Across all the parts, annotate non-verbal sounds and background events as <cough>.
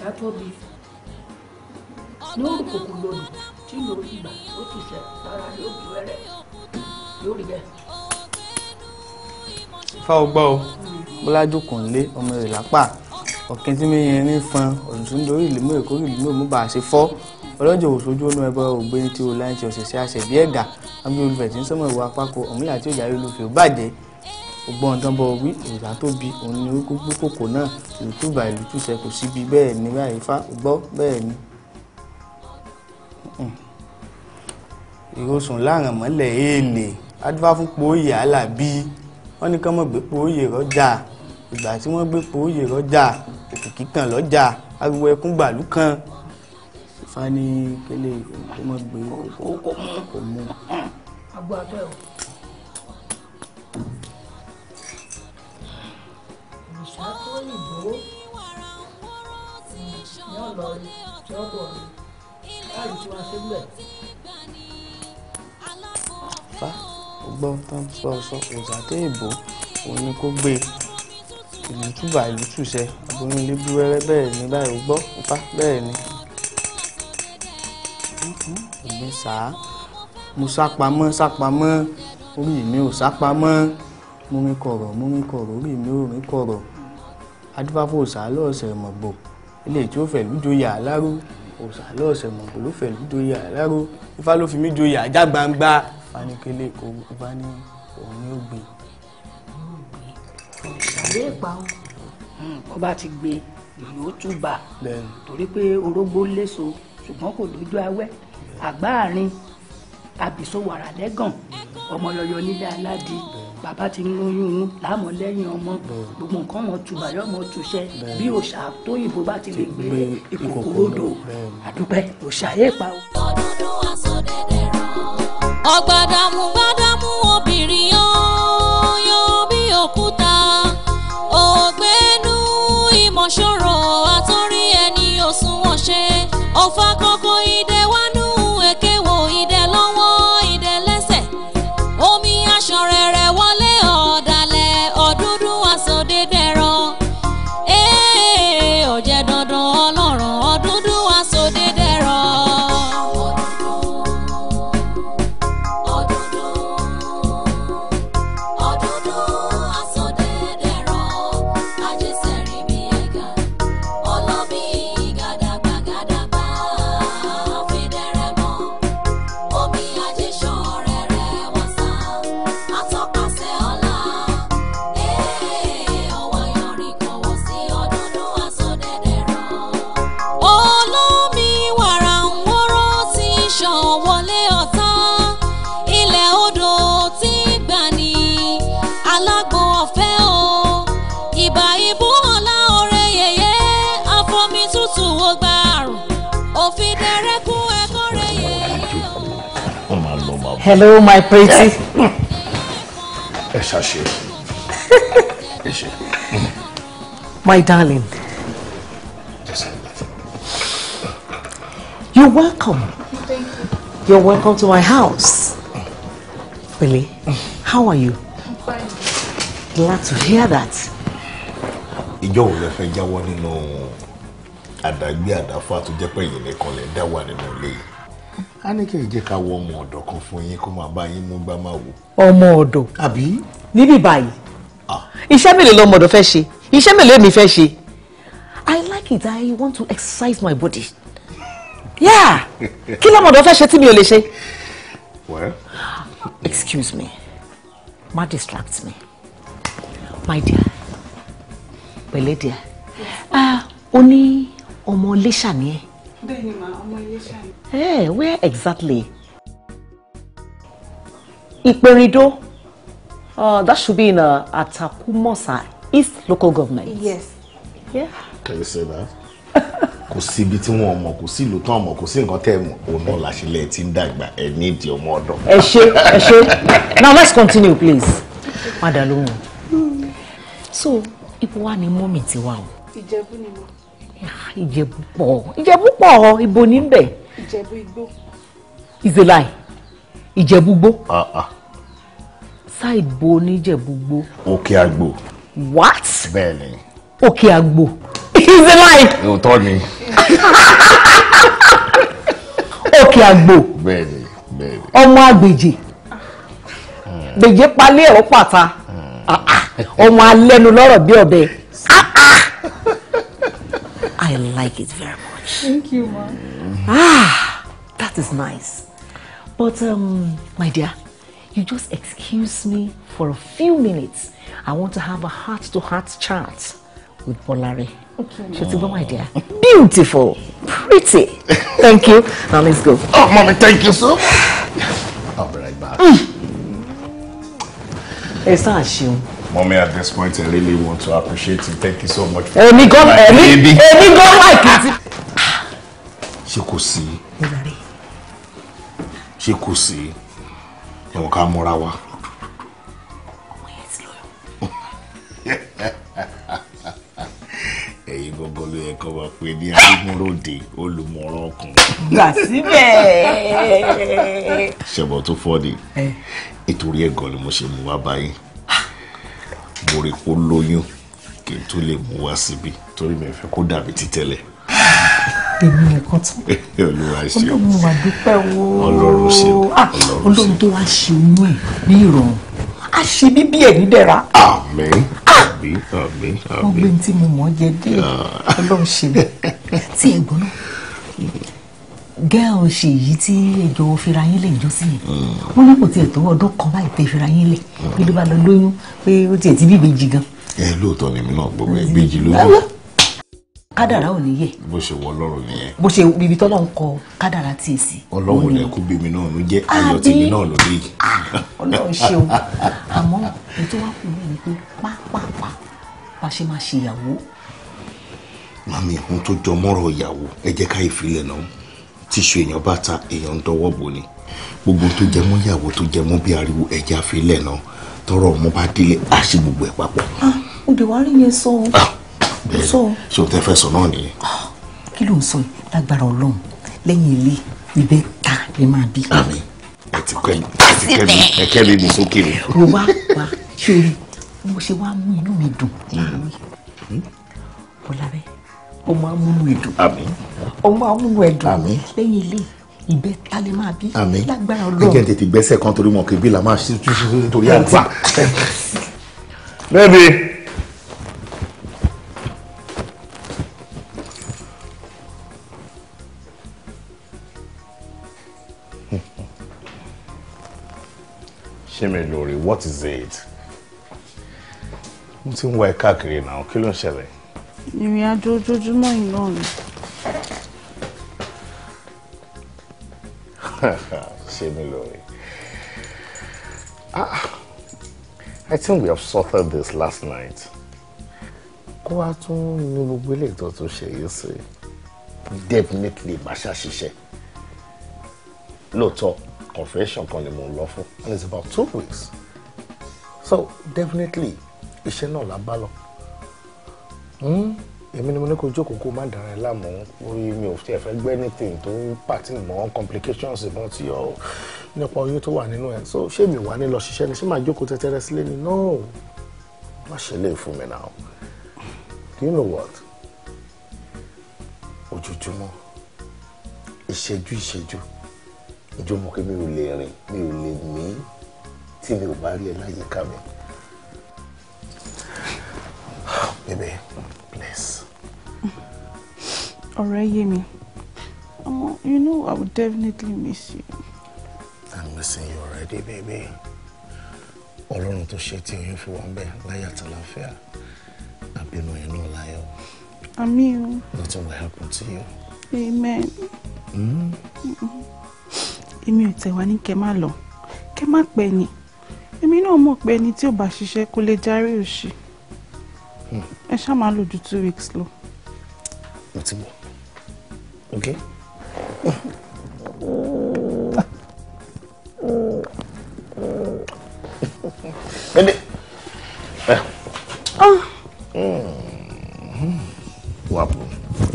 Saturday lóòrùn kòkò lòlù tí yóò fi gbà ó ti sẹ̀ lára yóò bí wẹ́rẹ́ yóò rí ẹ. fa ọgbà o bọ́lájú kò ń lé ọmọ rẹ̀ lápá ọ̀kẹ́ tí mi yẹn ní fan ọ̀dùn lórí ìlúmọ̀ èkó ìlúmọ̀ mú bá a ṣe fọ́ ọlọ́jọ́ òṣojú ọ̀nà ẹ̀bọ ògbéni tí o láǹtì ọ̀sẹ̀ sí àṣẹ bí ẹ̀gà àmì olùfẹ̀ tí ń sọ́mọ̀ ìwà apákò ọ̀múlà tí ó yàrá olùfẹ́ ò bàjẹ́ gbogbo nǹkan bọ̀ wí ìgbà tó bi òun ni ó gbogbo kòkò náà ìlútùbà ìlútùsẹ kò síbi bẹ́ẹ̀ ni báyìí fá gbọ́ bẹ́ẹ̀ ni. ìrosùn láàrán mọ́lẹ̀ èèlè adúbá fún pòóyè alábí wọ́n ní kán mọ̀ gbé pòóyè rọ́jà ìgbà tí wọ́n gbé pòóyè rọ́jà òkìkí kan lọ́jà ariwo ẹkún gbàlú kan. fani kele kó mọ̀ gbé kó mú. agbo abẹ́ o. òyìnbó ní ọlọrin tí ó pọ̀ ní láì tí wọ́n ṣe gbẹ̀. fa gbọ́n tán sọ sọ òṣàtẹ́ ìbò òun ni kò gbé e. ìlútùbà ìlútùṣẹ aboyún ilé bẹ́ẹ̀ ni báyìí ó gbọ́ ipá bẹ́ẹ̀ ni. èmi sá mo sápamọ́ sápamọ́ orí mi ò sápamọ́ mo rìn kọ̀rọ̀ mo rìn kọ̀rọ̀ orí mi ò rìn kọ̀rọ̀ adúfáfò òsàlọ́ ọ̀sẹ̀ mọ̀gbò ilé tí ó fẹ̀ lújoyè aláró òsàlọ́ ọ̀sẹ̀ mọ̀gbò ló fẹ̀ lújoyè aláró ifá ló fi mí joyè ajá gbangba fanikele kò bá ní òun ní ó gbé. ìṣàlẹ̀ ìpa o wọ́n bá ti gbé ìlú ó tún bà torí pé orógbó léso ṣùgbọ́n kò lójú awẹ́ àgbáàrin àbìsọ wàrà lẹ́gàn ọmọ yọyọ nílé aládìí bàbá ti ń lóyún inú láàmú lẹ́yìn ọmọ gbogbo nǹkan mọ̀ tù bàyọ̀ mọ̀ tù sẹ́ bí òòṣà tóyìnbó bá ti lè gbé ìkòkò odò àdúpẹ́ òòṣà yé pa o. ọ̀gbàdàmú gbàdàmú obìnrin yán yán bí òkúta ògbénu ìmọ̀ṣòro àtọ́rí ẹni òsùnwọ̀n ṣe ọ̀fà Hello, my pretty. Ẹ ṣàṣe. Ẹ My darling. You're welcome. Thank you. You're welcome to my house. Billy, how are you? I'm fine. Glad to hear that. Ijo, Ìjọ wo lẹ fẹ́ jáwọ́ nínú àdágbé àdáfà tó jẹ́ pé ẹ̀yin nìkan lẹ dá wà nínú ilé yìí? a ní kí n jẹ́ ká wọ ọmọ ọ̀dọ̀ kan fún yín kó máa bá yín mú bá máa wò. ọmọ ọ̀dọ̀ àbí. níbí báyìí iṣẹ́ mélòó lọmọ ọ̀dọ̀ fẹ́ ṣe iṣẹ́ mélòó èmi fẹ́ ṣe I like it I want to exercise my body yeah <laughs> kí lọmọ ọ̀dọ̀ fẹ́ ṣe tí mi ò lè ṣe. well. excuse me ma distract me my dear pẹ̀lẹ́ dear ó ah, ní ọmọ lẹ́ṣà ni ẹ́ Hey, where exactly. Ìpẹ̀rìndó uh, that should be in uh, Atakumosa East local government. yes. Yeah. can you say that. <laughs> kò sí ibi tí wọn mọ kò sí ìlú tán mọ kò sí nǹkan tẹ mọ òun náà làṣìlẹ tí ń dàgbà ẹ ní ìdí ọmọ ọ̀dọ̀. ẹ ṣe ẹ ṣe now let's continue please padà hmm. so ipò wa ni mọ́mì ti wà o. ìjẹ̀bú ni mo ìjẹ̀bú pọ̀ ìjẹ̀bú pọ̀ ibo ní bẹ̀. ìjẹ̀bú igbó. ìzèlà ìjẹ̀bú gbó. Ah, ah. side bo ní ìjẹ̀bú gbó. òkè àgbò. what. bẹ́ẹ̀ni. òkè àgbò. ìzèlà. òótọ́ ni. òkè àgbò. bẹ́ẹ̀ni bẹ́ẹ̀ni. ọmọ àgbèjì gbèjé hmm. palẹ̀ ẹ̀rọ pàtà hmm. ah, ọmọ alẹ́nu lọ́rọ̀ bí ọbẹ̀ <laughs> I like it very much. Thank you, ma. Ah, that is nice. But, um, my dear, you just excuse me for a few minutes. I want to have a heart-to-heart -heart chat with Bolari. Okay, ma. my dear. Beautiful. Pretty. Thank you. Now let's go. Oh, mommy, thank you so I'll be right back. Mm. It's not a shame. Mommy at this point, I really want to appreciate you. Thank you so much for my gan, Baby, Èmi gan like it. Ṣé kò sí. Ṣé kò sí. Ẹ wọ́n ká múra wa. <laughs> Ẹ̀yin gbogbo ló yẹ kọ́ wa pé ní Adúmúròde olùmọ̀ràn ọkùnrin. Gbà síbẹ̀. Ṣẹ̀bọ̀ tó fọ́ ni. Eh. Nítorí ẹ̀gàn ni mo ṣe mú wá báyìí mo rí kó lóyún kí n tó lè mú wá síbi torí mi fẹ́ kó dàbí ti tẹ́lẹ̀. èmi nìkan tán <laughs> olúwa ṣe o olúwa wà dúpẹ́ o ọlọ́run ṣe o ah, tó wá ṣe oyún ẹ̀ ní ìrọ̀rùn a ṣe bíbí ẹ̀ nídẹ̀ra. Ah! àmín àmín àmín àmín. wọ́n gbé tí mo mọ̀ jẹ dé ah. ọlọ́run ṣe <laughs> tí ẹ gbọ́n náà gẹ́ẹ̀ ṣe èyí tí ẹjọ́ fira yín lè jọ sí yẹn wọ́n ní kò tiẹ̀ tó ọdún kan báyìí tẹ fira yín lè kí ló bá lọ lóyún pé ó tiẹ̀ ti bí ìbejì gan. ẹ lóòótọ́ ni mi náà gbọ́ pé ìbejì ló lò. kádàrá ò ní yẹ. bó ṣe wọ lọ́rùn nìyẹn. bó ṣe ibi tọ́lọ́ ń kọ kádàrá tí èsì. ọlọ́run lè kó bèmi náà ló jẹ́ ayọ̀ tèmi náà ló dé. Ah, ọlọ́run ṣeun àmọ́ ètò wa kù tíṣu èèyàn bá ta èèyàn ń dọwọ́ bò ni gbogbo tó jẹ mọ́ ìyàwó tó jẹ mọ́ bí ariwo ẹja àfilẹ̀ náà tọrọ ọmọ bá délé àṣì gbogbo ẹ̀ papọ̀. òde ah, wàá rí yẹn sọ o. Ah, bẹ́ẹ̀ ṣé o tẹ fẹ́ sọ náà nìyẹn. Ah, kí ló ń sọ yìí lágbára Ọlọ́run lẹ́yìn ilé ibẹ̀ ta lè máa bí. àmín ẹ ti kẹ́ mi ẹ kẹ́ mi mú sókè mi. o wá wá ṣe mo ṣe wá mú inú mi dùn. Hmm. Hmm? Bọ́lá bẹ́ẹ̀ ọmọ amúnú ẹ̀dùn ọmọ amúnú ẹ̀dùn lẹ́yìn ilé ìbẹ́ tálẹ́ máa bí lágbára ọlọ́run. ẹjẹ tètè gbẹ́sẹ̀ kan torí mọ̀ kébí la máa ṣe tuntun torí àgbà. bẹ́ẹ̀ni Ṣẹ́mi lórí what is it? mo ti ń wá ẹ káàkiri náà kí ló ń ṣẹlẹ̀? ìrìn àjò ojoojúmọ́ yìí náà ni. <laughs> ṣé mi lóore ah I think we have sorted this last night kó wá tún ní gbogbo ilé ìtọ́ tó ṣe yìí sí definitely màṣá ṣiṣẹ́ lóòótọ́ confession kan ni mo lọ fún and it's about two weeks so definitely iṣẹ́ náà la bá lọ. Hmm? èmi ni mo ní kó jókòó kó má dára ẹ láàmú orí mi ò tiẹ̀ fẹ́ gbé anything tó ń pàtì mọ́ complications ìbọn tí ọ nípa oyún tó wà nínú ẹ̀ so ṣé mi wà ní lọ ṣiṣẹ́ ni ṣé màá jókòó tẹ́tẹ́rẹ́ sílé ni no má ṣe lè fún mi náà do you know what ojoojúmọ́ ìṣẹ́jú ìṣẹ́jú ìjọmọ pé mi ò lè rìn mi ò lè mí tí mi ò bá rí ẹ láyìíká mi. bẹ́ẹ̀ <sighs> bẹ́ẹ̀ ọ̀rẹ́ yé mi àmọ́ you know I will definitely miss you. I'm missing you already baby ọlọ́run tó ṣe tí oyún fi wà ń bẹ̀ láyé àtàláfíà àbínú yẹn náà láyọ̀. àmì o. nothing will happen to you. amen. Hmm? èmi ò tẹ̀wá ní kẹ́ má lọ kẹ́ má pẹ́ ni èmi náà mọ̀ pé ẹni tí ò bá ṣiṣẹ́ kó lè járe òṣì hmm. ẹ ṣáà máa lò ju two weeks lọ. mo ti gbọ́ okay? Mende. Oh. What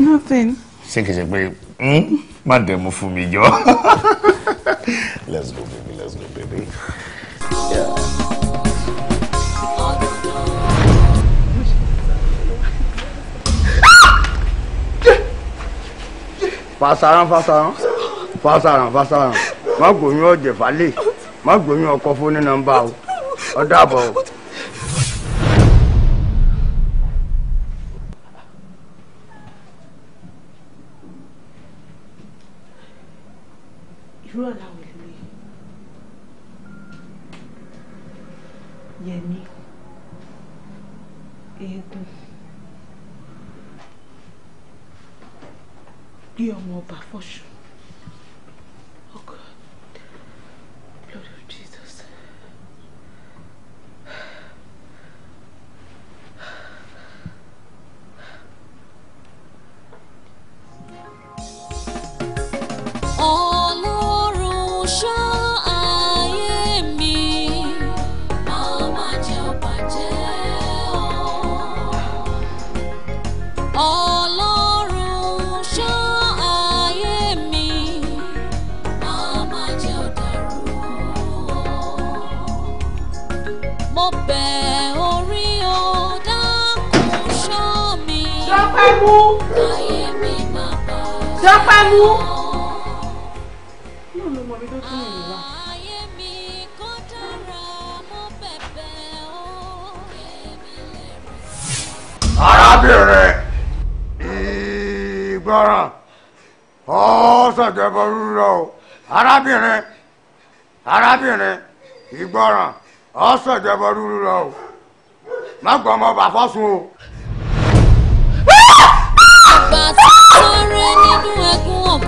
Nothing. Ṣé kìí ṣe pé hmm? má dẹ̀mú fún <laughs> Let's go baby, let's go baby. Yeah. fasaran fasaran fasaran fasaran ma gbóyún ọ̀jẹ̀ falẹ̀ má gbóyún ọkọ o o. yẹmi gbé ọmọ ọba fọ́ṣù. Oh Lord blood Jesus. bẹ̀ orí o dákun ṣọ́ mi. dọ́pẹ́ mú. ayé mi máa bọ̀. dọ́pẹ́ mú. yóò mi tó tún ìlú wa. ayé mi kò arábìnrin ìgbọràn ọ̀sán jẹ́ bọ́ rúra arábìnrin arábìnrin ìgbọràn. ọ̀sẹ̀ ìjọba rúru rẹ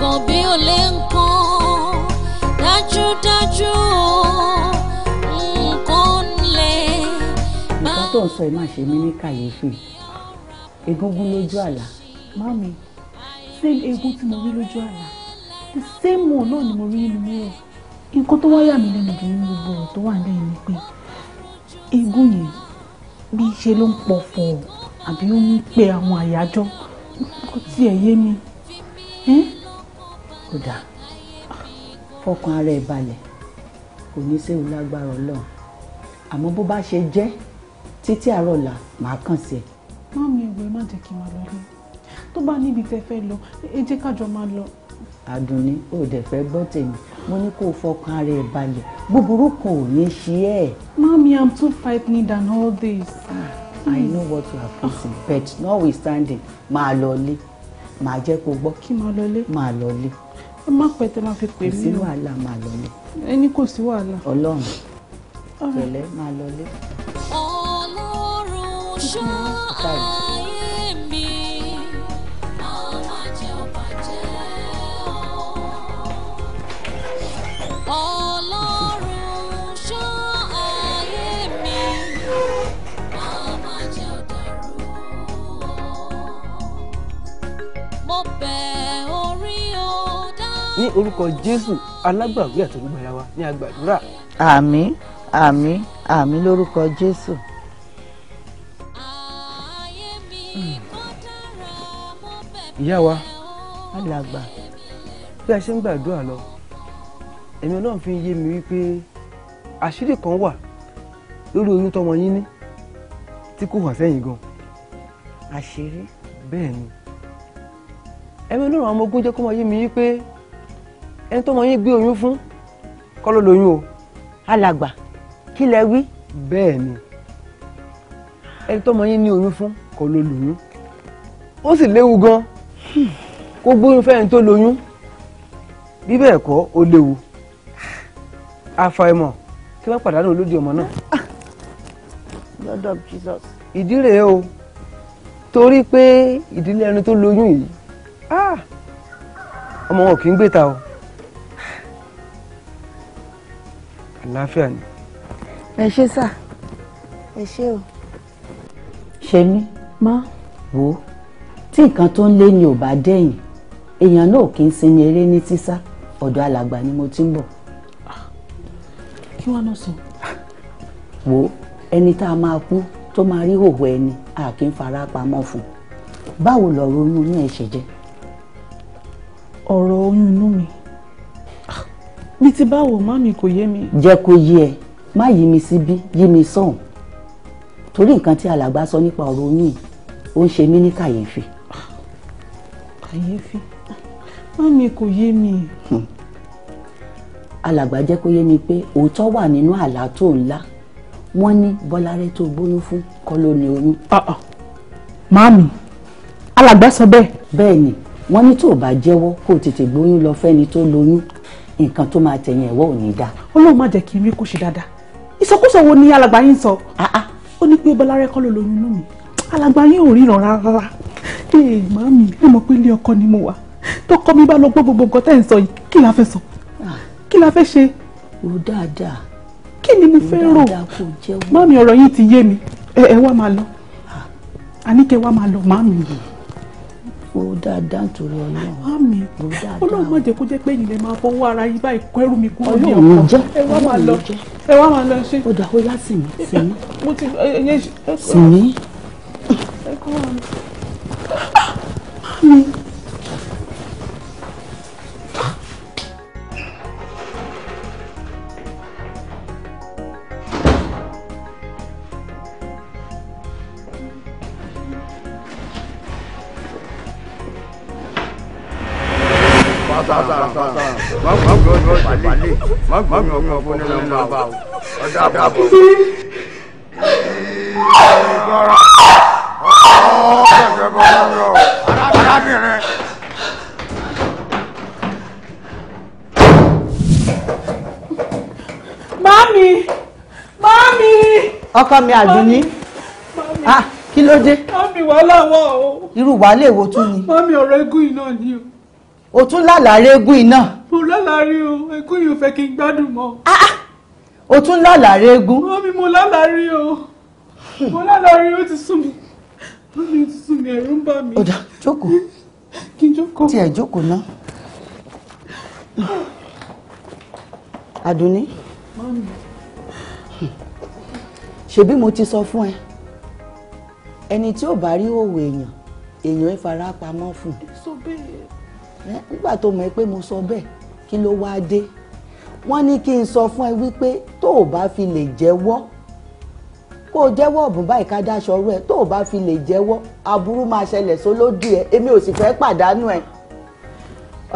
o bí lè. tó ń sọ ẹ má ṣe mí ní kàyéfì egungun lójú àlá mami same egun tí mo rí lójú àlá the same one náà ni mo rí nínú nǹkan tó wáyà mí lẹ́nu gbogbo ọ̀rọ̀ tó wà pé. eégún yẹn bí ṣe ló ń pọ̀fọ̀ àbí ó ń pe àwọn àyájọ́ kò tiẹ̀ yé mi kò dáa fọkàn ara ẹ̀ balẹ̀ kò ní séwu lágbára Ọlọ́run àmọ́ bó bá ṣe jẹ́ títí àárọ̀ là máa kàn sí ẹ. má mi ìwé má jẹ́ kí n máa lọ tó bá níbi tẹ́ fẹ́ lọ ẹ jẹ́ kájọ máa lọ. àdùnní ò dẹ̀ fẹ́ gbọ́ tèmi mo ní kó o fọkàn rẹ̀ balẹ̀ búburú kò ní ṣe ẹ́. mami i'm too frightened than all this. Ah, i know what you are facing but notwithstanding máa lọ lé máa jẹ́ kó gbọ́. kí máa lọ lé. máa lọ lé. ẹ má pẹ́ tẹ́ fi pè mí o. kò sí wàhálà máa lọ lé. ẹni kò sí wàhálà. ọlọ́run tẹ̀lé máa lọ lé. ọlọ́run ṣáà. orúkọ jésù alágbàwí àtolúgbàlà wa ní agbàdúrà. àmín àmín àmín lórúkọ jésù. ìyá wa. alàgbà. bí a ṣe ń gbàdúrà lọ ẹ̀mí ọlọ́run fi ń yé mi wípé àṣírí kan wà lórí oyún tọmọ yín ní tí kò hàn sẹ́yìn gan. àṣírí. bẹ́ẹ̀ ni ẹ̀mí ọlọ́run àwọn ọmọ ogun jẹ́ kó máa yé mi wípé ẹni tó mọ yín gbé oyún fún kọ́ ló lóyún o alàgbà kí lẹ wí. bẹ́ẹ̀ ni ẹni tó mọ yín ní oyún fún kọ́ ló lóyún ó sì léwu gan kó gbóyún fẹ́ni tó lóyún bí bẹ́ẹ̀ kọ́ ó léwu àfàìmọ̀ kí wọ́n pàdánù olódì ọmọ náà. God of Jesus. ìdí rèé o torí pé ìdílé ẹni tó lóyún yìí ah! ọmọ wọn kì í gbé ta o. àláfíà ni. ẹ ṣé sà ẹ ṣé o. ṣèmi má wo tí nǹkan tó ń lé ni ò bá dẹ̀yìn èèyàn náà kì í sinmi eré ní tísà ọ̀dọ̀ alàgbà ni mo ti ń bọ̀. kí wọ́n náà sọ. wo ẹni tá a máa kú tó máa rí hòhò ẹni a kì í fara pamọ́ fún un báwo lọ̀rọ̀ oyún inú ẹ̀ ṣe jẹ́. ọ̀rọ̀ oyún inú mi mi ti báwo mami kò yé mi. jẹ́ kó yé ẹ má yí mi síbí yí mi sọ̀hún torí nǹkan tí alàgbà sọ nípa ọ̀rọ̀ oyún yìí ń ṣe mí ní kàyéfì. kàyéfì mami kò yé mi. Hmm. alàgbà jẹ́ kó yé mi pé òótọ́ wà nínú àlá tó ńlá wọ́n ní bọ́lárẹ́ tó gbóyún fún kọ́ ló ní oyún. Ah, ah. mami alàgbà sọ bẹ́ẹ̀. bẹ́ẹ̀ ni wọ́n ní tó bá jẹ́wọ́ kó tètè gbóyún lọ fẹ́ni tó lóyún nǹkan tó máa tẹ̀yìn ẹ̀wọ́ ò ní dá. Ọlọ́run má jẹ́ kí n rí kó ṣe dáadáa ìsọkúsọ wo ni alàgbà yín sọ. Ah, ah. ó ní pé bọ́lárẹ́ kọ́ ló lóyún inú mi alàgbà yín ò ríran rárá. ee màámi ẹ mọ̀ pé ilé ọkọ ni mo wà tọkọ mi bá lọ gbọ́ gbogbo nǹkan tẹ́ ẹ̀ ń sọ yìí kí la fẹ́ sọ ah. kí la fẹ́ ṣe. ò dáadáa. kí ni mo fẹ́ rò màámi ọ̀rọ̀ yín ti yé mi ẹ wá máa lọ àníkẹ́ wá máa lọ màámi yìí ro dáadáa nítorí ọlọ́run. àmì ọlọ́run má jẹ́ kó jẹ́ pé ẹ̀yin lè máa fọwọ́ ara yín báyìí kọ́ ẹrù mi kúrò ní ọkọ̀ ẹ wá máa lọ ẹ wá máa lọ ṣe. ó dà ó yá sí mi sí mi sí mi. àmì. mọ̀gbọ́n ọ̀gbọ́n ọ̀gbọ́n mọ̀gbọ́n ọ̀gbọ́n ọ̀gbọ́n ní nọ́mbà Mami! Mami! Ọkọ mi Àdùnní. Ah, kí ló dé? Mami wà láwọn o. Irú wàhálà èwo tún ni? Mami ọ̀rọ̀ egún iná ni o. O tún lálàá régún iná mo lálàárí o ẹkún yìí ò fẹ́ kí n gbádùn mọ́. Ah, ah! o tún lálàárí eégún. mọ́mí mo lálàárí o mo lálàárí o ti sún mi mọ́mí o ti sún mi ẹ̀rù ń bà mí. ọ̀dà jókòó kí n jókòó. tiẹ̀ jókòó ná. àdùnní. ṣebí mo ti sọ fún ẹ ẹni tí ò bá rí òwò èèyàn èèyàn ẹ fara pamọ́ fún un. nígbà tó mọ̀ ẹ́ pé mo sọ bẹ́ẹ̀ kí ló wáá dé wọ́n ní kí n sọ fún ẹ wípé tó o bá fi lè jẹ́wọ́ kó o jẹ́wọ́ ọ̀bùn báyìí ká dáṣọ ọrú ẹ tó o bá fi lè jẹ́wọ́ aburú máa ṣẹlẹ̀ sólódì ẹ èmi ò sì fẹ́ pàdánù ẹ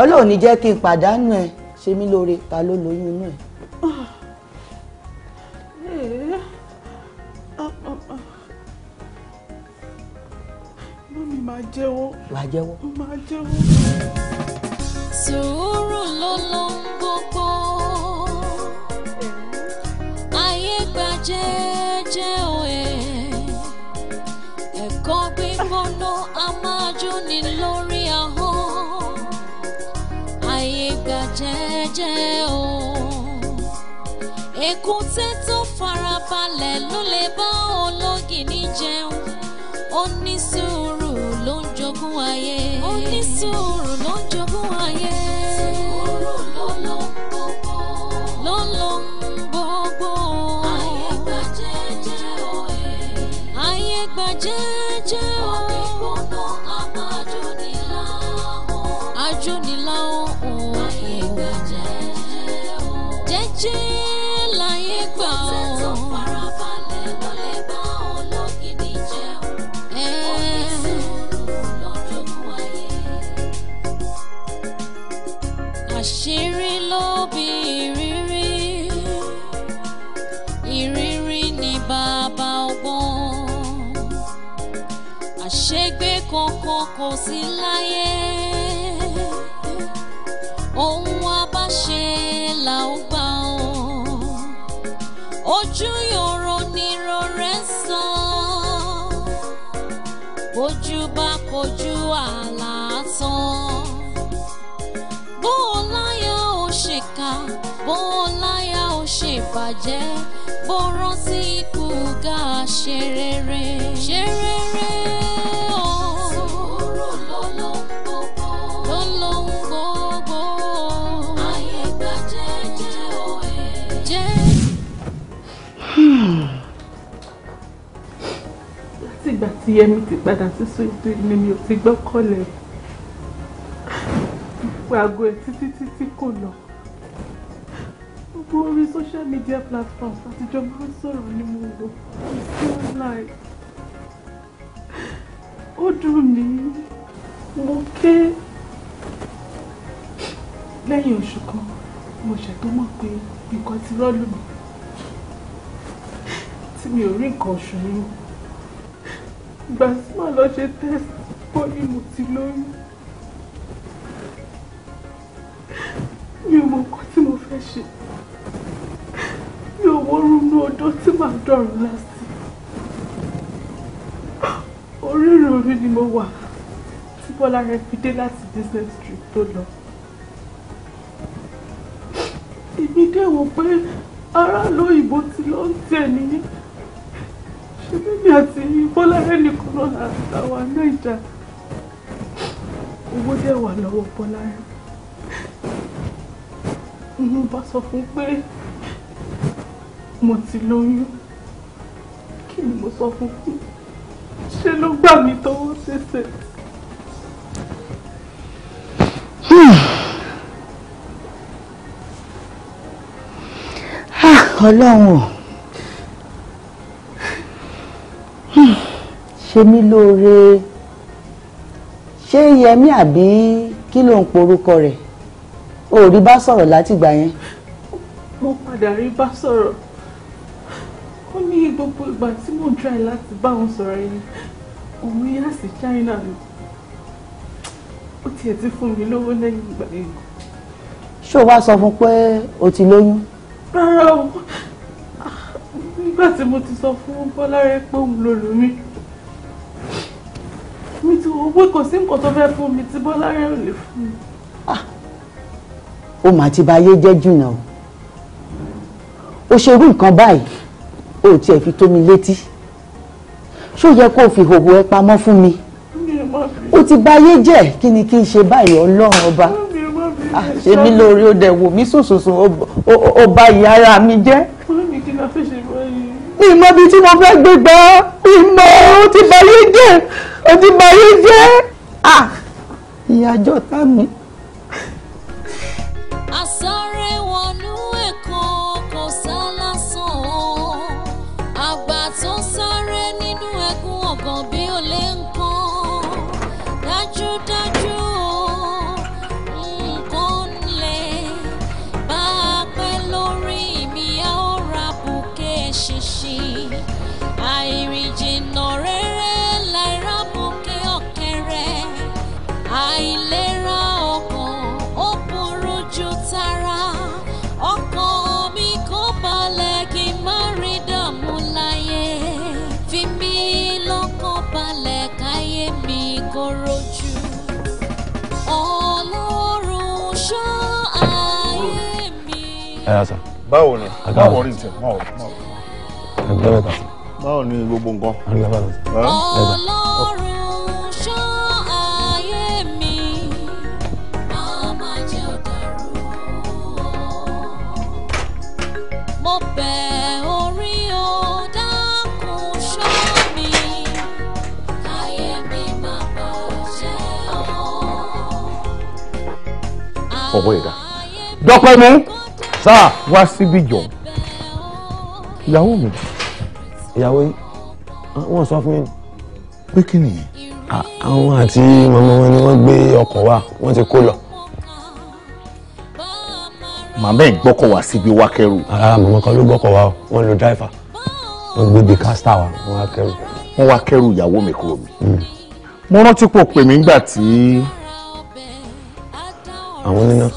ọlọ́run ní jẹ́ kí n pàdánù ẹ ṣe mí lóore ta ló lóyún inú ẹ. mọ́mí máa jẹ́wọ́. wàá jẹ́wọ́. máa jẹ́wọ́ sùúrù ló ló ń gbogbo ayé gba jẹ́jẹ́ òye ẹ̀kọ́ gbígbóná a máa jóni lórí ahọ́n ayé gba jẹ́jẹ́ o èkúté tó farabalẹ̀ ló lè bá ológìní jẹun onísùúrù ló ń jogún ayé onísùúrù ló ayé. Sùúrù kò sí láyé ohun abáṣe là ó gbà ó ojú yòrò nírò rẹ̀ sàn bójú bá kojú àlà tán bó o láyà ó ṣèkà bó o láyà ó ṣèbàjẹ́ bó rántí ikú ga ṣe rere ìgbà tí yẹmi ti padà sí sóòtú ni mi ò ti gbọ́kànlẹ̀ pàgọ́ ẹ̀ títí títí kò lọ gbogbo orí social media platforms àtijọ́ máa ń sọ̀rọ̀ ni mo wò sí online ó dùn mí mo ké lẹ́yìn oṣù kan mo ṣètò mọ̀ pé nǹkan ti rọ́ọ̀lù mi tí mi ò rí nǹkan oṣù mi ìgbà tí màá lọ ṣe test ó ní mo ti lóyún mi ò mọ nǹkan tí mo fẹ́ ṣe mi ò wọ́rú inú odó tí màá dọ̀rùn lásì orí ìròyìn ni mo wà tí Bọ́lá rẹ̀ fi dé láti business trip tó lọ èmi dẹ̀ wò pé ará lóyìnbó ti lọ tẹ̀ nìyẹn ṣebí mi àti bọ́lá ẹnìkan náà là ń ta wà náìjà owó dẹ̀ wà lọ́wọ́ bọ́lá rẹ̀ mo bá sọ fún pé mo ti lóyún kí ni mo sọ fún fún ṣe ló gbà mí tọwọ́ ṣẹṣẹ. Ah, ọlọ́run ò. ṣe mí lóore ṣé yẹmí àbí kí ló ń porúkọ rẹ̀ o ò rí bá sọ̀rọ̀ látìgbà yẹn. mo padà rí bá sọ̀rọ̀ ó ní gbogbo ìgbà tí mò ń try láti bá òun sọ̀rọ̀ yẹn òun yá sí China lò ó tiẹ̀ ti fún mi lówó lẹ́yìn ìgbà yẹn. ṣé o wá sọ fún pé o ti lóyún. rárá o nígbà tí mo ti sọ fún bọ́lá rẹ pé òun ló lóyún pé kò sí nǹkan tó fẹ́ fún mi tí Bọ́lárẹ̀ ò lè fún mi. Ah. ó mà ti ba ayé jẹ́ jùnà o o ṣe irú nǹkan báyìí ó tiẹ̀ fi tó mi létí ṣó yẹ kó o fi hòhò ẹ pamọ́ fún mi o ti ba ayé jẹ́ kí ni kí n ṣe báyìí ọlọ́run ọba ah, ṣe mí lórí o dẹ̀ wò mí sòsòsò ó ba ìyára mi jẹ́. mi kí ló fẹ́ ṣe báyìí. mi mọ ibi tí mo fẹ́ gbé gbọ́ mi mọ ó ti ba ayé jẹ́ ó ti bàyé jẹ́ ah, ìyájọ́ tá mi. ẹ sà. báwo ni báwo rí tiẹ̀ báwo rí tiẹ̀. àdúgbò bẹ́ẹ̀ kà báwo ni gbogbo nǹkan. àdúgbò bẹ́ẹ̀ kà sí. ọlọ́run ṣọ́ ayé mi ọmọ jẹ́ òdàrú mo bẹ̀ orí o dákun ṣọ́ mi ayé mi má bọ̀ jẹ́ o. ọ̀wọ́ ìdá sáà wá síbí jọ ìyàwó mi ìyàwó ah, wọn sọ fún mi pé kí nìyẹn. àwọn àti màmá wọn ni wọ́n gbé ọkọ̀ wa wọ́n ti kó lọ. màmá ẹ̀ gbọ́kọ̀ wá síbi wá kẹrù. ara màmá kan ló gbọ́kọ̀ wá wọ́n lo dáìfà wọ́n gbé bí kásítà wa wọ́n wá kẹrù. wọ́n wá kẹrù ìyàwó mi kúrò mi. Hmm. mo rántí pò pè mí nígbà tí. àwọn níná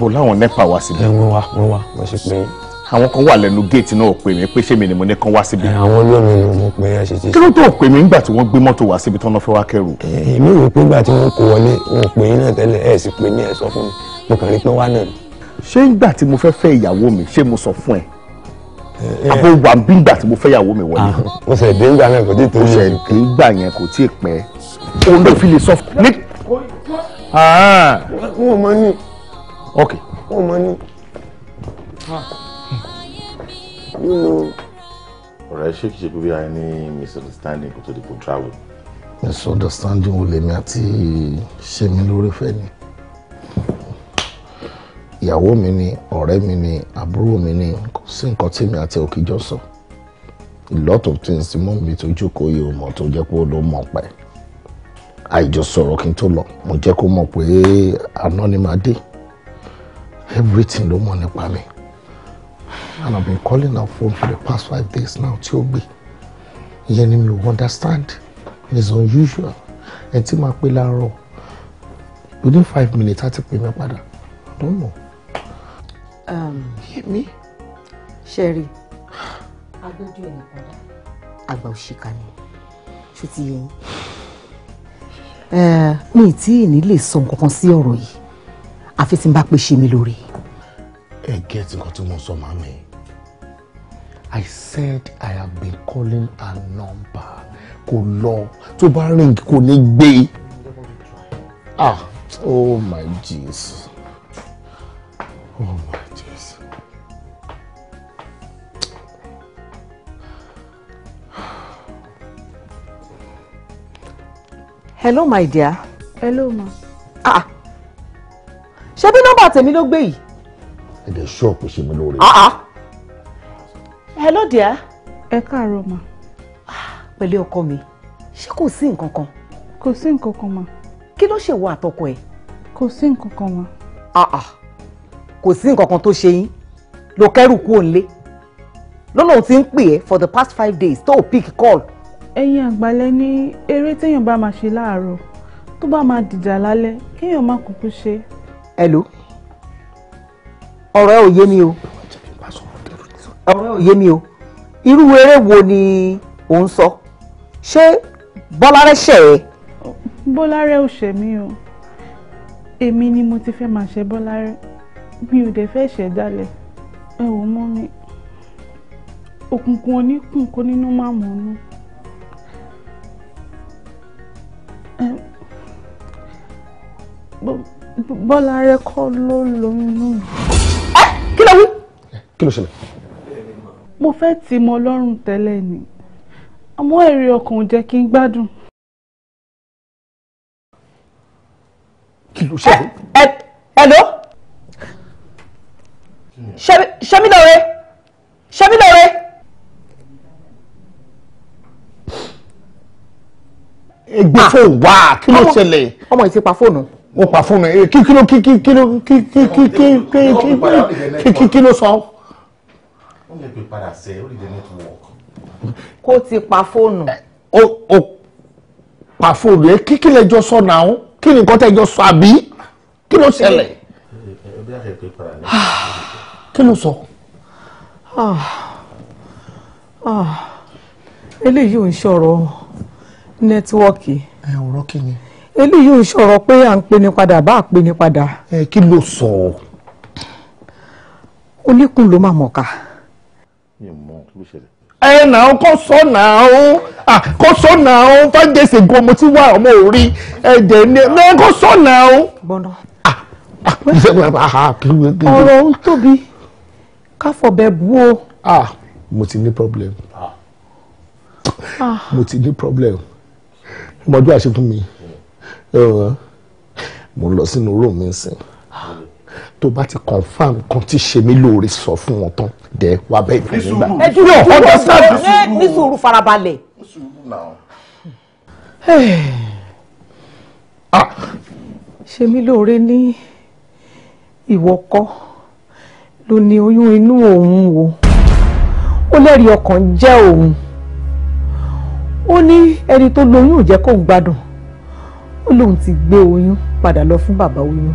o láwọn nepa wá síbẹ̀. wọ́n wá wọ́n wá wọ́n ṣe pé. àwọn kan wà lẹ́nu géètì náà pè mí pé ṣé mi ni mo ní kan wá síbẹ̀. àwọn lómi ni mo pè é ṣe ti. kí ló tó pè mí nígbà tí wọ́n gbé mọ́tò wá síbi tí wọ́n fẹ́ wá kẹrù. èmi rò pé nígbà tí wọ́n kó wọlé wọn pè é náà tẹ́lẹ̀ ẹ̀ sì pè mí ẹ̀ sọ fún mi mo kàn rí pé wá náà. ṣé nígbà tí mo fẹ́ fẹ́ ìyàwó mi ṣé mo sọ fún ẹ àbò wà bí ngbà tí mo fẹ́ yàwó mi wọlé. o ṣe dé ngbà yẹn kò tí ì tó yẹ. o ṣe dé ngbà yẹn kò tí ì pẹ́. òun ló fi lè sọ. ní. wọ́n mọ ní ok. ó mọ ní. nínú. ọ̀rẹ́ ṣé kìí ṣe pé bí a misunderstanding kò tó di kò travel. misunderstanding wo lèmi àti ṣèmi lórí fẹ́ ni ìyàwó mi ni ọ̀rẹ́ mi ni àbúrò mi ni kò sí nǹkan tí mi àti òkè jọ sọ a lot of things tí mọ́ mi tó jókòó yìí ò mọ̀ tó jẹ́ pé ó ló mọ̀ pẹ́ àìjọ sọ̀rọ̀ kí n tó lọ mo jẹ́ kó mọ̀ pé àná ni màá dé everything ló mọ̀ nípa mi and I've been calling her phone for the past five days now tí ó gbé ìyẹn ni mi ò understand it is unusual ẹ ti máa pé láàárọ̀ within five minutes a ti pè mí padà I don't know. Um, Yemi. Sherry. Agbójú ẹ̀yìn padà. Àgbà òṣìkà ni. Ṣé ti yẹ yín? Eh, mi ì tí ì ní lè sọ nǹkan kan sí ọ̀rọ̀ yìí àfi tí n bá pè ṣe mi lórí. ẹ gẹ́ tí nǹkan tí mo sọ màmí I said I have been calling her number kò lọ tó bá ring kò ní gbé ah oh my Jesus oh my Jesus. hello my dear. hello ma. ah ṣé bí nọ́mbà tèmi ló gbé yìí. ẹ dẹ̀ ṣọ́ọ̀pù ṣe mi lóore. Ah, ah. hello dear. ẹ káàárọ̀ ma. Ah, pẹ̀lẹ́ ọkọ mi ṣé kò sí nǹkan kan. kò sí nǹkan kan ma. kí ló ṣèwọ àtọkọ ẹ. kò sí nǹkan kan ma. kò sí nǹkan kan tó ṣe yín ló kẹ́rù kú òǹlé lọ́nà òun ń pè ẹ́ for the past five days tó ò pick call. ẹ̀yin àgbàlẹ̀ ní eré téèyàn bá máa ṣe láàárọ̀ tó bá máa dìjà lálẹ́ kéèyàn má kúkú ṣe hello ọ̀rọ̀ ẹ ò yé mi o ọ̀rọ̀ ẹ ò yé mi o irú eré wo ni ò ń sọ ṣé bọ́lárẹ́ ṣẹ̀ ẹ́. bọ́lárẹ́ ò ṣẹ̀ mí o èmi ni mo ti fẹ́ máa ṣe bọ́lárẹ́ mi ò dẹ̀ fẹ́ ṣẹ̀ dalẹ̀ ẹ ò mọ̀ mi òkùnkùn oníkùn kó nínú má mọ̀ọ́nú bọ́lá rẹ kọ́ ló lóyún náà. ẹ kí ló wí. kí ló ṣẹlẹ̀. mo fẹ́ tì mọ́ lọ́rùn tẹ́lẹ̀ ni àmọ́ èrè ọkàn ò jẹ́ kí n gbádùn. kí ló ṣẹlẹ̀. ẹ ẹ ló ṣẹ́mi lóore ṣẹ́mi lóore. ẹ gbé ah! fóònù wá kí ló ṣẹlẹ̀. ọmọ ìtìpa fóònù mo pa fún mi kí kí ló kí kí kí ló kí kí kí kí kí kí kí kí ló sọ. ó lè pè padà sẹ ó lè dé network. kó ti pa fóònù. ó ó pa fóònù yẹn kí kí lè jọ sọ náà kí ni nǹkan tẹ jọ sọ àbí kí ló ṣẹlẹ̀. kí ló sọ. eléyìí ò ń ṣọ̀rọ̀ nẹ́tíwọ́ọ̀kì. ẹ̀ ọ̀rọ̀ kí ni eléyìí ò sọ̀rọ̀ pé à ń peni padà bá a peni padà. ẹ kí ló sọ. oníkun ló máa mọ̀ ká. mi ò mọ kí ló ṣẹlẹ̀. ẹ nàá kó sọ nàá ó kó sọ nàá ó five days ago mo ti wá ọmọ òrí ẹ dẹ̀ ní ẹ kó sọ nàá ọ̀rọ̀ ń tóbi káfọ̀bẹ bú o. ah mo ti ní problem mo ti ní problem ọmọdé àṣekún mi mo lọ sínú room mi sìn tó bá ti confam kan tí ṣe mí lóore sọ fún wọn tán dẹ wá bẹ ìfún nígbà. ẹ dúró ọdọ sáà ní sùúrù farabalẹ̀. ṣe mí ah! lóore ní ìwọ kọ́ ló ní oyún inú òun o ó lẹ́rìí ọkàn jẹ́ òun ó ní ẹni tó lóyún ò jẹ́ kóun gbádùn ó lóun ti gbé oyún padà lọ fún bàbá oyún.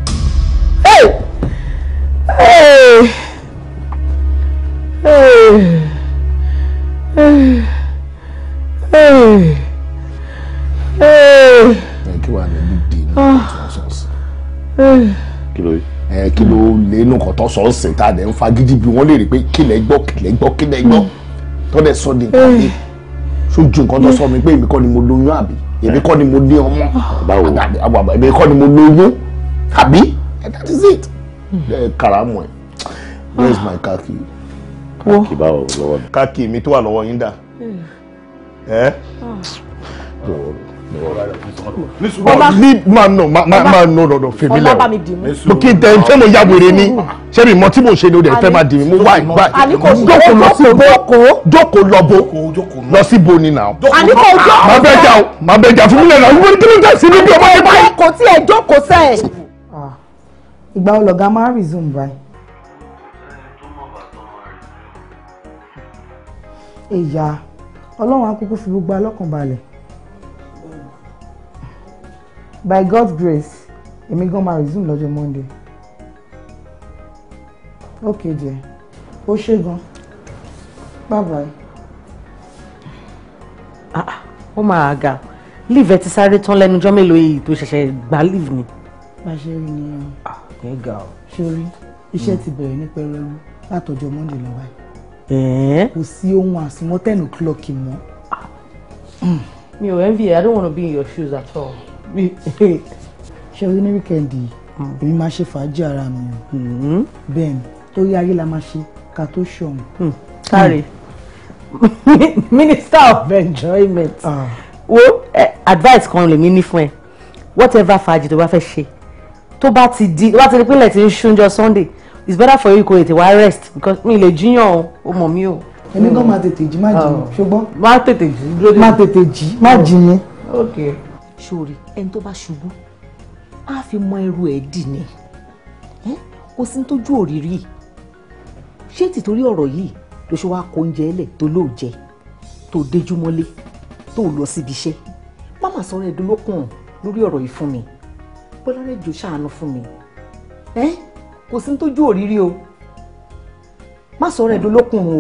kí wàá lè ní di inú ìtọ́sọ̀ọ̀sì. kí ló ẹ eh, kí ló lè nù kọ́ tọ́sọ̀ọ̀sì tá a lè ń fa gidi bí wọ́n lè rí pé kílẹ̀ gbọ́ kílẹ̀ gbọ́ kílẹ̀ gbọ́ tọ́lẹ̀ sọ́ di nǹkan mi ṣojú nǹkan tó sọ mi pé èmi kọ́ ni mo lóyún àbí èmi kọ́ ni mo ní ọmọ báwo èmi ni mo lóyún àbí that is it hmm. karamu ẹ where is my kaki. kaki báwo lọ́wọ́ mi. kaki mi tó wà lọ́wọ́ yín dà. Hmm. ẹ. Ah ní máa nọ máa nọ lọ́dọ̀ fèmí lẹ́wọ̀ mo kí n tẹ ṣé mo ya wèrè ni ṣé mi mọ tí mo ṣe ni o dẹ̀ fẹ́ máa dì mí mo wá ìgbà jókòó lọ sí bo jókòó lọ bo lọ sí bo ni náà. àníkò ma máa bẹ jà o máa bẹ jà fún mi lẹ́nu àwọn kí ló ń tẹ̀ sí níbi ọmọ ẹgbẹ́. àníkò tí ẹ jókòó sẹ́ẹ̀. Ah. ìgbà ọlọ́gá máa ń resume báyìí. ìyá ọlọ́run á kúkú fi gbogbo alọ́kànbalẹ̀ by God's grace èmi gan máa resume lọ́jọ́ Monday Okay, jẹ ó ṣe gan bye bye. Ah, ah, ó máa ga leave ẹ ti sáré tán lẹ́nu ọjọ́ mélòó yìí tó ṣẹ̀ṣẹ̀ gba leave ni. bá a ṣe rí nìyẹn. Ah, ẹ ga o. sori iṣẹ́ hmm. ti bẹ̀rẹ̀ ní pẹrẹwu látọjọ́ Monday lọ́wọ́ ẹ̀. kò sí ohun àsùnmọ́ ten o'clock mọ́. Ah. Hmm. mi ò envy I don't wanna be in your shoes at all mi. ṣé orí ní wíkẹ́ndì hmm. èmi máa ṣe fàájì ara mi o hmm. bẹ́ẹ̀ ni torí ayé la máa ṣe ká tó ṣọ̀hún. Hmm. káre <laughs> minister of enjoyment ah. wo advice kan lèmi ní fún ẹ whatever fàájì tó bá fẹ́ ṣe tó bá ti di wá ti di pínlẹ̀ tí ń ṣúnjọ sunday it's better for you kò tètè wá rest because mi lè jiyàn o mọ̀ mi o. ẹni kan máa tètè jí má jiyàn ṣùgbọ́n. má tètè jí má tètè jí má jiyàn sórí ẹni tó bá ṣubú á fi mọ ẹrù ẹ̀ dì ní kò sí tójú òrìrì ṣé tìtorí ọ̀rọ̀ yìí ló ṣe wá kó oúnjẹ ẹlẹ̀ tó lóò jẹ tó déjú mọ́lé tó lọ síbi iṣẹ́ má má sọ̀rọ̀ ẹ̀dọ́lọ́kùn lórí ọ̀rọ̀ yìí fún mi bọ́lárẹ̀ jò ṣàánú fún mi kò sí tójú òrìrì o má sọ̀rọ̀ ẹ̀dọ́lọ́kùn o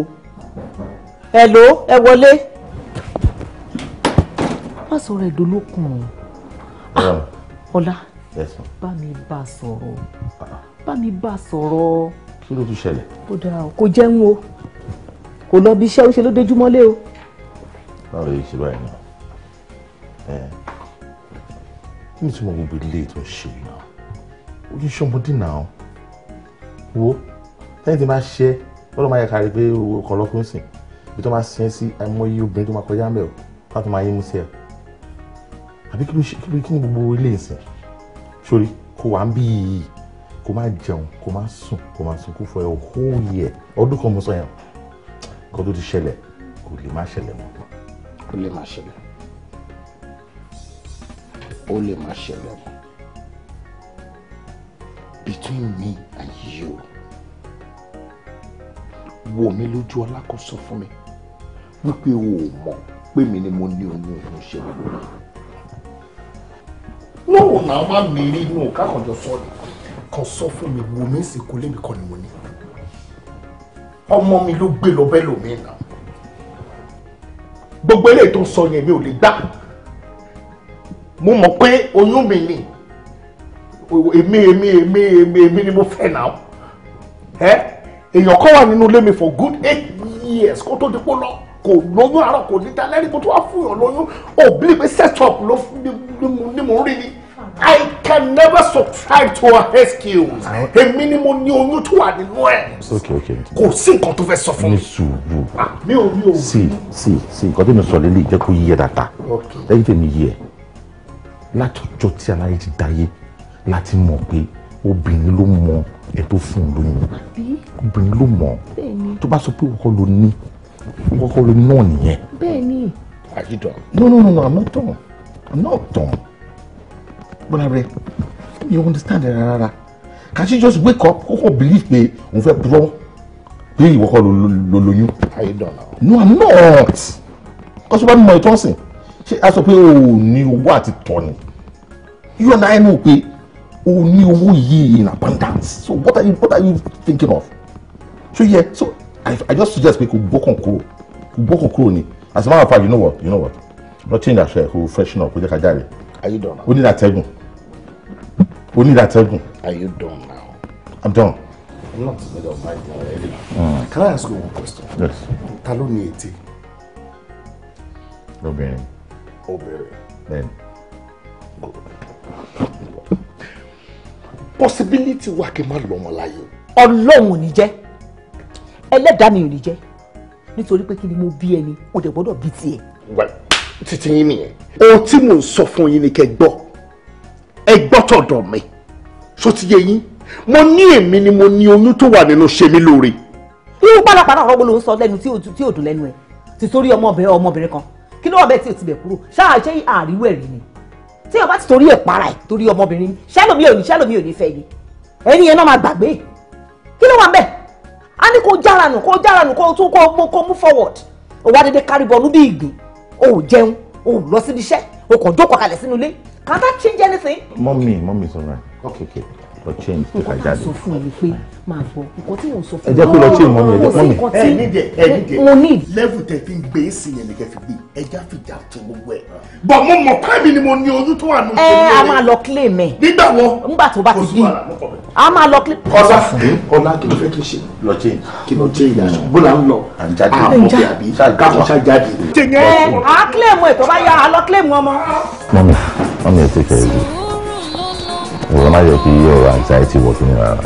ẹ̀ ló ẹ wọlé má sọ̀rọ̀ ẹ̀dọ́ lókun ọ̀la bá mi bá sọ̀rọ̀ ah, ah. bá mi bá sọ̀rọ̀. kí ló tún ṣẹlẹ̀. ó dáa kò jẹun o kò lọ bí iṣẹ́ ó ṣe ló déjúmọ́lé o. báwo lè ṣe báyìí náà ẹ mi tún mọ gbogbo ilé tó ń ṣe náà ojúṣe ọmọdé náà wo lẹ́yìn tí máa ṣe lọ́dọ̀ máa yẹ kárí pé ọkọ̀ ọlọ́kùnrin sìn bí tó máa ṣe é sí àìmọye obìnrin tó máa kọjá ń bẹ̀ ọ́ láti máa yín mú sí ẹ̀ àbí kí ló ṣe kí ló kí ni gbogbo ilé ìsìn sórí kó wà ń bí yìí kó má jẹun kó má sùn kó má sunkún for a whole year ọdún kan mo sọ yẹn nǹkan tó ti ṣẹlẹ̀ kò lè má ṣẹlẹ̀ mọ́. kò lè má ṣẹlẹ̀ ó lè má ṣẹlẹ̀ mọ́ between me and you wo mi lójú ọlá kó sọ fún mi wípé o ò mọ̀ pé mi ni mo ní oyún ìmúṣẹ́ mi lónìí no na má mèrè inú ká kàn jọ sọ ni kàn sọ fún mi wo mi sì kó lémi kan ni mo ní ọmọ mi ló gbé lọ bẹ́ẹ̀ lómi nà gbogbo eléyìí tó ń sọ yẹn mi ò lè gbà mo mọ̀ pé oyún mi ni èmi èmi èmi èmi èmi ni mo fẹ́ nà ẹ́ èèyàn kan wà nínú ilé mi for good eight years kó to di pò lọ kò lóyún àárọ̀ kò ní dalẹ́rì mo tún wá fún yàn lóyún òbí pé set up ló ní mo rí ni I can never subscribe to her excuse ah, èmi ni mo ní oyún tó wà nínú ẹ̀ kò sí nǹkan tó fẹ́ sọ fún mi. ní sùúrù ah, mi ò rí òun. sí sí sí nǹkan tí mo sọ lélẹ̀ jẹ́ kó yí ẹ̀ dàtà lẹ́yìn tèmi yí ẹ̀ látọjọ́ tí aláyé ti dáyé láti mọ̀ pé obìnrin ló mọ ẹ̀ tó fún un lóyún obìnrin ló mọ̀ tó bá sọ pé òkò ló ní kọ́kọ́ náà nìyẹn. bẹ́ẹ̀ni. are you done. no no no i'm not done i'm not done. bọ́lá rẹ you understand rẹ rárá can she just wake up kọ́kọ́ believe pé òun fẹ́ purọ́ pé ìwọ kọ́ ló lóyún. are you done now. no i'm not. kọ́sọ́ bá mi mọ ìtọ́sìn ṣé a sọ pé o ò ní owó àti tọ́ ni you and I know pé o ní owó yìí in abundance so what are you what are you thinking of so yeah so I, I just suggest pé kò gbọ́kàn kúrò kò gbọ́kàn kúrò ni as a matter of fact you know what you know what change that share kò freshen up kò jẹ́ ká jáde. are you done now. o ní ìdàtẹ́gùn o ní ìdàtẹ́gùn. are you done now. i'm done. i'm not in the middle of fighting already. Mm. can I ask you one question. yes. ta ló ní ètè. obìnrin. obìnrin. bẹ́ẹ̀ni. good. possibility wa kí n má lọ́mọ láyé. ọlọ́run ò ní jẹ́ ẹlẹ́dàá mi ò ní jẹ́ nítorí pé kí ni mo bí ẹni mo dẹ̀ gbọ́dọ̀ bí tiẹ̀. wà títí yín nìyẹn ohun tí mò ń sọ fún yín ni kẹ́ gbọ́ ẹ gbọ́ tọ̀dọ̀ mi ṣó ti yé yín mo ní èmi ni mo ní oyún tó wà nínú ṣe mí lóore. irú pàlàpàlà ọ̀rọ̀ wo ló ń sọ lẹ́nu tí ò dùn lẹ́nu ẹ̀ ti torí ọmọbìnrin ọmọbìnrin kan kí ló wà bẹ́ẹ̀ tí o ti bẹ̀ kúrò ṣáà ṣé àríwú ẹ̀rí ni tí o bá ti torí ẹ̀ para ẹ̀ torí ọmọbìnrin ṣẹ́lómi ò ní ṣẹ́lómi ò ní fẹ́ ni ẹni yẹn náà máa gbàgbé kí ló wà bẹ́ẹ̀ a ní kó jára nù kó jára nù kó tún kó mú kó mú forward ó wá dédé kárí bọ̀ọ̀nù bí ìgbín ó jẹun ó lọ síbi iṣẹ́ ó kàn jókòó kalẹ̀ sínú ilé can that change anything. mọ́mí mọ́mí sọ̀rọ̀ okay okay lọ change tó fà jáde. nǹkan tó sọ fún mi pé máa bọ nǹkan tí mò ń sọ fún mi. ẹ jẹ́ kó lọ change mọ́ mi ẹ jẹ́ mọ́ mi. ẹ nídìí ẹ nídìí mo ní. level tẹ fi ń gbé sí yẹn nìkẹ́ fi gbé ẹja fìjà tó gbogbo ẹ̀. bọ̀ mo mọ̀ pẹ́ẹ́mì ni mo ní oyún tó wà nù. ẹ a máa lọ kílè mẹ. nígbà wo nígbà tó bá ti bí a máa lọ kílè. ọlá ọlá kí ló fẹ́ kí ṣe lọ change kí ló change yàrá bó la ń lọ àmọ̀fẹ́ àbí káfọ́ ṣájáde. jẹ̀yẹ́ àá kílè mu ẹ̀ tó bá yá a lọ kílè mu ìwọ má jẹ́ kí ọ̀rọ̀ anxiety wọ̀ kí ni rárá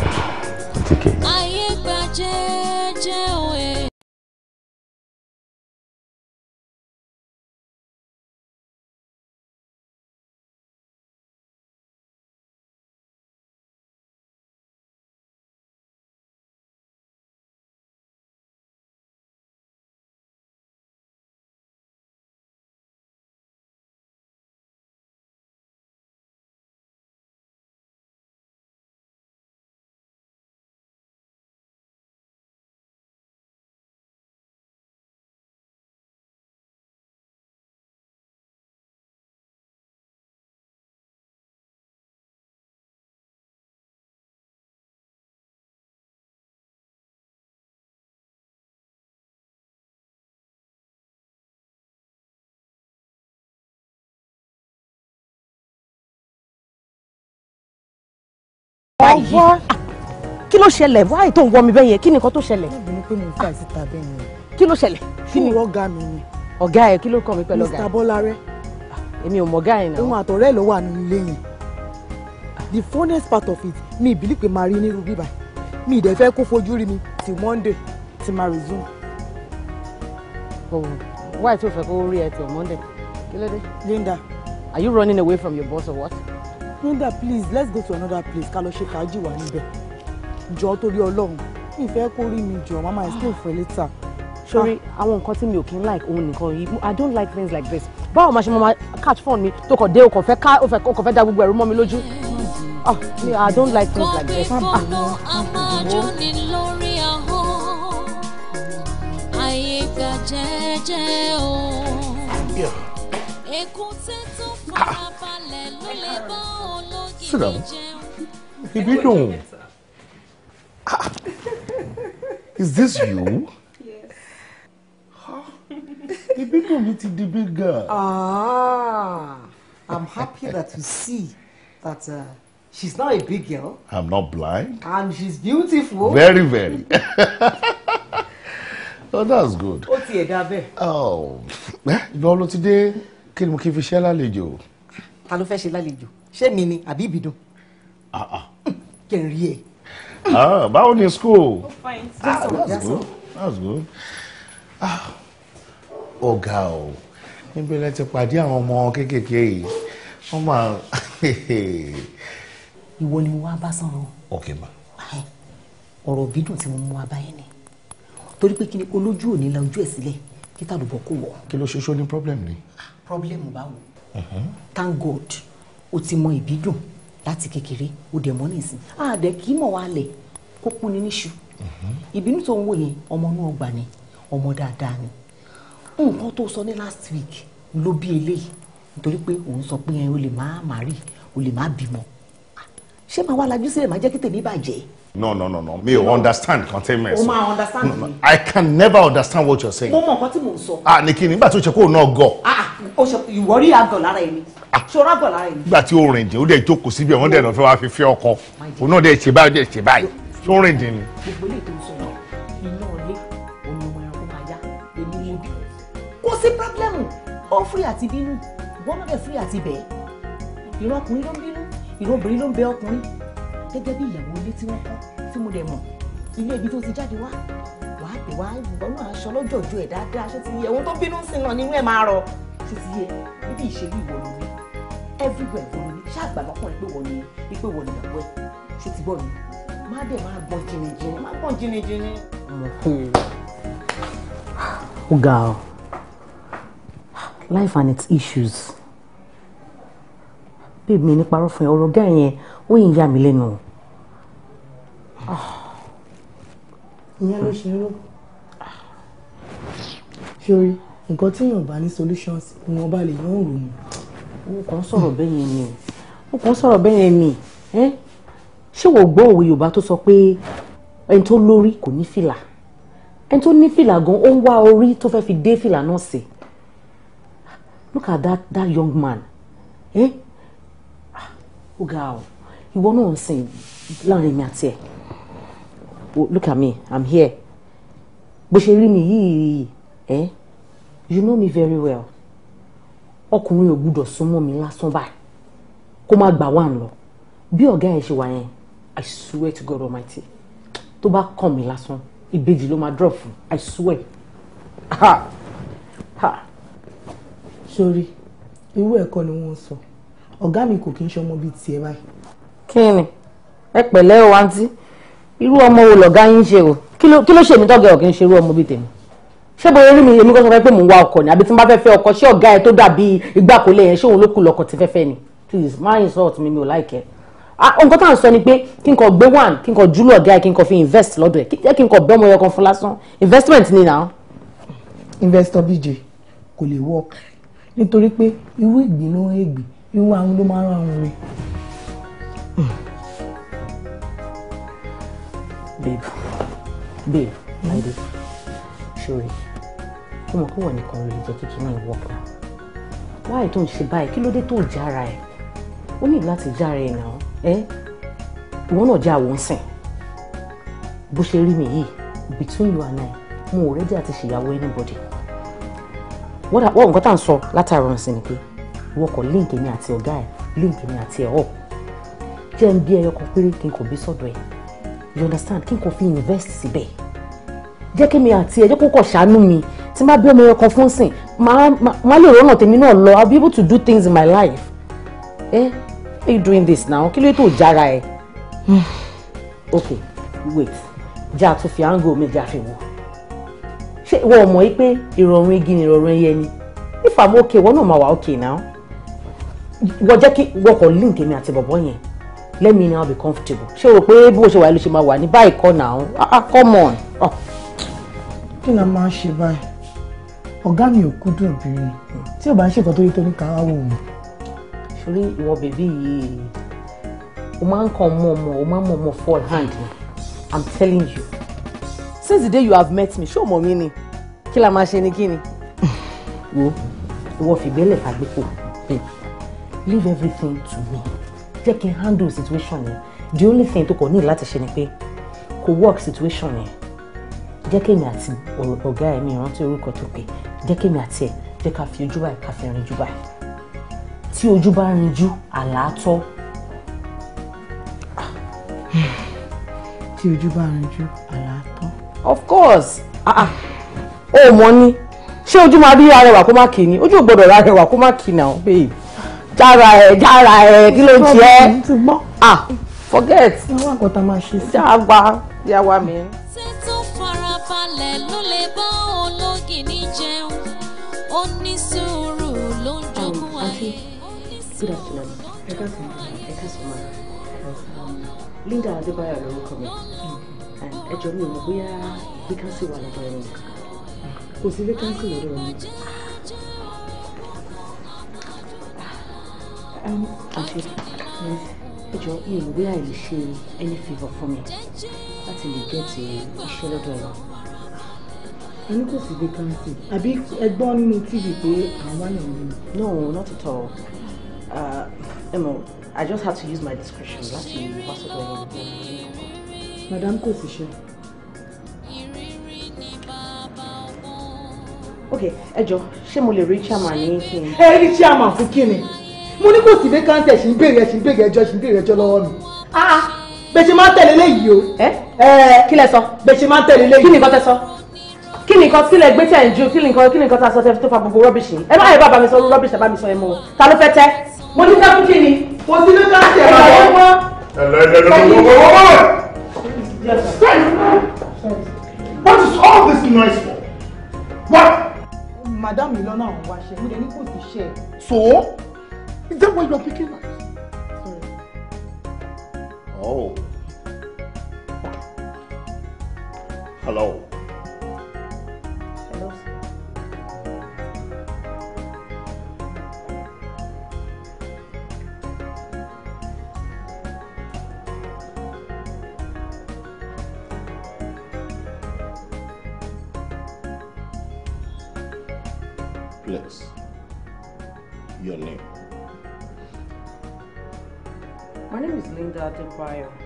báyìí kí ló ṣẹlẹ̀ wáyé tó ń wọ mi bẹ́yẹn kí ni nǹkan tó ṣẹlẹ̀. obìnrin pé mo ń fà síta bẹ́ẹ̀ ni. kí ló ṣẹlẹ̀. fún ọ̀gá mi ni. ọ̀gá ẹ̀ kí ló kàn mí pẹ̀lú ọ̀gá Mr Bọ́lárẹ́. èmi ò mọ ọ̀gá ẹ̀ náà. òun àtọ̀rẹ́ ẹ̀ ló wà nínú ilé yẹn. the funnest part of it mi ìbílí pé màá rí nírú bíbá mi ìdẹ fẹ́ kó fojú rí mi till Monday till ma resume. wáyé tó fẹ́ kó rí ẹ till Monday kí ló dé. Linda. Are you running away from your boss or what? Linda please let's go to another place ká kaji wa fàájì wà níbẹ̀ jọ torí ọlọ́run mi fẹ́ kó rí mi jọ mama explain for later. sori àwọn nǹkan tí mi ò kí like òun nìkan yìí i don't like things like this báwo máa ṣe máa catch phone mi tó kàn dé o kàn fẹ́ ká o kàn da gbogbo ẹ̀rú mọ́ mi lójú ah i don't like things like this. ayé gbà jẹ́jẹ́ o èkó tẹ́tọ́. Ah. Sit down. Is this you? Yes. The mi ti di big girl. Ah. I'm happy that you see that uh, she's not a big girl. I'm not blind. And she's beautiful. Very, very. <laughs> oh, that's good. Oh, ìgbà wo today kí ni mo kí fi ṣe lálejò. ta ló fẹ́ ṣe lálejò ṣé mi ni àbí ìbìdùn. Ah, ah. kí n rí ẹ. Ah, báwo ni school. ah, that's, good that's good. ọ̀gá o níbi ilẹ̀ ti pàdé àwọn ọmọ kéékèèké yìí wọ́n máa. <laughs> ìwọ ni mo wá bá sọ̀rọ̀. ok ma. ọ̀rọ̀ bídùn tí mo mú wa báyẹn ni torí pé kí ni olójú ò ní la ojú ẹ̀ sílẹ̀ kí tàlùbọ̀ kò wọ̀. kí ló ṣoṣo ní problem ni. Ah problem báwo mhm. thank god o ti mọ ìbídùn láti kékeré o dẹ̀ mọ́ nìsín àdẹ̀ kì í mọ̀ wá lẹ̀ kó kú ni níṣu mhm. ìbínú tó ń wò yẹn ọmọ inú ọgbà ni ọmọ dáadáa ni nǹkan tó sọ ní last week ló bí eléyìí nítorí pé òun sọ pé o lè má má rí o lè má bímọ ah, ṣé màá wá lajú sílẹ̀ má jẹ́ kí tèmi bàjẹ́ no no no no mi ò understand containment. o máa understand no, no. me. i can never understand what you're saying. mo what you tí mò ah nìkì nígbà tó ṣe kó o náà ah, ah o you worry rí àgọ lára ẹni. ṣọra àgọ But you orange, you dey rìn dé o dẹ̀ jókòó síbi ẹ̀wọ̀n dẹ̀ lọ fẹ́ wá fi fẹ́ ọkọ o náà dẹ̀ ṣe báyìí o dẹ̀ ṣe báyìí ṣó rìn dé ni. gbogbo ilé tó ń sọ náà iná ọlé ọmọ ọmọ ẹranko máa yá èmi ni bí. kò sí pírọ́blẹ́mù ó fúri àti bínú ìwọ náà dẹ̀ fúri àti bẹ̀ẹ́ ìran ọkùnrin gẹ́gẹ́ bí ìyàwó ilé tí wọ́n kọ́ tí mo dẹ̀ mọ̀ ilé ibi tó ti jáde wá wàá pè wá ìgbọ́n aṣọ lọ́jọ́ ojú ẹ̀ dáadáa ṣé ti yẹ ohun tó bínú sí náà nínú ẹ̀ máa rọ ṣé ti yẹ níbi ìṣèlú ìwọ ló ní everywhere ìwọ ló ní ṣáàgbà lọ́kùnrin pé wọ́n ní pípé wọ́n ní ìyàwó ẹ̀ ṣé ti bọ́ ni má dẹ̀ máa gbọ́n jìnnìjìnnì má gbọ́n jìnnìjìnnì. ó ga ọ life and its issues bí mi ní parọ́ fún ẹ ọ̀rọ̀ gẹ́yìn ó yìí ń yà mí lẹ́nu o. ìyẹn ló ṣe rú ṣorí nǹkan tí èèyàn bá ní solutions ìwọ̀n bá lè yàn òrò mi. ó kàn sọ̀rọ̀ bẹ́ẹ̀ yẹn ni ó kàn sọ̀rọ̀ bẹ́ẹ̀ yẹn ni ṣé wò gbọ́ òwe Yorùbá tó sọ pé ẹni tó lórí kò ní fìlà ẹni tó ní fìlà gan ó ń wá orí tó fẹ́ fi dé fìlà náà sí look at that that young man Eh? Oh o ìwọ náà ń sìn láàrin mi àti ẹ look at me i'm here bó ṣe me. Eh? you know me very well ọkùnrin ò gbúdọ̀ súnmọ́ mi lásán báyìí kó má gbà wá ń lọ bí ọ̀gá ẹ̀ ṣe wà yẹn i swear to god almighty To come bá kàn mí lásán ìbejì ló máa drop fún i swear ha ha sórí irú ẹ̀kọ́ ni wọ́n so. Or mi kò kí ń ṣọmọ bíi tiẹ̀ báyìí kí ni ẹ pẹ̀lẹ́ o àǹtí irú ọmọ wo lọ̀gá yín ṣe o kí ló ṣe èmi tọ́gẹ̀ ọ̀kì ń ṣe irú ọmọ bíi tèmi ṣé bóyá rí mi èmi kọ́ sọ pé mò ń wa ọkọ̀ ni àbí tí n bá fẹ́ fẹ́ ọkọ ṣé ọ̀gá ẹ tó dàbí ìgbàkólé yẹn ṣé òun ló kù lọ́kọ̀ tí fẹ́fẹ́ ni please má insult mi mi ò like ẹ nǹkan tá à ń sọ ni pé kí n kò gbé one kí n kò júlọ ọ̀gá ẹ kí n kò fi invest lọ́dọ̀ ẹ jẹ́ kí n kò bẹ́ ọmọ ẹyọkan fún lásán investment ni nà. investor bj kò lè work nítorí pé irú ìgbín ló ń ègbì irú àwọn ló máa ń rán àwọn rẹ̀ babe babe babe ṣòro Shuri, mo kí wọ̀ nìkan ló lè jẹ́ kí kíní ìwọ̀ kan wáyé tó ń ṣe báyìí kí ló dé tó jára ẹ̀ ó ní láti jára ẹ̀ náà ẹ́ eh? ìwọ náà já àwọn sìn bó ṣe rí mi yìí between you and I mo ò rẹ́dí àti ṣèyàwó anybody wọ́n nǹkan tá à ń sọ látàrí ọ̀rọ̀ sí ni pé wọ́n kọ̀ líǹkì mi àti ọ̀gá ẹ̀ líǹkì mi àti ẹ̀ ọ̀ jẹ́ ń bí ẹyọ kan péré kí n you understand kí n kò fi invest síbẹ̀ jẹ́ kí mi àti ẹ̀ jẹ́ kó kọ̀ ṣàánú mi tí n bá bí ọmọ ẹyọ kan fún sìn má lè rọ́nà tèmi náà lọ I'll be able to do things in my life eh why are you doing this now kí ló tó jára ẹ <sighs> ok wait jẹ́ àtúnfi àǹgò mi jẹ́ àfihàn ṣé ìwọ ò mọ̀ yìí pé ìrọ̀rùn igi ni ìrọ̀rùn ẹyẹ ni if I'm okay wọ́n náà Ma wa okay now wọ́n jẹ́ kí wọ́n kọ̀ link mi àti bọ̀bọ́ yẹn let me now be comfortable ṣé o rò pé bó ṣe wà ló ṣe máa wà ní báyìí kọ́ náà ah, ah come on. Oh. kí la máa ṣe báyìí ọ̀gá mi ò kúndùn obìnrin tí ò bá ń ṣèkọ́ tó yẹ tó ní káwá wò mí. sórí ìwọ bèbí yìí o máa ń kàn mọ ọmọ o máa ń mọ ọmọ fall hand i'm telling you since the day you have met me ṣé o mọ̀ mí ni kí la máa ṣe ni kí ni. wo ìwọ fìgbélẹ̀ fàgbépo leave everything to me jẹ́ kí n handle situation yẹn the only thing tó kọ̀ ní láti ṣe ni pé kò work situation yẹn jẹ́ kí èmi àti ọ̀gá ẹ̀ mi ìrántí orúkọ tó pé jẹ́ kí èmi àti ẹ̀ jẹ́ ká fi ojú báyìí ká fi rinjú báyìí tí ojú bá rinjú àlàátọ́ tí ojú bá rinjú àlàátọ́. of course ó ah, ah. mọ ni ṣé ojú máa rí arẹwà kó má kì í ni ojú ò gbọdọ̀ rí arẹwà kó má kì í náà babe jára ẹ jára ẹ kí ló ń tiẹ ah forget jáwa jáwa mi. títún farabalẹ̀ ló lè bá ológì ní jẹun ó ní sùúrù ló ń jogún ayé Linda Adébáyọ̀ lórúkọ mi hmm. ẹjọ́ mi ò mọ̀ bóyá vacancy wà lọ́dọ̀ ẹ̀rọ kò sí vacancy lọ́dọ̀ ẹ̀rọ àǹtí um, ẹ jọ mi ò rí àìlè ṣe any favour fún mi láti lè gẹ̀ẹ́tì eh, iṣẹ́ lọ́dọ̀ rẹ̀. ẹni kò sí vacancy àbí ẹgbọ́n nínú tv pé àwọn wáyà mi. no not at all uh, ẹ mọ̀ I just had to use my discretion láti wá sọ́dọ̀ ẹ̀rọ ìgbà madam kò sí ṣe. ok ẹ jọ ṣé mo lè rí chairman ní kí n. ẹ rí chairman fún kí ni mo ní kò sí vacant ẹ̀ sì ń béèrè ẹ̀ sì ń béèrè ẹjọ́ sì ń béèrè ẹjọ́ lọ́wọ́ mi. Ah, ah. bẹ́ẹ̀ ṣe máa ń tẹ̀lé léyìí o. ẹ ẹ kí lẹ sọ. bẹ́ẹ̀ máa ń tẹ̀lé léyìí. kí ni nǹkan tẹ sọ kí ni nǹkan sílẹ̀ gbé tẹ̀ ń ju kí ni nǹkan kí ni nǹkan tá a sọ tẹ tó fa gbogbo rọ́bìṣì ẹ má yẹ bàbá mi sọ rọ́bìṣì bàbá mi sọ ẹ mọ ta ló fẹ́ tẹ́. mo ní sẹ́kù What is all this noise for? What? Madam Ilona ń wáṣẹ́, mo So? Is that why you're picking up? Oh. Hello. bio.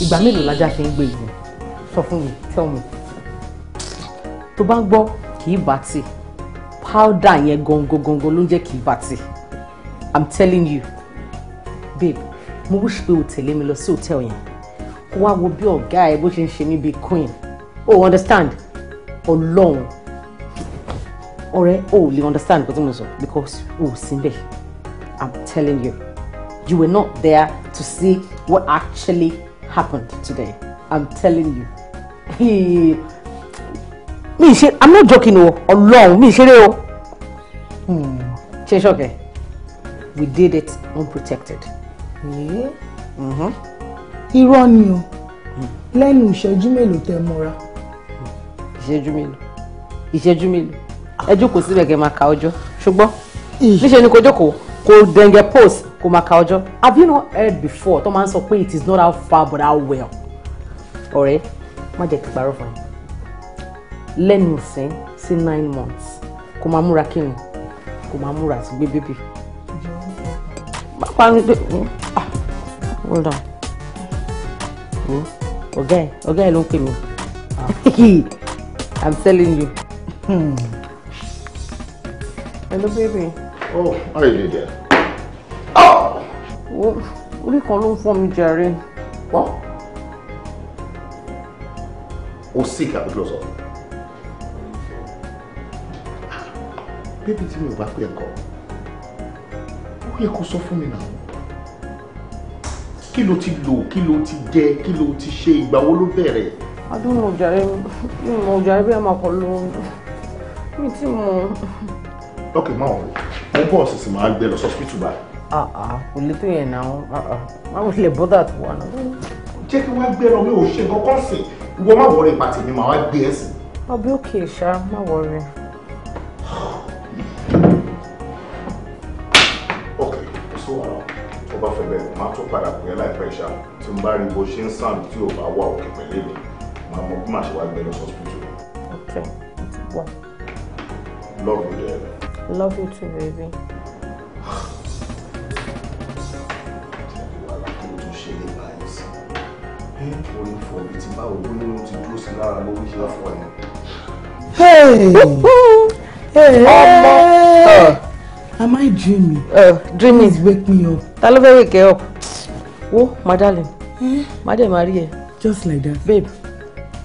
ìgbà mélòó lajá fi ń gbé ìwò sọ fún mi tell me tó bá ń gbọ́ kì í bá tì powder yẹn gangan gangan ló ń jẹ́ kì í bá tì i'm telling you babe mo wish pé o tẹ̀lé mi lọ sí hòtẹ́ẹ̀lì yẹn kó wá wo bí ọ̀gá ẹ bó ṣe ń ṣe mí bíi queen oh understand ọlọ́run ọ̀rẹ́ o ò lè understand nǹkan tí mo sọ because o ò síbẹ̀ i'm telling you you were not there to see what actually happened today. I'm telling you. He mi I'm not joking o Ọlọ́run mi ṣeré Hmm. ṣe okay. we did it unprotected. Yeah. Mm-hmm. irọ́ ni o hmm. lẹ́nu ìṣẹ́jú mélòó tẹ mọ́ra. ìṣẹ́jú mélòó ìṣẹ́jú mélòó ẹ jókòó síbẹ̀ kẹ́ máa ka ọjọ́ ṣùgbọ́n níṣẹ́ ni kò jókòó kò dẹ̀ǹgẹ̀ post kò máa have you not heard before tó máa ń sọ pé it is not how far but how well ọ̀rẹ́ má jẹ́ kí parọ́ fún ẹ lẹ́nu ìsín sí nine months kò máa múra kírun kò máa múra àti gbé bébì pápá gbé ah hold on hmm? ọ̀gá ẹ̀ ọ̀gá ẹ̀ ló ń pè mí ah. <laughs> i'm telling you. Hmm. Hello, baby. Oh, how are you doing there? orí kan ló ń fọ́ mi jàre. wọ́n o sick àbí kí ló sọ. bébí tí mi ò bá pè ẹ̀ kọ́ ó yẹ kó sọ fún mi náà kí ló ti lò kí ló ti jẹ kí ló ti ṣe ìgbà wo ló bẹ̀rẹ̀. adúlọ jàre mi mọ jàre bí ẹ máa kọ ló mi ti mọ. ok máa wọ mo bọ̀ ọ̀sìn sì máa gbé lọ sọ́sìpítù báyìí. Ah, ah lè tó yẹn náà ah, ah. má wọ́n lè bọ́dà tó wà náà. jẹ́ kí wọ́n gbé ẹran mi ò ṣe kankan sí ìwọ má wọrí pàtì mi màá wá gbé ẹ sí. ọbẹ̀ òkè ṣá má wọrí. ok so tó bá fẹ́ bẹ̀rẹ̀ máa tún padà pè é láìpẹ́ ṣá tí mo bá rí bó ṣe ń sàn tí ò bá wà òkè pẹ̀lẹ́ mi màá mọ bí màá ṣe wá gbé lọ hospital. ok wà. love you dear. love you too baby. orin fọ̀bì ti bá ògbó nínú ti dúró sí lára lówó ṣe fún ẹ. ọmọ am I dreaming? Uh, dreaming please wake me up. ta ló fẹ́ wake up? wo my darling eh? my dear maria. just like that. babe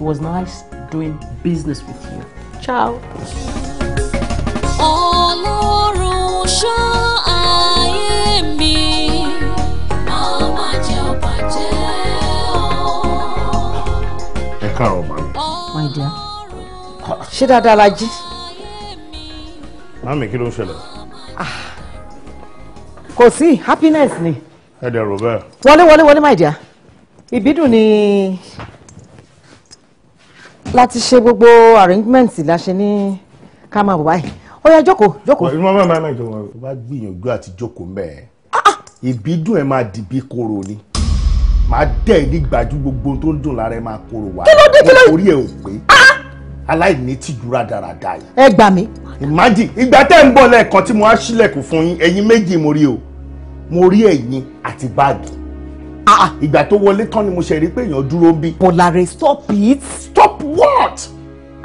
it was nice doing business with you. ciao. ọlọ́run ṣáà. ṣé dáadáa la jí. mami kí ló ń ṣẹlẹ̀. Ah, kò sí happiness ni. ẹ dẹ̀ rò bẹ́ẹ̀. wọlé wọlé wọlé my dear ìbídùn ni láti ṣe gbogbo arrangements la ṣe ní ká máa bọ̀ báyìí ó yá jókòó jókòó. ìmọ̀ máa máa máa jọ̀wọ́ o bá gbìyànjú àti jókòó mẹ́ẹ̀ ah, ah. ìbídùn ẹ̀ máa dìbí koro ni máa dẹ̀ ní gbàjú gbogbo tó ń dùn lára ẹ̀ máa koro wá orí ẹ̀ ò pé aláìní tìjúra dáradára yìí. ẹ gbà mí. imagine ìgbà tẹ́ ń bọ̀ lẹ́ẹ̀kan tí mo á sílẹ̀kùn fún yín ẹ̀yin méjì mo rí o mo rí ẹ̀yin àti báàgì. Ah, ah. ìgbà tó wọlé tán ni mo ṣe rí pé èèyàn dúró bí. bọ̀làrẹ̀ stop it. stop what?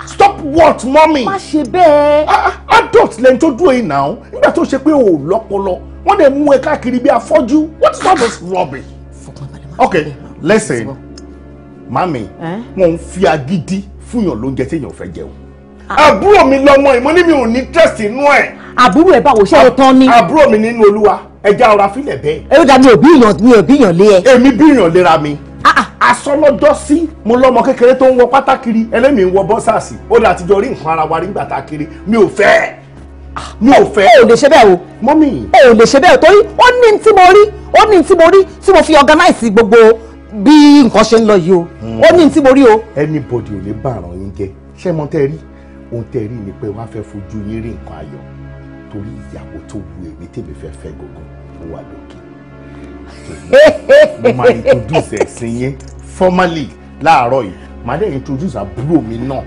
stop what mọ́mì. má ṣe bẹ́ẹ̀. Ah, adult lẹ́ni tó dúró yìí náà nígbà tó ṣe pé o ò lọ́pọlọ wọ́n dẹ̀ mú ẹ káàkiri bí afọ́jú what is all this rubbish. okay listen mami eh? Mo ń fi agídí fúnyàn lóúnjẹ téèyàn fẹ́ jẹ o. Ah. àbúrò mi lọmọ ìmọ̀ ní mi ò ní tẹ̀sí inú ẹ̀. àbúrò ẹ̀ báwo ṣe o ah, tán ni. àbúrò mi nínú olúwa ẹja ọ̀rá filẹ̀ bẹ́ẹ̀. ẹ ó dà mí ò bíyàn mi ò bíyàn lé ẹ. èmi bíyàn lera mi. asọlọjọ ah, sí mo lọmọ kékeré tó ń wọ pátákiri ẹlẹ́mìí ń wọ bọ́sàsì ó dà àtijọ́ rí nǹkan ara wa rí nígbà tá a kiri mi ò fẹ́ mi ò fẹ́. o ò lè ṣe bẹ́ẹ̀ o. mọ́mì. o ò lè ṣe bẹ́ẹ̀ o torí ó ní tí mo rí ó ní tí mo rí tí mo fi organize gbogbo bí nǹkan ṣe ń lọ yìí o hmm. ó ní tí mo rí o. anybody ò ní bá àràn yín jẹ ṣé mo tẹ́ rí ohun tẹ́ rí ni pé wọ́n á fẹ́ fojú yín rí nǹkan ayọ̀ torí ìyàwó tó wu èmi tèmi fẹ́ fẹ́ gògùn ó wà lókè. mo máa introduce ẹ̀sìn yín formally láàárọ̀ yìí màá dẹ̀ introduce àbúrò mi náà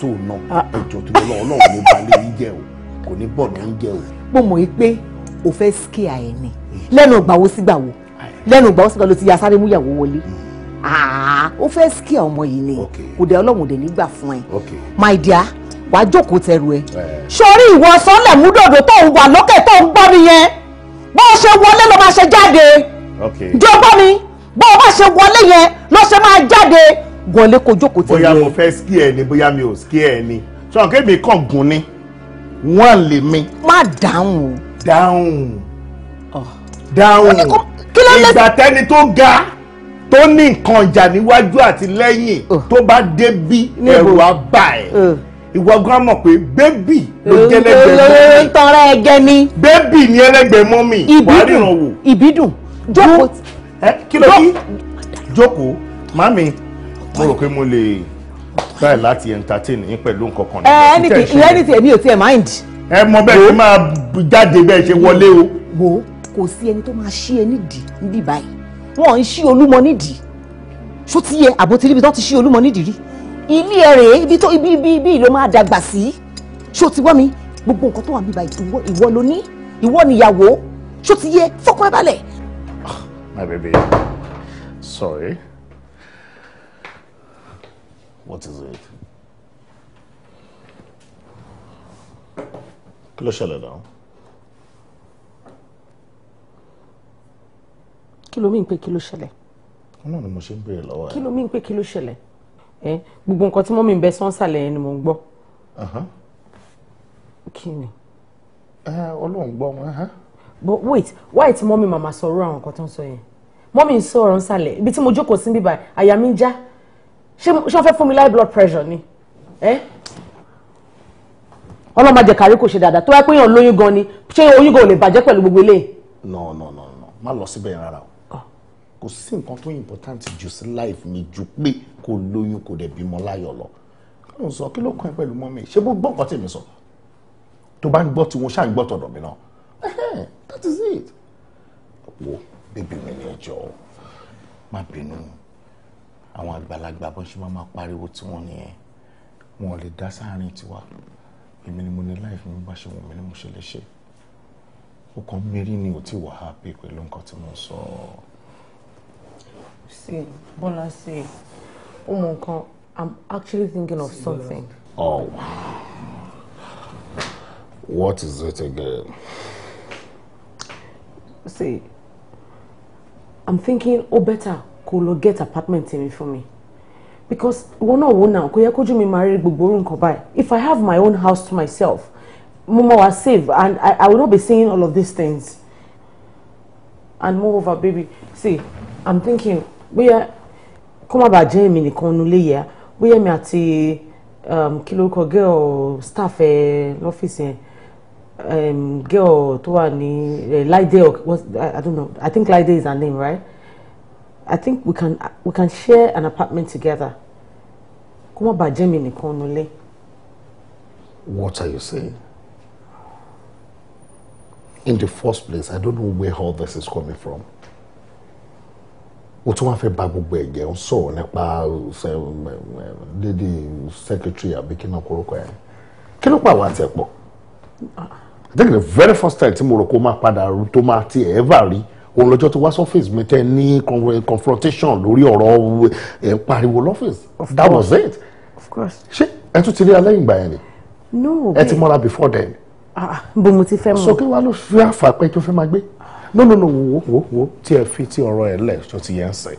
so náà ah. ẹjọ́ tó lọ́wọ́ ọlọ́run ló balẹ̀ yín jẹ́ o kò ní bọ̀ ló ń jẹ́ o. mo mọ̀ pé o fẹ́ scare ẹ̀ ni hmm. lẹ́nu ìgbàwo sígbàwo lẹ́nu ìgbà hospital ló ti ya sáré mú ìyàwó wọlé hmm. ah, ó fẹ́ kí ọmọ yìí ni kò dé ọlọ́run ò dé nígbà fún ẹ my dear wàá jókòó tẹrù ẹ eh. sọrí ìwọ sọlẹ̀ múdòdó tó ń wà lókè tó ń gbọ́ nìyẹn bó o ṣe wọlé ló máa ṣe jáde jọgbọ́n mi bó o bá ṣe wọlé yẹn ló ṣe máa jáde wọlé kó jókòó tẹrù ẹ. bóyá mo fẹ́ skí ẹ ni bóyá mi ò skí ẹ ni sọ̀rọ̀ kébì kàn gùn ni wọ́n lè mi. má dáhùn o. dáhùn oh. dáhùn kí ló lè. ìgbà tẹ́ni tó ga tó ní nǹkan ìjà níwájú àti lẹ́yìn oh. tó bá dé bí ẹ̀rù á bà ẹ́ oh. ìwọ gan mọ̀ pé bébì ló oh, jẹ́ lẹ́gbẹ̀ẹ́ mọ́mì. ń tọrọ ẹgẹ ni. bébì ni ẹlẹ́gbẹ̀ẹ́ mọ́mì wàá ríran wò. ìbídùn jókòó. ẹ kí ló kí jókòó mami mo rò pé mo lè try láti entertain yín pẹ̀lú nǹkan kan. ẹ ẹni tí èmi ò tiẹ̀ mind. ẹ mọ bẹ́ẹ̀ ṣe máa jáde bẹ́ẹ̀ ṣe wọlé o. wo kò sí ẹni tó máa ṣí ẹ nídìí níbí báyìí wọn ò ń ṣí olúmọ nídìí ṣó ti yẹ àbótí níbi tó ti ṣí olúmọ nídìí rí ilé ẹ rèé ibi tó ibi ibi ibi ló máa dàgbà sí ṣó ti wọ́ mi gbogbo nǹkan tó wà níbà ìwọ ìwọ ló ní ìwọ níyàwó ṣó ti yẹ fọkàn ẹ balẹ̀. Ah, my baby sorry what is it. kí ló ṣẹlẹ̀ náà. kí ló mí pé kí ló ṣẹlẹ̀. náà ni mo ṣe ń béèrè lọ́wọ́ ẹ. kí ló mí pé kí ló ṣẹlẹ̀ ẹ gbogbo nǹkan tí mọ́mí ń bẹ sọ́nsàlẹ̀ yẹn ni mò ń gbọ́. kí ni. ọlọ́run gbọ́ wọn. but wait why ti mọ́mí màmá sọ̀rọ̀ àwọn nǹkan tó ń sọ yẹn mọ́mí ń sọ̀rọ̀ nsàlẹ̀ ibi tí mo jókòó sí bíbá àyà mi ń já ṣé wọ́n fẹ́ fún mi láì blood pressure ni ọlọ́mọ àjẹkárí kò ṣe dáadáa tó wáyé pé èèyàn lóyún gan ni ṣé oyún gan ò lè bàjẹ́ pẹ̀lú gbogbo eléyìí. no no no no má lọ síbẹ̀ yẹn rárá kò sí nǹkan tó important jù sí life mi ju pé kò lóyún kò dẹ̀ bímọ láyọ̀ lọ mo sọ kí ló kàn pẹ̀lú mọ́mí ṣé bó gbọ́ nǹkan tèmi sọ tó bá ń gbọ́ tiwọn ṣáà ń gbọ́ tọ̀dọ̀ mi náà that is it wo bébí mi ní ẹjọ́ má bínú àwọn àgbàlagbà bó ṣe máa ma pariwo tí wọ́n nìyẹn wọn ò lè dá sáàrin tiwa èmi ni mo ní life mi bá ṣe wù mí ni mo ṣe lè ṣe ó kàn mérí ni ò tí wàá happy pẹ̀lú nǹkan tí mo sọ ọ́. See, Bola, see. Umunko, I'm actually thinking of something. Oh. What is it again? See, I'm thinking, oh, better, kó get apartment tèmi for me, Because one or one now, kò yẹ kójú mi máa rí gbogbo orun kan If I have my own house to myself, mo was safe and I, I will not be saying all of these things. And moreover, baby, see, I'm thinking bóyá kó má bàa jẹ́ èmi nìkan nu lé yẹ bóyá mi àti um, kí lórúkọ girl staff ẹ lọ́fíìsì yẹn um, girl tó wà ní eh, Laide I don't know I think Laide is her name right I think we can we can share an apartment together kó má bàa jẹ́ mi nìkan nulẹ̀. What are you saying? In the first place, I don't know where all this is coming from o tún wáá fẹ́ ba gbogbo ẹ̀jẹ̀ ń sọ̀rọ̀ nípa lédi secretary àbí kí náà korokọ ẹ̀ kí ló pa àwọn àtẹ̀pọ̀ I think the very first time tí mo rò kó máa padà tó máa ti ever rí òun lọ́jọ́ tó wá sọ́fíìsì mi tẹ́ ní confrontation lórí ọ̀rọ̀ ẹ̀ ń pariwo lọ́fíìsì that was it ṣé ẹ tún ti rí alẹ́ ìgbà yẹn ni ẹ ti mọ́ra before then. Ah, ah, bó mo ti fẹ́ mọ̀. sọ kí wàá ló fi àfà pé tó fẹ́ máa gbé no no no wo wo wo tí ẹ fi ti ọ̀rọ̀ ẹ lẹ ṣọ ti yẹn sẹ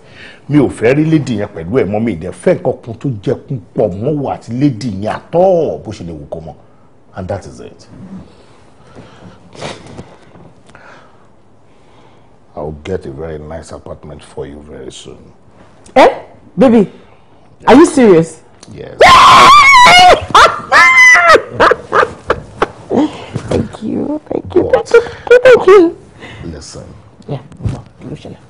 mi ò fẹ́ rí lédi yẹn pẹ̀lú ẹ mọ́ mi ìdẹ fẹ́ nǹkan kan tó jẹ kún pọ̀ mọ́ wà àti lédi yẹn àtọ̀ bó ṣe lè wù kó mọ́ and that is it. I will get a very nice apartment for you very soon. Eh? Baby, yeah. are you serious? Yes. <laughs> thank you, thank you, but, thank you, thank you blessing. yà bọ kí ló ṣẹlẹ̀.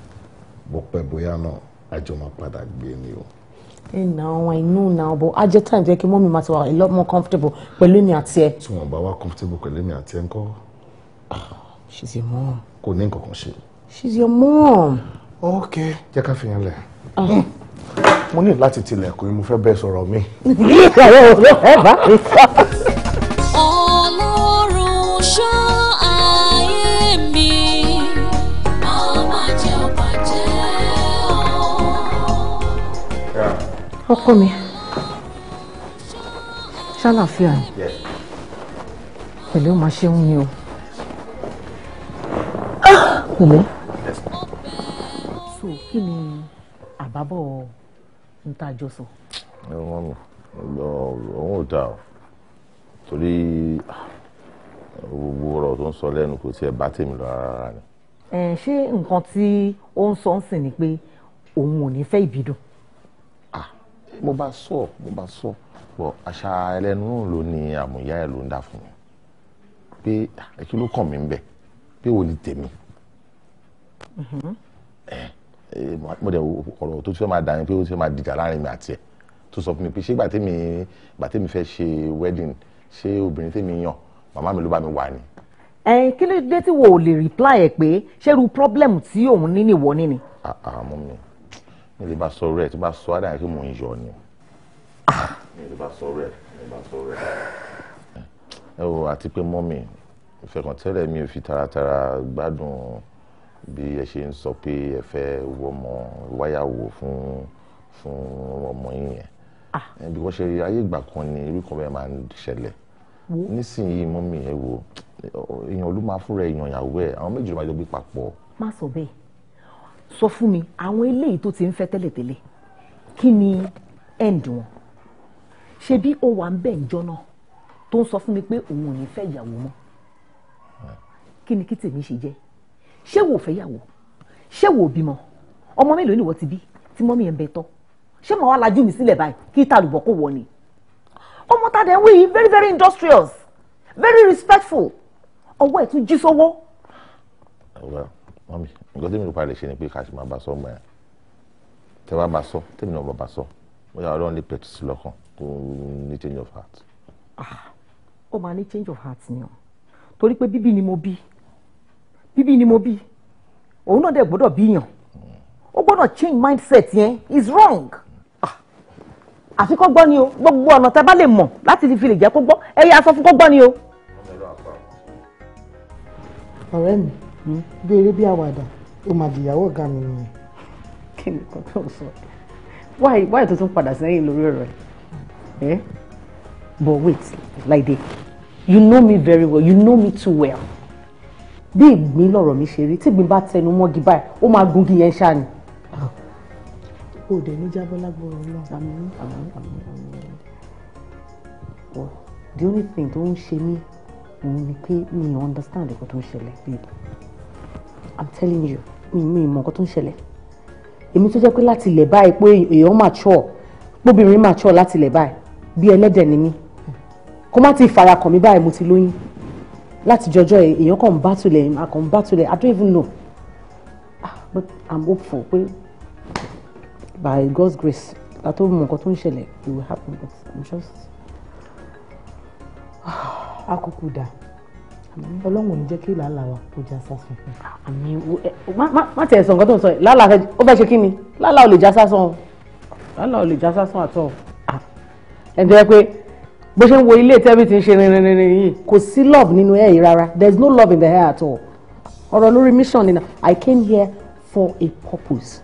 bó pẹ́ bóyá náà àjọ máa padà gbé ni o. ẹ nà ọ́ i know na ọ̀bọ̀ ajẹ́ time jẹ́ kí mọ́mí máa ti wà a lot more comfortable pẹ̀lú èmi àti ẹ. tí wọn bá wà comfortable pẹ̀lú èmi àti ẹ ńkọ́. Ah, she's your mom. kò ní nǹkan kan ṣe. she's your mom. ok jẹ́ ká fi yẹn lẹ̀ ah. mo ní láti tilẹ̀kùn mo fẹ́ bẹ́ẹ̀ sọ̀rọ̀ mi. <laughs> ìyá bá mi fà. ọkọ mi ṣàlàfíà ni pẹ̀lú máa ṣe ń mi o pẹ̀lẹ́ ah! so kí ni àbábọ̀ ń tá a jọ sọ. ẹ wọ́n mi lọ òun ò dáa torí ah, gbogbo ọ̀rọ̀ tó ń sọ lẹ́nu kò tiẹ̀ bá tèmi lọ rárá ni. ẹ ṣé nǹkan tí ó ń sọ ń sìn ni pé òun ò ní fẹ́ ìbídùn mo bá sọ mo bá sọ bọ àṣà ẹlẹ́nu ló ní àmúyá ẹ ló ń dà fún mi pé ẹ kí ló kàn mí bẹ pé wo ni tèmi mm-hmm. mo dẹ̀ ọ̀rọ̀ tó ti fẹ́ máa dà ní pé ó ti fẹ́ máa dìjà láàrin mi àti ẹ̀ tó sọ fún mi pé ṣé gbà tèmi fẹ́ ṣe wedding ṣé obìnrin tèmi yàn màmá mi ló bá mi wà ni. ẹ kí ló dé tí wo ò lè reply ẹ pé ṣé irú problem tí òun ní nìwọ ní ni. àmọ́ ah, ah, mi mi lè bá sọ rẹ tó bá sọ àdáyé pé mò ń yọ ni mi lè bá sọ rẹ mi lè bá sọ rẹ. ẹ wo àti pé mọ́mì ìfẹ̀kàntẹ́lẹ̀ mi ò fi taratara gbádùn bí ẹ ṣe ń sọ pé ẹ fẹ́ wọmọ wáyàwó fún fún ọmọ yín yẹn ah. bí wọ́n ṣe ayé ìgbà kan ni irú kan bẹ́ẹ̀ máa ń ṣẹlẹ̀ nísìnyí mọ́mì ẹ wo èèyàn ló máa fúnra èèyàn ìyàwó ẹ̀ àwọn méjì ló máa jọ gbé papọ̀. má sọ bẹ́ẹ̀ sọ fún mi àwọn eléyìí tó ti ń fẹ́ tẹ́lẹ̀tẹ́lẹ̀ kí ni end wọn ṣe bí ó wà ń bẹ̀ ń jọ́nà tó ń sọ fún mi pé òun ò ní fẹ́ ìyàwó mọ́ kí ni kí tèmi ṣe jẹ́ ṣé wò fẹ́ yàwó ṣé wò bímọ ọmọ mélòó ni wọ́n ti bí tí mọ́mí ẹ̀ ń bẹ tọ́ ṣé màá wá lajú mi sílẹ̀ báyìí kí tàlùbọ̀ kò wọ ni ọmọ tá a dẹ̀ ń wí yìí very very industrious very respectful ọwọ́ ẹ̀ tún jí sówó. well mami nǹkan tẹ́mi ló parí ṣe ni pé ká ṣe máa bá sọ ọmọ yẹn tẹ́ wá bá sọ tẹ́mi náà bá sọ mo yà ọlọ́run lè pẹ̀tù sí lọ́kàn tó ní change of heart. Ah, ó máa ní change of heart ni o torí pé bíbí ni mo bí bíbí ni mo bí òun náà dẹ̀ gbọ́dọ̀ bíyàn ó gbọ́dọ̀ change mindset yẹn is wrong ah, àfi kó gbọ́ ni o gbogbo ọ̀nà tẹ́ bá lè mọ̀ láti fi lè jẹ́ kó gbọ́ ẹ yà sọ fún kó gbọ́ ni o. ọ̀rẹ́ mi mi bí eré bí àwàdà ó máa dìyàwó ọ̀gá mi nìyẹn. kí ni nǹkan tó ń sọ wáì wáì tó tún padà sẹ́yìn lórí ọ̀rọ̀ ẹ̀ eh? but wait Láìdé you know me very well you know me too well bí ìgbín lọ̀rọ̀ mi ṣe rí tí ìgbín bá tẹnu mọ́gi báyìí ó máa gungi yẹn ṣáà ni. Ah. ní jábọ́ lágbóró lọ. the only thing tó ń ṣe mí òun ni pé mi ò understand nǹkan tó ń ṣẹlẹ̀ babe i'm telling you mi mi mọ nǹkan tó ń ṣẹlẹ̀ èmi tó jẹ́ pé láti ilẹ̀ báyìí pé èèyàn mature gbóbìnrin mature láti ilẹ̀ báyìí bí ẹlẹ́dẹ̀ ni mí kó má ti fara kàn mí báyìí mo ti lóyún láti jọjọ́ èèyàn kàn ń bá tulẹ̀ èèyàn kàn ń bá tulẹ̀ i don't even know ah, but i'm hopeful pé by god's grace látó mọ nǹkan tó ń ṣẹlẹ̀ it will happen but i'm just. <sighs> akókò dáa ọlọ́run ò ní jẹ́ kí làálà wa kó já sásán. àmì má tẹ̀ sọ nǹkan tó ń sọ yìí làálà ó fẹ́ ṣe kí ni làálà ò lè já sásán o làálà ò lè já sásán àtọ̀ ẹ̀dẹ̀ pé bó ṣe ń wo ilé tẹ́bí ti ń ṣe rinrinrin yìí kò sí love nínú ẹ̀ yìí rárá there is no love in the air at all ọ̀rọ̀ lórí mission nínú I came here for a purpose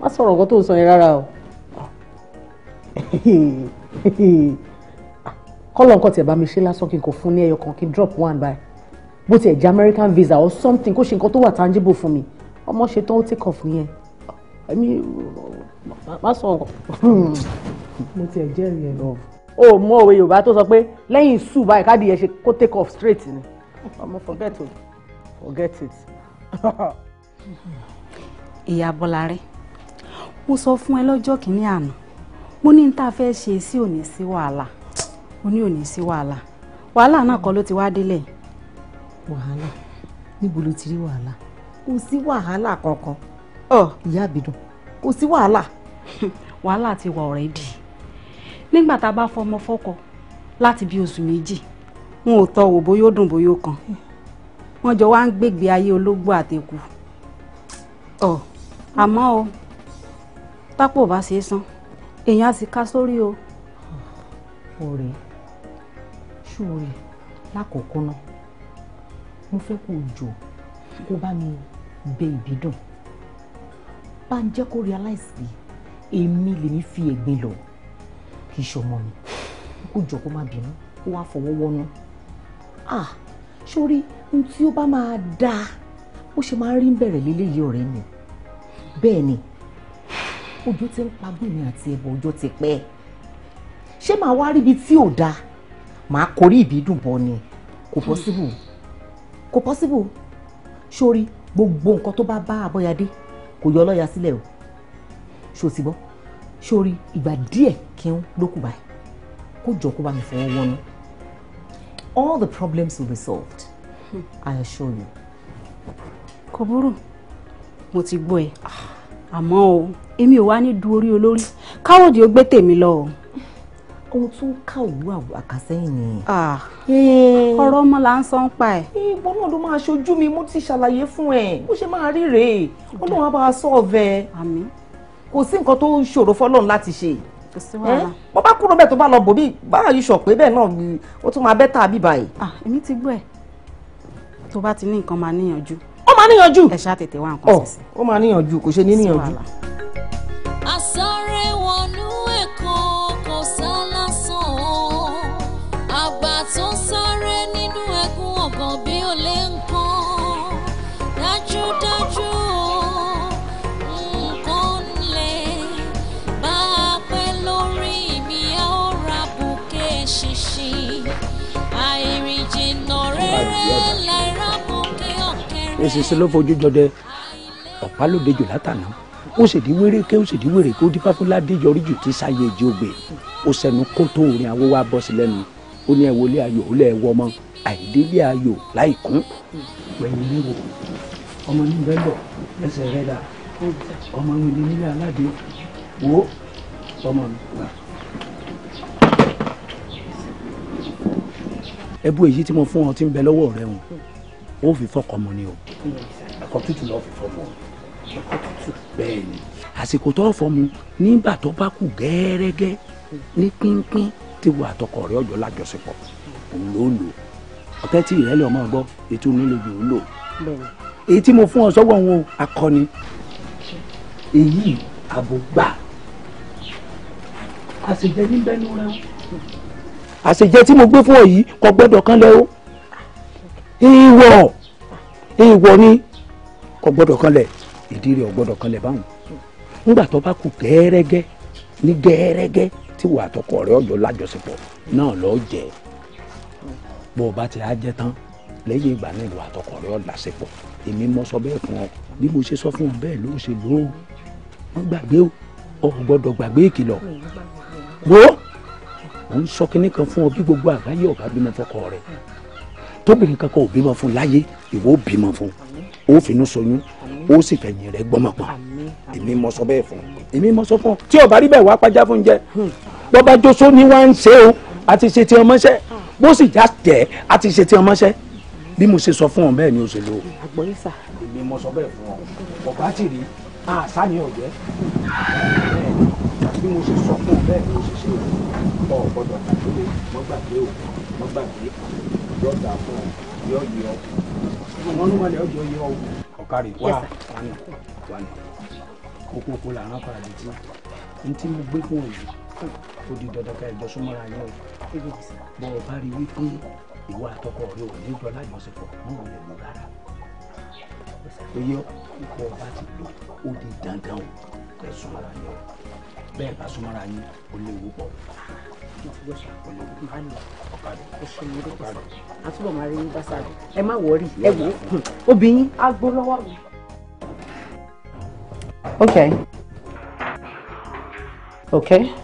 má sọ̀rọ̀ nǹkan tó ń sọ yẹn rárá o. <laughs> kọ́lọ̀ nǹkan tiẹ̀ bá mi ṣe lásán kí n kò fún ní ẹyọ kan kí n drop one by bó tiẹ̀ jẹ́ American visa or something kó ṣe nǹkan tó wà tangible fún mi ọmọ ṣe tán ó take off yẹn ẹ̀mí má sọ nǹkan. mo tiẹ̀ jẹ́rìí ẹ̀ lọ. o mọ òwe Yorùbá tó sọ pé lẹ́yìn sùn báyìí káàdì yẹn ṣe kó take off straight ni ọmọ forget it forget it. <laughs> ìyá Bọ́láre mo sọ fún ẹ lọ́jọ́ kìíní àná mo ní n ta fẹ́ ṣe sí òní sí wàhálà o ní òní sí wàhálà wàhálà náà kọ́ ló ti wá délẹ̀. wàhálà níbo ló ti rí wàhálà kò sí wàhálà kankan ọ ìyá àbìdùn kò sí wàhálà. <laughs> wàhálà ti wà ọ̀rẹ́dì nígbà tá a bá fọmọ fọkọ láti bí oṣù méjì wọn ò tọ́ wò bóyá dùn bóyá kan wọn jọ wá ń gbègbè ayé ológbò àtẹkù ọ àmọ́ o tápò bá ṣe é san èèyàn á sì ká sórí o. ọ̀rẹ́ ṣúre lákòókò náà mo fẹ́ kó jọ kó bá mi bẹ ìbídùn bá ń jẹ́ kó realize pé èmi lèmi fi ẹ̀gbin lọ kì í ṣọmọ mi kó jọ kó má bínú kó wá fọwọ́ wọnú ah sórí ohun tí ó bá máa dáa ó ṣe máa ń rí bẹ̀rẹ̀ léléyìí ọ̀rẹ́ mi bẹ́ẹ̀ ni ojú ti ń pa gbìmí àti ẹ̀bọ̀ ọjọ́ ti pẹ́ ṣé màá wá ríbi tí ò dáa màá korí ìbídùn bọ ni kò possible kò possible sórí gbogbo nǹkan tó bá bá Abọ́yadé kò yọ ọlọ́ya sílẹ̀ o ṣó sórí ìgbà díẹ̀ kí n ló báyìí kó jọ kó bá mi fọwọ́ wọnú all the problems will be solved I assure you. kò burú mo ti gbọ́ ẹ àmọ́ o èmi ò wá ní du orí olórí káwọ́dì ó gbé tèmi lọ ohun tó ń ká òwú àkàsẹ́yìn nìyẹn. ọ̀rọ̀ ọmọ là ń sọ ń pa ẹ̀. ìbọn náà ló máa ṣojú mi mo ti ṣàlàyé fún ẹ bó ṣe máa rí rèé ọlọ́run á bá a sọ ọ̀vẹ́ kò sí nǹkan tó ṣòro fọlọ́run láti ṣe kò sí wàhálà. bó bá kúrò bẹ́ẹ̀ tó bá lọ bò bí báyà yìí sọ pé bẹ́ẹ̀ náà ni ó tún máa bẹ́tà bí báyìí. èmi ti gbọ́ ẹ̀ tó bá ti ní nǹkan máa níyànjú. ó máa níyànjú. ẹ ṣáà tètè wá nǹkan sísè. ó máa níyànjú kò ṣe ní níyànjú. èsìsì ló fojú jọdẹ ọ̀pá ló dejò látànà ó sì di wéré ké ó sì di wéré ké ó di fáfúlá déjọ oríjù tí sáyé èjì ògbè ó sẹnu kó tó orin àwo wa bọ́ sí lẹ́nu ó ní ẹ wọlé ayò ó lẹ́ ẹ wọ ọmọ àìdélé ayò láì kún. wẹ̀yìn léwo ọmọ ní bẹ́ẹ̀ bọ̀ ẹsẹ̀ rẹ dà ọmọ mi ní nílé aládé wo ọmọ mi gbà. ẹbú èyí tí mo fún ọ ti ń bẹ lọ́wọ́ rẹ wọn ó fi fọkàn mu ni o ẹ̀kọ́ tútù lọ́ọ́ fi fọmọ ẹ̀kọ́ tútù bẹ́ẹ̀ ni. àsìkò tó fọmọ nígbà tó bá kù gẹ́ẹ́rẹ́gẹ́ ní pínpín tí wo àtọkọ rẹ ọjọ́ lájọṣepọ̀ òun ló lò ọ̀tẹ́ tí ìrẹ́lẹ̀ ọmọ gbọ́ ètò onílé yòó lò èyí tí mo fún ọ sọ́wọ́ wọn akọni èyí àbò gbà àṣejẹ níbẹ̀ ló rẹ o àṣejẹ tí mo gbé fún ọ yìí kò gbọ́dọ̀ kan lẹ o èèwọ̀ èèwọ̀ ni kò gbọ́dọ̀ kanlẹ̀ ìdí rẹ̀ ò gbọ́dọ̀ kanlẹ̀ báwọn nígbà tó bá kù gẹ́ẹ́rẹ́gẹ́ ní gẹ́ẹ́rẹ́gẹ́ tí wàá tọkọ rẹ̀ ọjọ́ lájọṣepọ̀ náà lọ́ọ́ jẹ́ bó o bá ti á jẹ́ tán lẹ́yìn ìgbà náà ìwà àtọkọ rẹ̀ ọ̀làṣepọ̀ èmi mọ sọ bẹ́ẹ̀ fún ọ bí mo ṣe sọ fún ọ bẹ́ẹ̀ ló ṣe lò ó wọ́n gbàgbé ọ gbọ́dọ̀ gbàgbé ìkìlọ̀ wo mò ń sọ kinní kan fún ọ bí gbogbo àgbáyé ọ̀gá bímọ fọkọ rẹ̀ tóbìnrin kankan ò bímọ fún láyé ìwọ ò bímọ fún ó finú ṣoyún ó sì fẹ̀yìn rẹ̀ gbọ́mọ pọ̀ èmi mọ sọ bẹ́ẹ̀ fún èmi mọ sọ fún ọ tí ọba rí bẹ́ẹ̀ wá pàjá fún jẹ hmm. bọba joso ni wá ń ṣe o àti ṣe ti ọmọṣẹ hmm. bó sì já jẹ àti ṣe ti ọmọṣẹ bí mo ṣe sọ fún ọ bẹ́ẹ̀ ni o ṣe lò. èmi mọ sọ bẹ́ẹ̀ fún ọ ọba ti rí àṣà ni ọjẹ bí mo ṣe sọ fún ọ bẹ́ẹ̀ ni o ṣe ṣe o ọ gbọ́dọ̀ tàbí mo gbàgbé o mo gbàgbé o yóò ntí mo gbé fún òyìn ó di dandan ká ẹgbẹ́ súnmọ́ra yín o bọ ọba rí wípé ìwọ àtọkọ rẹ ò ní jọ lájọṣepọ̀ náà lè mú rárá oyè ikọ ọba ti lò ó di dandan ẹ súnmọ́ra yín o bẹ́ẹ̀ bá súnmọ́ra yín ó léwu pọ̀ a túbọ̀ máa rí yín bá sáré ẹ okay okay.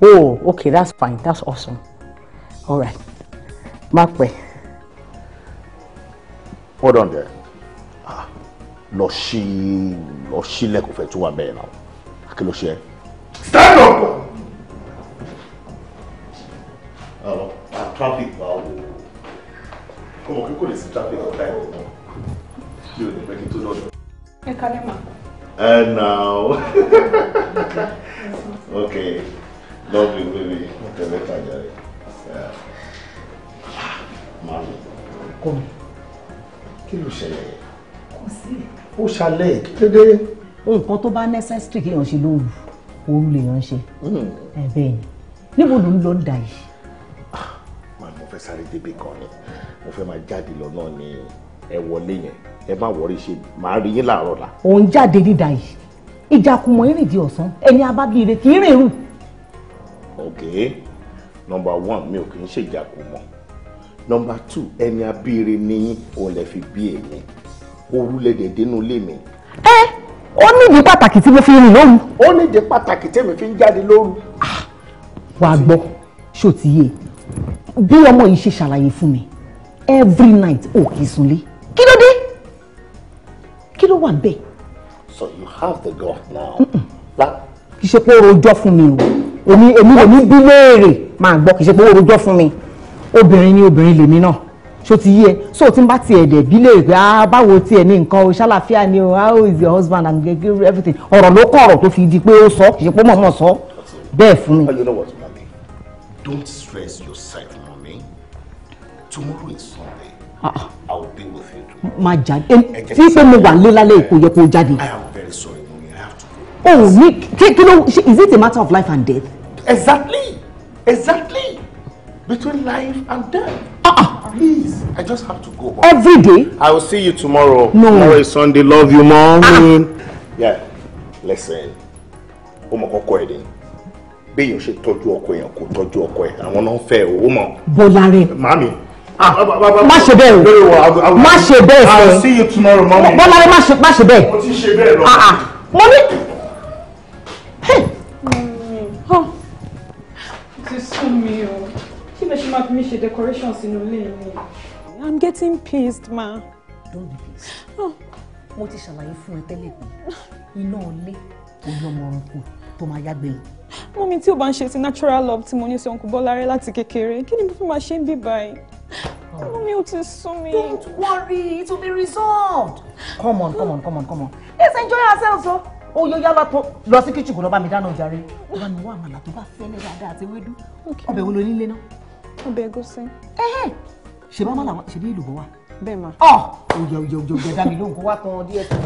oh okay that's fine that's awesome all right má pẹ́. hold on there ah, lọ sí lọ sílẹ̀ kò fẹ́ tún wà bẹ́ẹ̀ kí ló ṣe. stand up. ọ̀rọ̀ traffic wa come ọmọ kí kò lè traffic ọ̀tá ẹ̀ mọ́ too ò ní And now, <laughs> okay, lovely baby, okay, let's enjoy it. Yeah. Mami, kọ́mi, kí ló ṣẹlẹ̀? Kò sí. Today nǹkan tó bá necessary kéèyàn ṣe lóru òru lèèyàn ṣe mm-hmm. ẹ bẹ́ẹ̀ ni níbo ló ń lọ ń dà yìí. Ah, màá mo fẹ́ sáré débi kan ni mo fẹ́ máa jáde lọ́nà ni ẹ wọlé yẹn ẹ má wọrí ṣe màá rí yín láàárọ̀ la. òun jáde ní dà yìí ìjàkùmọ̀ ìrìn di ọ̀sán ẹni abábíire kì í rìn rù. ok number one mi ò kì í ṣe ìjàkùmọ̀ number two ẹni abíire ni yín òun lè fi bí èmi orúlẹ̀dẹ̀ dénú lé mi ó nídìí pàtàkì tí mo fi rìn lóru. ó nídìí pàtàkì tí mo fi ń jáde lóru. Ah, wàá gbọ́ ṣó ti yé bí ọmọ yìí ṣe ṣàlàyé fún mi every night ò kì í sunlé kí ló dé kí ló wà bẹ́ẹ̀. so you have the god now. kì í ṣe pé ó rojọ́ fún mi o èmi èmi bí léèrè máa gbọ́ kì í ṣe pé ó rojọ́ fún mi obìnrin ni obìnrin lèmi náà ṣó ti yé so tí n bá tiẹ̀ dẹ̀ bí lè pé ah báwo tiẹ̀ ní nǹkan o ṣàlàfíà ni o how is your husband and everything ọ̀rọ̀ ló kọ̀ ọ̀rọ̀ tó fi di pé ó sọ kì í ṣe pé mọ̀ọ́mọ̀ sọ bẹ́ẹ̀ fún mi. you know what mami don't stress yourself mami tomorrow is sunday uh-uh. i will be with you. ma jáde tí pé mo wà nílé lálẹ́ èkó yẹ kó jáde. i am very sorry mami i have to go. oh nick kí ló is it a matter of life and death. exactly exactly between life and death. Uh-uh. Please, I just have to go. Home. Every day? I will see you tomorrow. No. Tomorrow is Sunday. Love you, mom. Uh-uh. Yeah, listen. Ó mọ kọ́kọ́ ẹ̀ dé. Béèyàn ṣe tọ́jú ọkọ èèyàn kò tọ́jú ọkọ ẹ̀. Àwọn náà ń fẹ́ owó mọ̀. Bọ́lá rẹ̀. Màmí. Má ṣe bẹ́ẹ̀ o. Má ṣe bẹ́ẹ̀ fẹ́. I will see you tomorrow, mommy. Bọ́lá rẹ̀ má ṣe bẹ́ẹ̀. Mo ti ṣe bẹ́ẹ̀ lọ. Mo ní. Hey. Ó ti sún mi o lè ṣe máa fi mí ṣe decoration sínú ilé mi. I'm getting pissed ma. Don't be pissed. Oh. Mo ti ṣàlàyé fún ẹ tẹ́lẹ̀ pé iná ilé ojú ọmọ ọrùn kù tó máa yágbé yìí. Mọ́mí tí ò bá ń ṣe ti natural love tí mo ní sí Uncle Bọ́lárẹ́ láti kékeré, kí ni mo fi máa ṣe ń bí báyìí? Oh. Mọ́mí ò ti sún mi. Don't worry, it will be resolved. Come on, come on, come on, come on. Let's enjoy ourselves o. Oh ó yọ yálà tán lọ sí kíchìn kò lọ bá mi dáná jàre. Bá mi wá àmàlà tó bá fẹ́lẹ́ dáadáa àti ewédú. Ọbẹ̀ wo lo nílé náà? ọbẹ̀ ẹ̀gúsí. ṣe bá mọ́lá ṣe bí èlùbọ́ wà. bẹ́ẹ̀ ma. ọ òjò òjò òjò òjò dábì lóhùn kó wá tan díẹ̀ tó.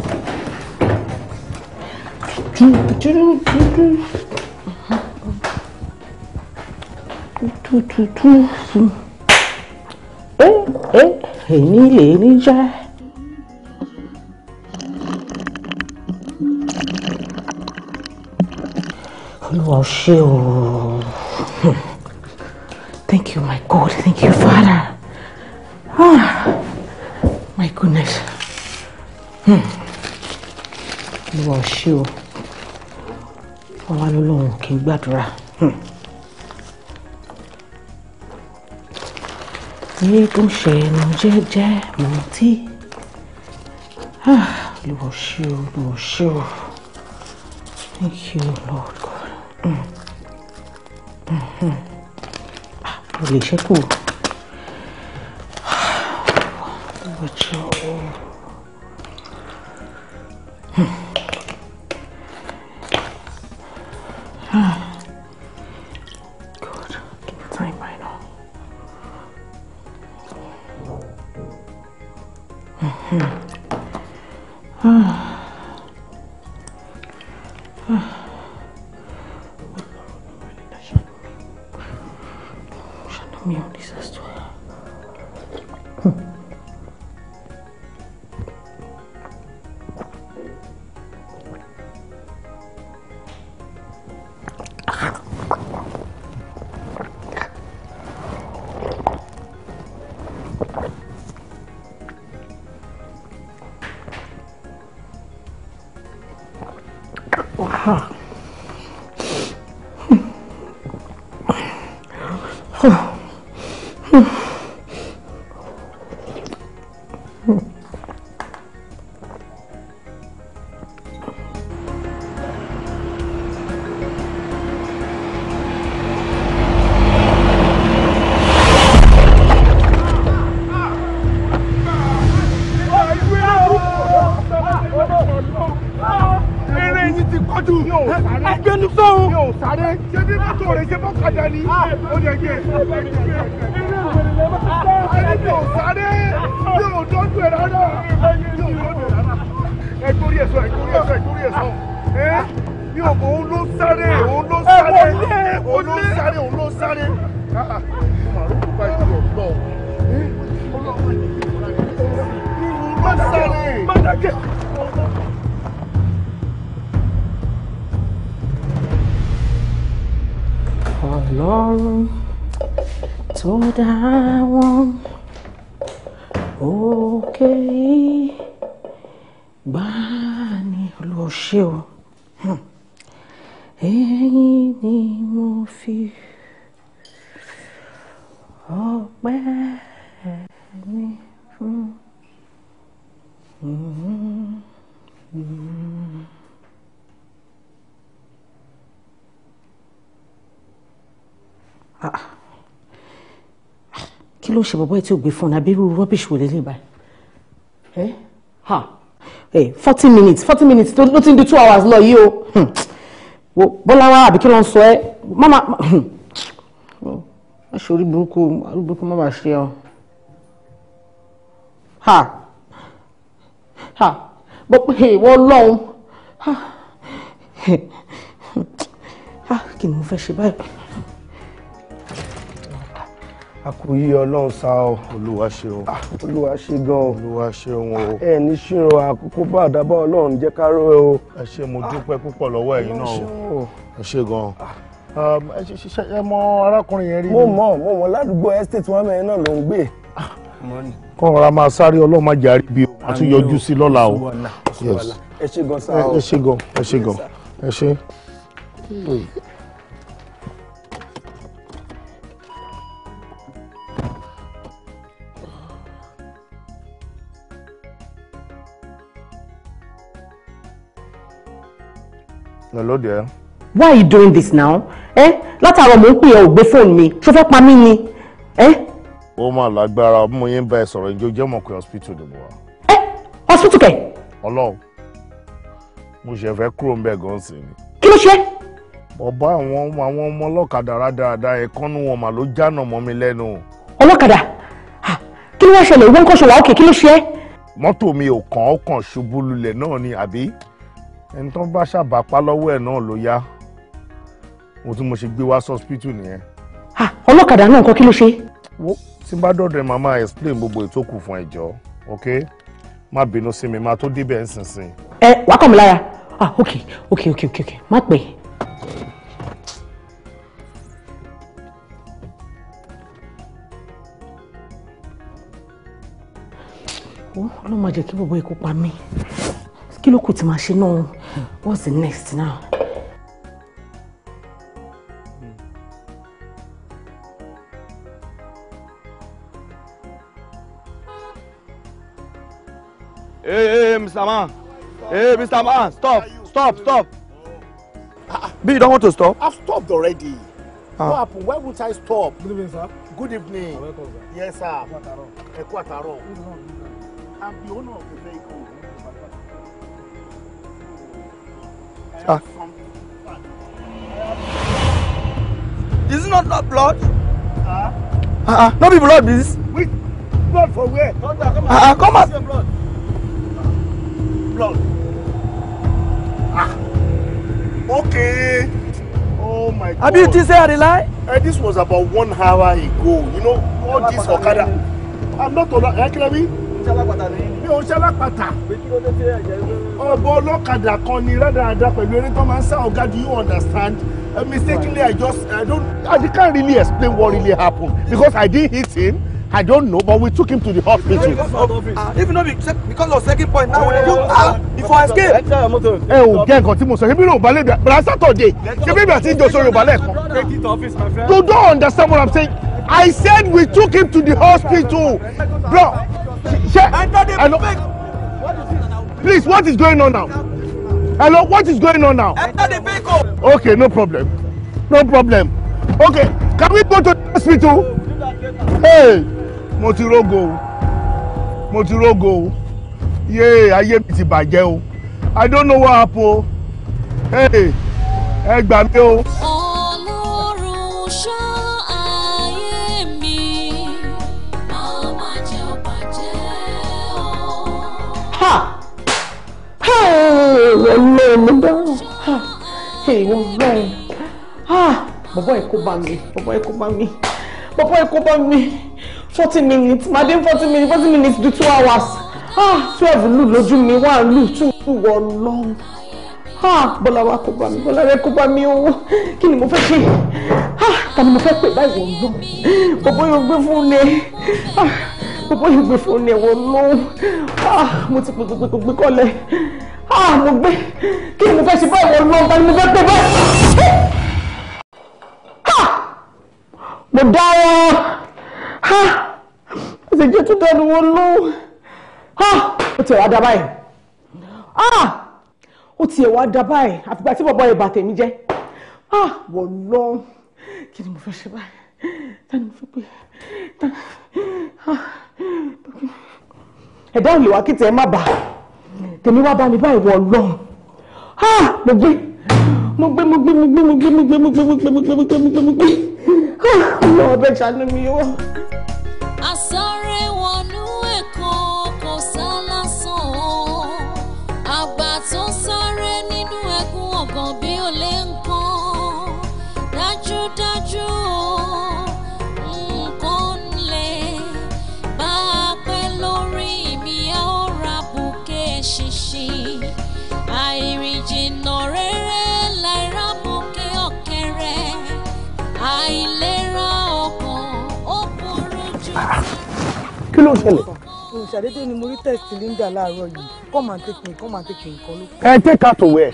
tututu ẹ ẹ èyí lè ní já. olúwa ṣé o. Thank you, my God. Thank you, Father. Ah, my goodness. Hmm. You are sure. o. Ọlá lọ́lọ́run kì í gbàdúrà. Hmm. Yé tó ń ṣe ẹnu jẹ́jẹ́ mọ̀tí. Ah, Olúwa ò ṣé o, Olúwa ò ṣé o. Thank you, Lord God. Mm. Mm-hmm kò lè ṣẹ́kù ọjọ́ <sighs> hmm. ló ṣe bọ̀bọ̀ ẹ̀ tí ò gbé fún àbí irú rubbish wò lélẹ̀ báyìí ẹ eh? ha ẹ eh, forty minutes forty minutes ló ti ń di two hours lọ yìí o hmm. wo bọ́lá wa àbí kí ló ń sọ ẹ mama hmm. má ṣe orí burúkú orí burúkú má bàa ṣe ọ ha ha bọ́ pé ìwọ ọlọ́run ha <laughs> ha kí ni mo fẹ́ ṣe báyìí akuyi Ọlọ́run sa ọ. olúwa ṣeun. Ah, olúwa ṣe gan. olúwa ṣeun o. ẹ ní ṣírun àkókò bá àdábọ̀ Ọlọ́run jẹ́ ká ró o. ẹ ṣé mo dúpẹ́ púpọ̀ lọ́wọ́ ẹ̀yin náà o. ẹ ṣé gan. Ah. Um, ẹ mọ arákùnrin yẹn rí mi. mo mọ mo mọ ládùúgbò estate wọn mẹ́rin náà ló ń gbé. Ah, kọ́ ra máa sáré Ọlọ́run máa jàrí bí o àti yọjú sí lọ́la o. ẹ ṣé gan sáà o. ẹ ṣé gan ẹ ṣé gan ẹ ṣé. Hmm. Hello there. Why are you doing this now? Eh? Látàárọ̀ mò ń pè ẹ́ ò gbé fóònù mi. Ṣo fẹ́ pa mí ni? Eh? Ó mà lágbára bí mo yẹn ń bá ẹ sọ̀rọ̀ ìjọ jẹ́ mọ̀ hospital ni mo wà. Ẹ eh? hospital kẹ̀. Ọlọ́run mo ṣe fẹ́ kúrò ńbẹ̀ gan sí ni. Kí ló ṣe? Bàbá àwọn àwọn ọmọ ọlọ́kadà rádaràda ẹ̀kọ́nú wọn mà ló jánà mọ́ mi lẹ́nu. Ọlọ́kadà ah, kí ló wá ṣẹlẹ̀ ìwé ń kọ́ṣọ́ wa ókè kí ló ṣe? Mọ́tò mi ò kàn ọ́ kàn ṣubú lulẹ̀ náà ni àbí? ẹni tó ń bá ṣàbàpá lọ́wọ́ ẹ̀ náà ló yá mo tún mo ṣe gbé wá sọ́spítù nìyẹn. Ah, ọlọ́kadà náà nǹkan kí ló ṣe. wo tí bá dọ̀dọ̀ ẹ̀ màmá explain gbogbo ètò kù fún ẹ̀jọ́ ok má bínú sí mi má tó débẹ̀ ńsinsin. ẹ wàá kàn mí lára ah ok ok ok ok ok má pè é. ọlọ́mọ jẹ́ kí bọ̀bọ̀ ikú pa mí kí ló kù tí màá ṣe náà what's the next now. Hey, hey, Mr. Man. Hey, Mr. Man, stop, stop, stop. B, you don't want to stop? I've stopped already. Ah. What happened? Why would I stop? Good evening, sir. Good evening. Welcome, sir. Yes, sir. Ekwataro. Ekwataro. I'm the owner of the vehicle. Ah. Is not that blood? Ah. ah, no be blood this. Wait, blood for where? Come back, come ah, come out. Blood. Blood. Ah. Okay. Oh my ah, God. Abi you seen? say I dey lie? Uh, this was about one hour ago. You know all this Okada. I'm not Ola Ekiremi. Eh, Mi ò ṣe alápàtà. Mi kí ọba ọlọ́kadà kan ni rádaràda pẹ̀lú eré tó máa ń sá ọ̀gá do you understand uh, mistakenly i just i don't i can't really explain what really happened because i didn't hit him i don't know but we took him to the hospital. if not be because of second point now oh, you ah before oh, escape. ẹ ò gẹ́ nǹkan tí mo sọ ṣebí yorùbá lè gbà bra saturday ṣebí ìgbà tí ń jọsọ yorùbá lẹ́ẹ̀kan. you don't understand what i'm saying i said we took him to the hospital bro ṣe i know. Please, what is going on now? Hello, what is going on now? Enter the vehicle. Okay, no problem. No problem. Okay, can we go to the hospital? Hey, Motirogo, Motirogo, rógo o. Mo ti rógo mi ti bàjẹ́ o. I don't know what happen o. Hey, ẹ gbà mí o. ìwọlé mi dáhùn ìwọ bẹ́ẹ̀ bọ̀bọ̀ ah, bá mi bọ̀bọ̀ ẹ̀kọ́ bá mi bọ̀bọ̀ forty minutes madam, dé forty minutes forty minutes do two hours ah, twelve lù lójú mi wà lù tún wọ̀ lọ́n bọ́lá wa kó bá mi bọ́lá rẹ kó bá mi o kí mo fẹ́ ṣe ah, ta ni mo fẹ́ pè báyìí wọ̀ lọ́n bọ̀bọ̀ yóò gbé fún mi bọ́ yóò gbé fóònù ẹ̀ wọ́n lọ́wọ́ ah, mo ti pè pè pè pè kọ́lẹ̀ ah, mo gbé kí ni mo fẹ́ ṣe báyìí wọ́n lọ́wọ́ ta ni mo fẹ́ pè báyìí. mo dá wọn ẹsẹ̀ jẹ́ tó dẹnu wọn lọ́wọ́ ó ti wá dá báyìí ó ti wá dá báyìí àfìgbà tí bàbá yẹn bà jẹ́ wọ́n lọ́wọ́ kí ni mo fẹ́ ṣe báyìí ta mo fẹ́ pè ta ni ẹ̀dá ò lè wá kí tẹ̀ ẹ́ má bà tèmi wá bá mi báyìí wọ ọlọ́run mo gbé mo gbé mo gbé mo gbé mo gbé mo gbé mo gbé mo gbé mo gbé mo gbé mo gbé mo gbé ọlọ́run ọbẹ̀ ṣàánú mi wọ́n. kí ló ń ṣẹlẹ̀. ṣàdédé ni mo rí tẹ̀sí Linda láàárọ̀ yìí come and take me come and take ló. ẹ take her to where.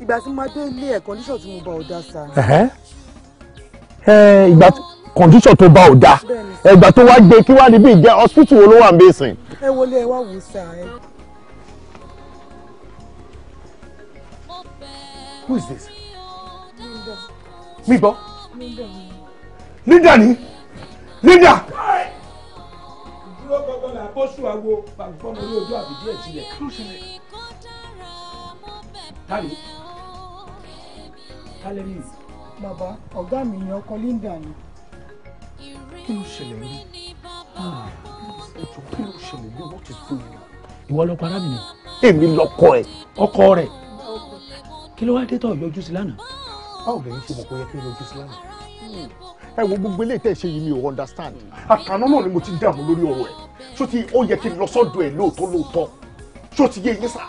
ìgbà tí mo máa dé ilé ẹ̀ condition tí mo bá ọ̀dà sa. ìgbà condition tó bá ọ̀dà ìgbà tó wá gbé kí wá níbí ìjẹ́ hospital wo ló wà ń bẹ̀ sìn. ẹ wọlé ẹ wá wò ó ẹ. Who is this? Linda. Mi gbọ́. Linda ni. Linda dúró gbọgbọ là bóṣù àwo bàbá ọmọ ní ojú àbídí ẹ̀ sílẹ̀. tani tálẹ́rì. bàbá ọ̀gá mi ni ọkọ Linda ni. kí ló ṣẹlẹ̀ rí ọjọ́ ah, kí ló ṣẹlẹ̀ rí wọ́n ti fún mi. ìwọ lọkọ arábìnrin. èmi lọkọ ẹ. ọkọ rẹ kí ló wá dé tó yọjú sí lánàá. báwo lè ń ṣe mọ̀ pé ó yẹ kí ó yọjú sí lánàá ẹ wo gbogbo eléyìí tẹ́ ẹ ṣe yìí mi ò understand mm. àtàná náà ni mo ti dààmú lórí ọ̀rọ̀ ẹ̀ ṣó ti ó yẹ kí n lọ sọ́dọ̀ ẹ̀ lóòótọ́ lóòótọ́ ṣó ti yé yín sà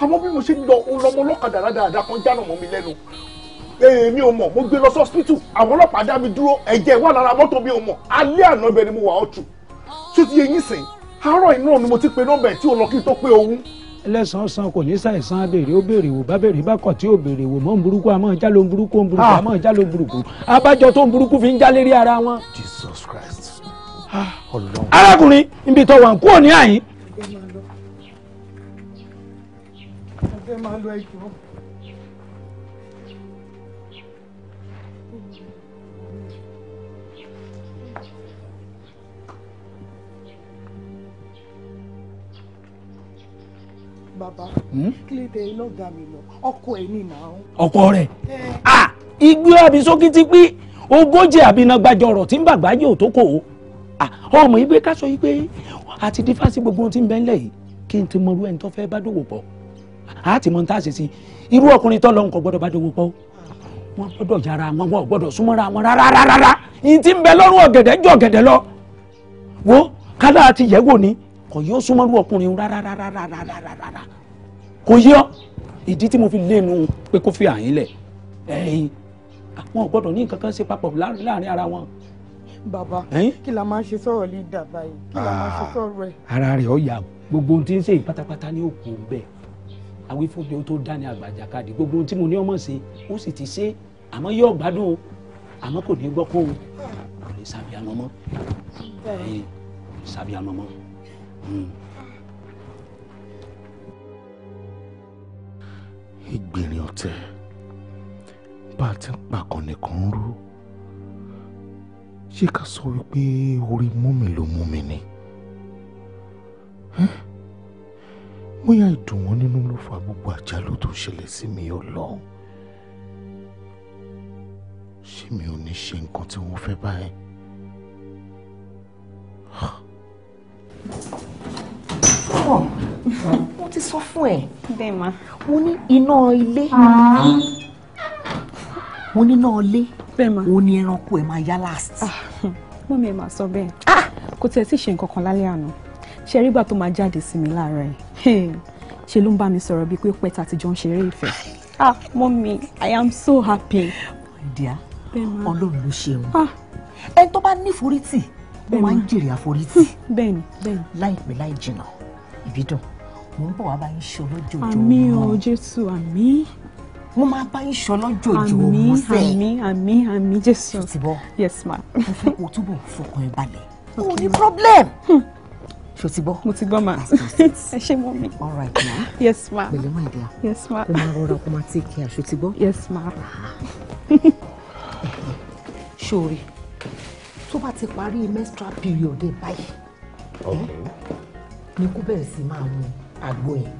àmọ́ bí mo ṣe lọ ọlọmọ ọlọ́kadà dáadáa kan jáná mọ́ mi lẹ́nu èmi ò mọ̀ mo gbé lọ sọ́spítù àwọn ọlọ́pàá dá mi dúró ẹ̀jẹ̀ wà lára mọ́tò mi ò mọ̀ alẹ́ àná ibẹ̀ ni mo wà ọ́ tù ṣó ti yé yín sìn àárọ̀ iná ni mo ti pe nọ́mbà ẹ̀ tí ò lọ kí n tó pé òun ẹlẹ́sàn-án san kò ní sàìsàn béèrè ó béèrè wò bá béèrè bá kọ̀ tí ó béèrè wò mọ́ ń burúkú àmọ́ ń jálò ń burúkú ń burúkú àmọ́ ah! ń jálò ń burúkú abájọ tó ń burúkú fi ń jálé rí ara wọn. Jesus Christ. Ah! arákùnrin ibi tó wà ń kú òní àyín. ẹ máa lọ ẹ baba, hmm? kí lè tẹ iná ga mi lọ ọkọ ẹ ní ìnáwó. ọkọ rẹ igbó àbí sókí ti pín ogójì àbí iná gbàjọ ọ̀rọ̀ tí ń bàgbá yóò tó kò ó ọmọ yìí pé ká sọ yìí pé àti dífá sí gbogbo ohun tí ń bẹ ńlẹ̀ yìí kí n ti mọ irú ẹni tó fẹ́ bá dòwò pọ̀ á ti mọ ní tá a ṣe sí irú ọkùnrin tó lọ́nkọ̀ gbọ́dọ̀ bá dòwò pọ̀ wọn gbọ́dọ̀ yára wọn wọn gbọ́dọ̀ súnmọ́ra wọn rárá rárá yìí ti ń bẹ lọ́rùn ọ̀gẹ̀dẹ̀ jọ lọ wo kálá àti yẹ̀wò ni kò yóò súnmọ́rú ọkùnrin rárárárárárárá kò yọ ìdí tí mo fi lé e nu pé kó fi àyín lẹ̀ ẹ̀yìn àwọn ò gbọ́dọ̀ ní nǹkan kan ṣe papọ̀ láàrin ara wọn. bàbá kí la máa ń ṣe sọ̀rọ̀ lè dàbà yìí kí la máa ń ṣe sọ̀rọ̀ ẹ̀. Ah, ara rẹ̀ ó yà gbogbo ohun tí ń ṣe yìí pátápátá ní òkú bẹ́ẹ̀ awífúnde tó dá ní àgbàjàkadì gbogbo ohun tí mo ní ọmọ ṣe ó sì ti ṣe àmọ́ yóò gbádùn o àmọ́ kò ní gbọ́ kó o kò lè sàbíàmọ́ mọ́ kò lè sàbíàmọ́ mọ́ ìgbìnrin ọ̀tẹ̀ bá a ti ń pàkàn nìkan ń rú ṣé ká sọ wípé orí mú mi ló mú mi ni bóyá ìdùnnú nínú ló fa gbogbo àjálù tó ṣẹlẹ̀ sí mi ọlọ́run ṣé mi ò ní ṣe nǹkan tí wọ́n fẹ́ báyìí pọ̀ mo ti sọ fún ẹ. bẹ́ẹ̀ ma. mo ní iná ilé. mo ní iná ilé. bẹ́ẹ̀ ma. o ní ẹranko ẹ̀ máa yá last. Ah, mọ́ mi ẹ̀ máa sọ bẹ́ẹ̀ ah! kò tiẹ̀ tí ì ṣe nǹkan kan lálẹ́ àná ṣe rí ìgbà tó máa jáde sí mi láàárọ̀ yìí <laughs> ṣe ló ń bá mi sọ̀rọ̀ bíi pé pẹ́ta àtijọ́ ń ṣeré ìfẹ́. ah mọ́mi i am so happy. ìdíyà ọlọ́run ló ṣeun ah. ẹni tó bá níforítì ó máa ń jèrè àforítì <laughs> bẹ́ẹ̀ni bẹ́ẹ̀ni láìpẹ́ láì jìnnà ìbídùn mò ń bọ̀ wá bá yín ṣe ọlọ́jọ́ òjò àmì o jésù àmì mo máa bá yín ṣe ọlọ́jọ́ òjò òun fẹ́ àmì àmì àmì jésù ti bọ́ yes ma mo fẹ́ kó túbọ̀ fọkàn ẹ balẹ̀ <laughs> o ní problem hmm. ṣo ti gbọ́. mo ti gbọ́ ma <laughs> ẹ ṣe mọ mi. all right ma. yes ma. pẹ̀lẹ́ ma ìdíyà. yes ma. kó máa rọra kó máa take care ṣo ti gbọ́. yes ma. ṣoore bá ti parí menstrual period ẹ báyìí ni kó bẹ̀rẹ̀ sí máa mu àgbo yẹn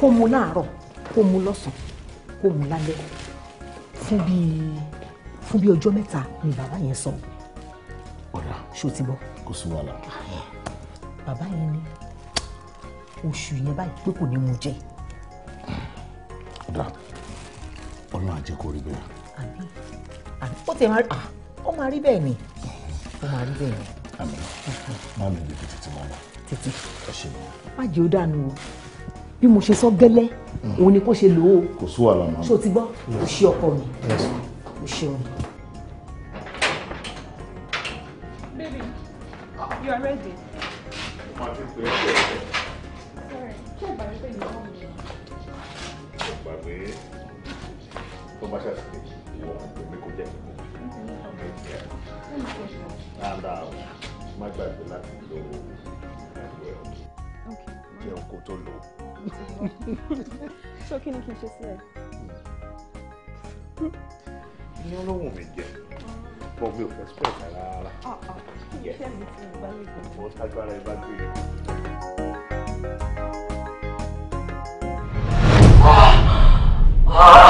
kó mu láàárọ̀ kó mu lọ́sàn-án kó mu lálẹ́ fún bíi fún bíi ọjọ́ mẹ́ta ni bàbá yẹn sọ ọ̀rà ṣó ti bọ́ kò sí wàhálà bàbá yẹn ní oṣù yẹn báyìí pé kò ní mu jẹ. ọ̀dà ọlọ́run àjẹkọ̀ rí bẹ́ẹ̀. àbí àbí ó ti máa rí ah! ó máa rí bẹ́ẹ̀ ni ó máa rí bẹ́ẹ̀ ni. àmì máa mi lè tètè máa lọ. tètè má jẹ́ ó dànù o bí mo ṣe sọ gẹ́lẹ́ hmm. òun ni kò ṣe lò ó. kò sí wàhálà máa. ṣó ti gbọ́ kò hmm. sí ọkọ mi kò ṣeun. kó tó lò ó. ṣó kí ni kì í ṣe sílẹ̀? ní olóhùn mi jẹ bọ mi ò fẹ́ stress rárá. iṣẹ́ mi ti gbá mi kò. mo tágbára ẹ bá gbé e. Ah!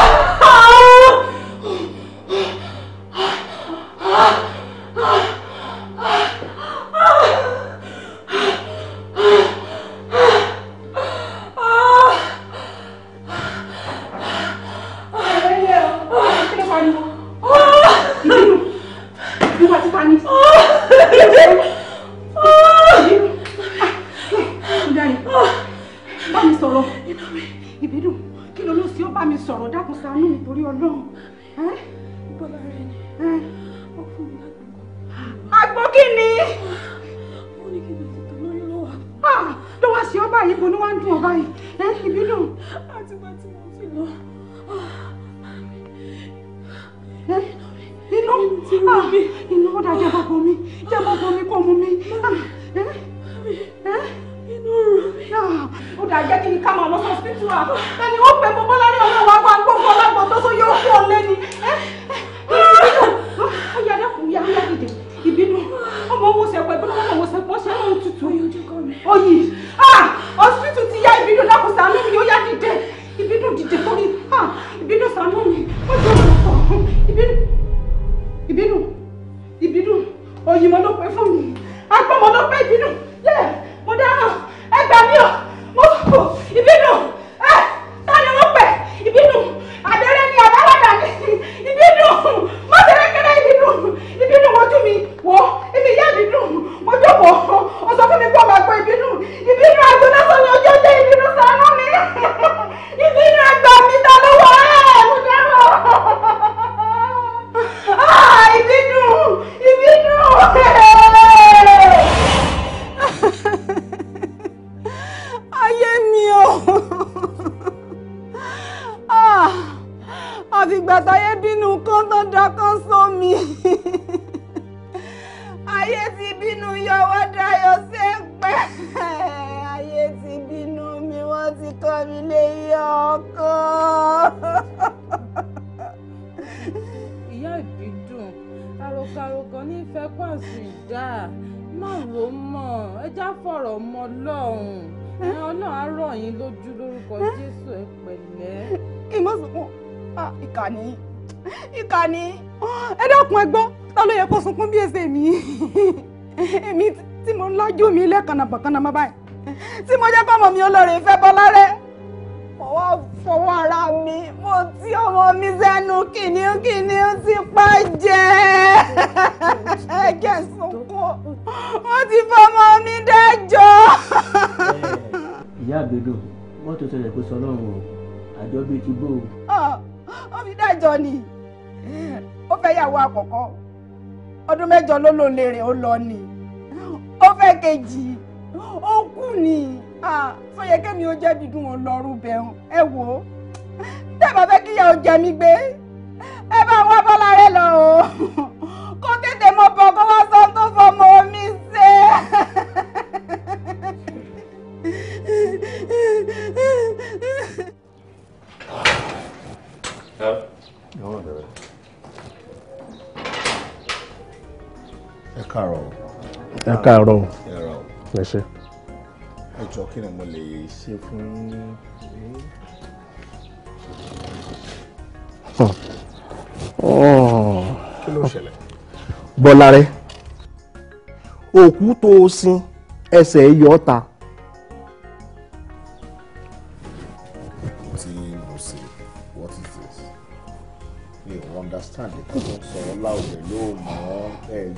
<laughs> èmi tí mo lọ́jú mi lẹ́kànnà bọ̀kànnà mọ́ báyìí tí mo jẹ́ kọ́mọ mi olóore ìfẹ́ bọ́lá rẹ̀ mo wá fọwọ́ ara mi mo ti ọmọ mi sẹ́nu kìnìún kìnìún ti pa <laughs> jẹ́ ẹ̀jẹ̀ sunkún wọ́n ti fọmọ mi dájọ́. <laughs> ìyá àgbẹ̀dọ̀ mọ́tò sọ̀rọ̀ kó sọ o àjọ bíi ti gbó o. ó fi dájọ́ ni ó fẹ́ yàwó àkọ́kọ́ ọdún mẹ́jọ ló lò lè rìn ó lọ ni ó fẹ́ kejì ó kù ni sọyẹ kẹ́mi ó jẹ́ dídùn ó lọ rú bẹ̀rù ẹ wò ó tẹ́bà fẹ́ kíyà ó jẹ mí gbé ẹ bá wá bọ́lá rẹ lọ o kó tètè mọ bọ̀ kó wá sọ tó fọmọ mi ṣe. Yeah. No, no, no. káàárọ̀ ẹ káàárọ̀ ẹ ṣe. ẹ jọ kí ni mo lè ṣe fún kí ló ṣẹlẹ̀. bọ́lárẹ́ òkú tó o sin ẹsẹ̀ yọ ọ́ ta.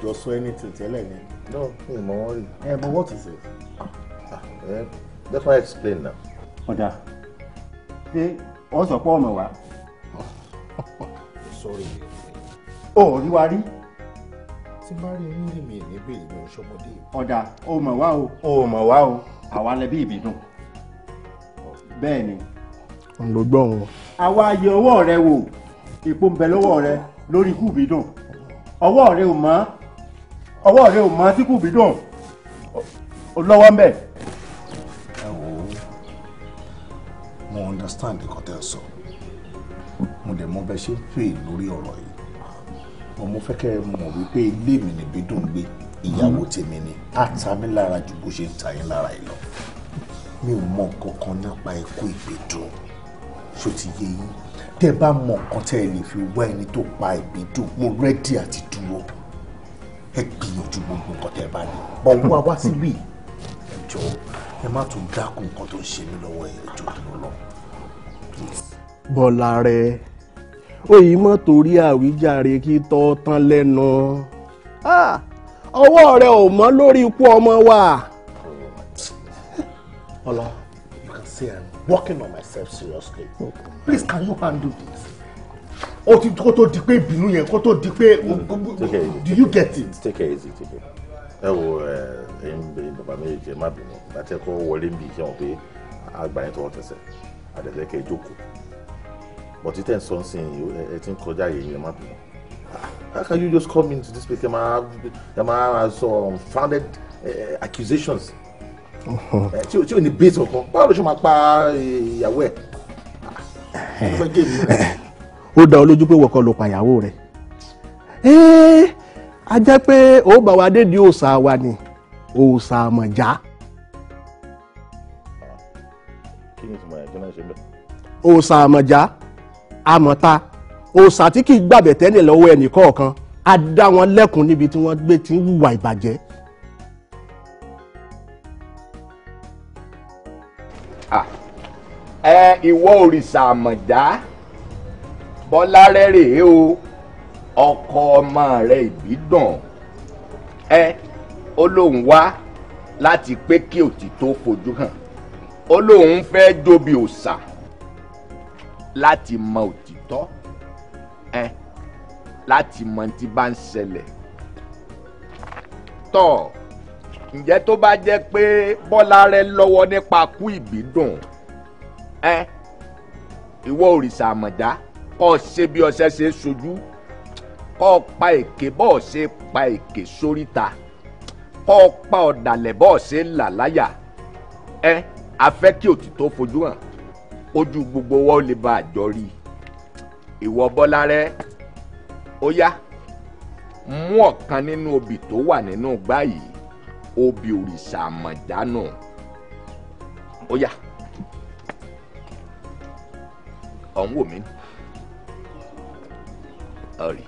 jọ saw anything Tell ni. no no more. wọn rí. but what is it. That's why I explain now. ọ̀dà ṣé what's your pé ọmọ sorry. Oh, ò rí wa you tí bá rí inú mi ní bèèrè mi ò ṣọmọdé. ọ̀dà o mọ̀ wá o o mọ̀ wá o àwa lẹbi ìbínú bẹ́ẹ̀ ni. n ló gbọ́ wọn. àwa yẹ ọwọ́ rẹ wò èpo ń bẹ lọ́wọ́ rẹ lórí ikú ìbínú ọwọ́ ọwọ́ rẹ ò mọ tí kò bí dùn ó lọ́wọ́ ń bẹ̀. ẹ wo mo understand nǹkan tẹ́ ẹ sọ mo dẹ̀ mọ bẹ́ẹ̀ ṣe ń pè lórí ọ̀rọ̀ yìí mo mo fẹ́ kẹ́ ẹ mọ̀ wípé ilé mi níbi dùn gbé ìyàwó mm-hmm. tèmi ni á ta mí lára ju bó ṣe ń ta yín lára yìí lọ mi ò mọ nǹkan kan nípa ikú ìbídùn ṣó ti yé yín tẹ́ bá mọ nǹkan tẹ́ ẹ lè fi wá ẹni tó pa ìbídùn mo rẹ́dí àti dúró ẹ gbìyànjú gbogbo nǹkan tẹ́ ẹ bá ní bọ̀ ń wá wá sílùú yìí ẹ jọ ẹ má tún dákun nǹkan tó ń ṣe mí lọ́wọ́ ẹ jọ tó lọ. bọ́lá rẹ òyì mọ́ torí àwíjàre kí tọ́ tán lẹ́nu ọwọ́ rẹ ò mọ́ lórí ikú ọmọ wa. Ola, you can see I'm working on myself seriously. Please, can you handle this? ó ti kó tó di pé ìbínú yẹn kó tó di pé mm. do you get it. take it easy take it ẹ wo ẹ ẹyin bẹ̀rẹ̀ bàbá méjèèjì ẹ má bínú àti ẹkọ wọlé ń bì ṣe wọn pé àgbà yẹn tọwọ́ tẹsẹ̀ àdẹsẹkẹ ìjókòó bọtí tẹ n sọ ń sìn yìí ẹ ti ń kọjá yẹn ẹ má bínú how can you just come into this place ẹ máa ẹ máa sọ unfounded uh, accusations tí o tí o ní base ọkàn báwo ló ṣe máa pa ìyàwó ẹ ó dá ọ lójú pé wọ́kọ́ ló pàyàwó rẹ̀ ẹ́ẹ́ a jẹ́ pé ó bá wa dédìí òòṣà wa ni òòṣà àmọ̀já. òòṣà àmọ̀já àmọ̀ta òòṣà tí kì í gbàbẹ̀ tẹ́lẹ̀ lọ́wọ́ ẹnì kọ̀ọ̀kan á dá wọn lẹ́kùn níbi tí wọ́n gbé ti ń hùwà ìbàjẹ́. ẹ ìwọ òrìṣà àmọ̀já. bọ́lárẹ́ rèé o ọkọ ọmọ rẹ̀ ìbídàn ẹ ó lóun wá láti pé kí òtítọ́ fojú hàn ó lóun fẹ́ jobi òsà láti mọ òtítọ́ ẹ láti mọ tí bá ń ṣẹlẹ̀ tọ́ ǹjẹ́ tó bá jẹ́ pé bọ́lárẹ́ lọ́wọ́ nípa kú ìbídùn ẹ ìwọ òrìṣà àmọ̀dá. kọ́ ṣe bí ọṣẹ ṣe ṣojú kọ́ pa èké bọ́ọ̀ ṣe pa èké sóríta kọ́ pa ọ̀dàlẹ̀ bọ́ọ̀ ṣe là láyà ẹ a fẹ́ kí òtítọ́ fojú hàn ojú gbogbo wa ó lè bá àjọ rí ìwọ bọ́lá rẹ ó yá mú ọ̀kan nínú obì tó wà nínú gbá yìí obì òrìṣà àmọ̀jánù ó yá ọ̀hún wò mí ni. ọ̀rì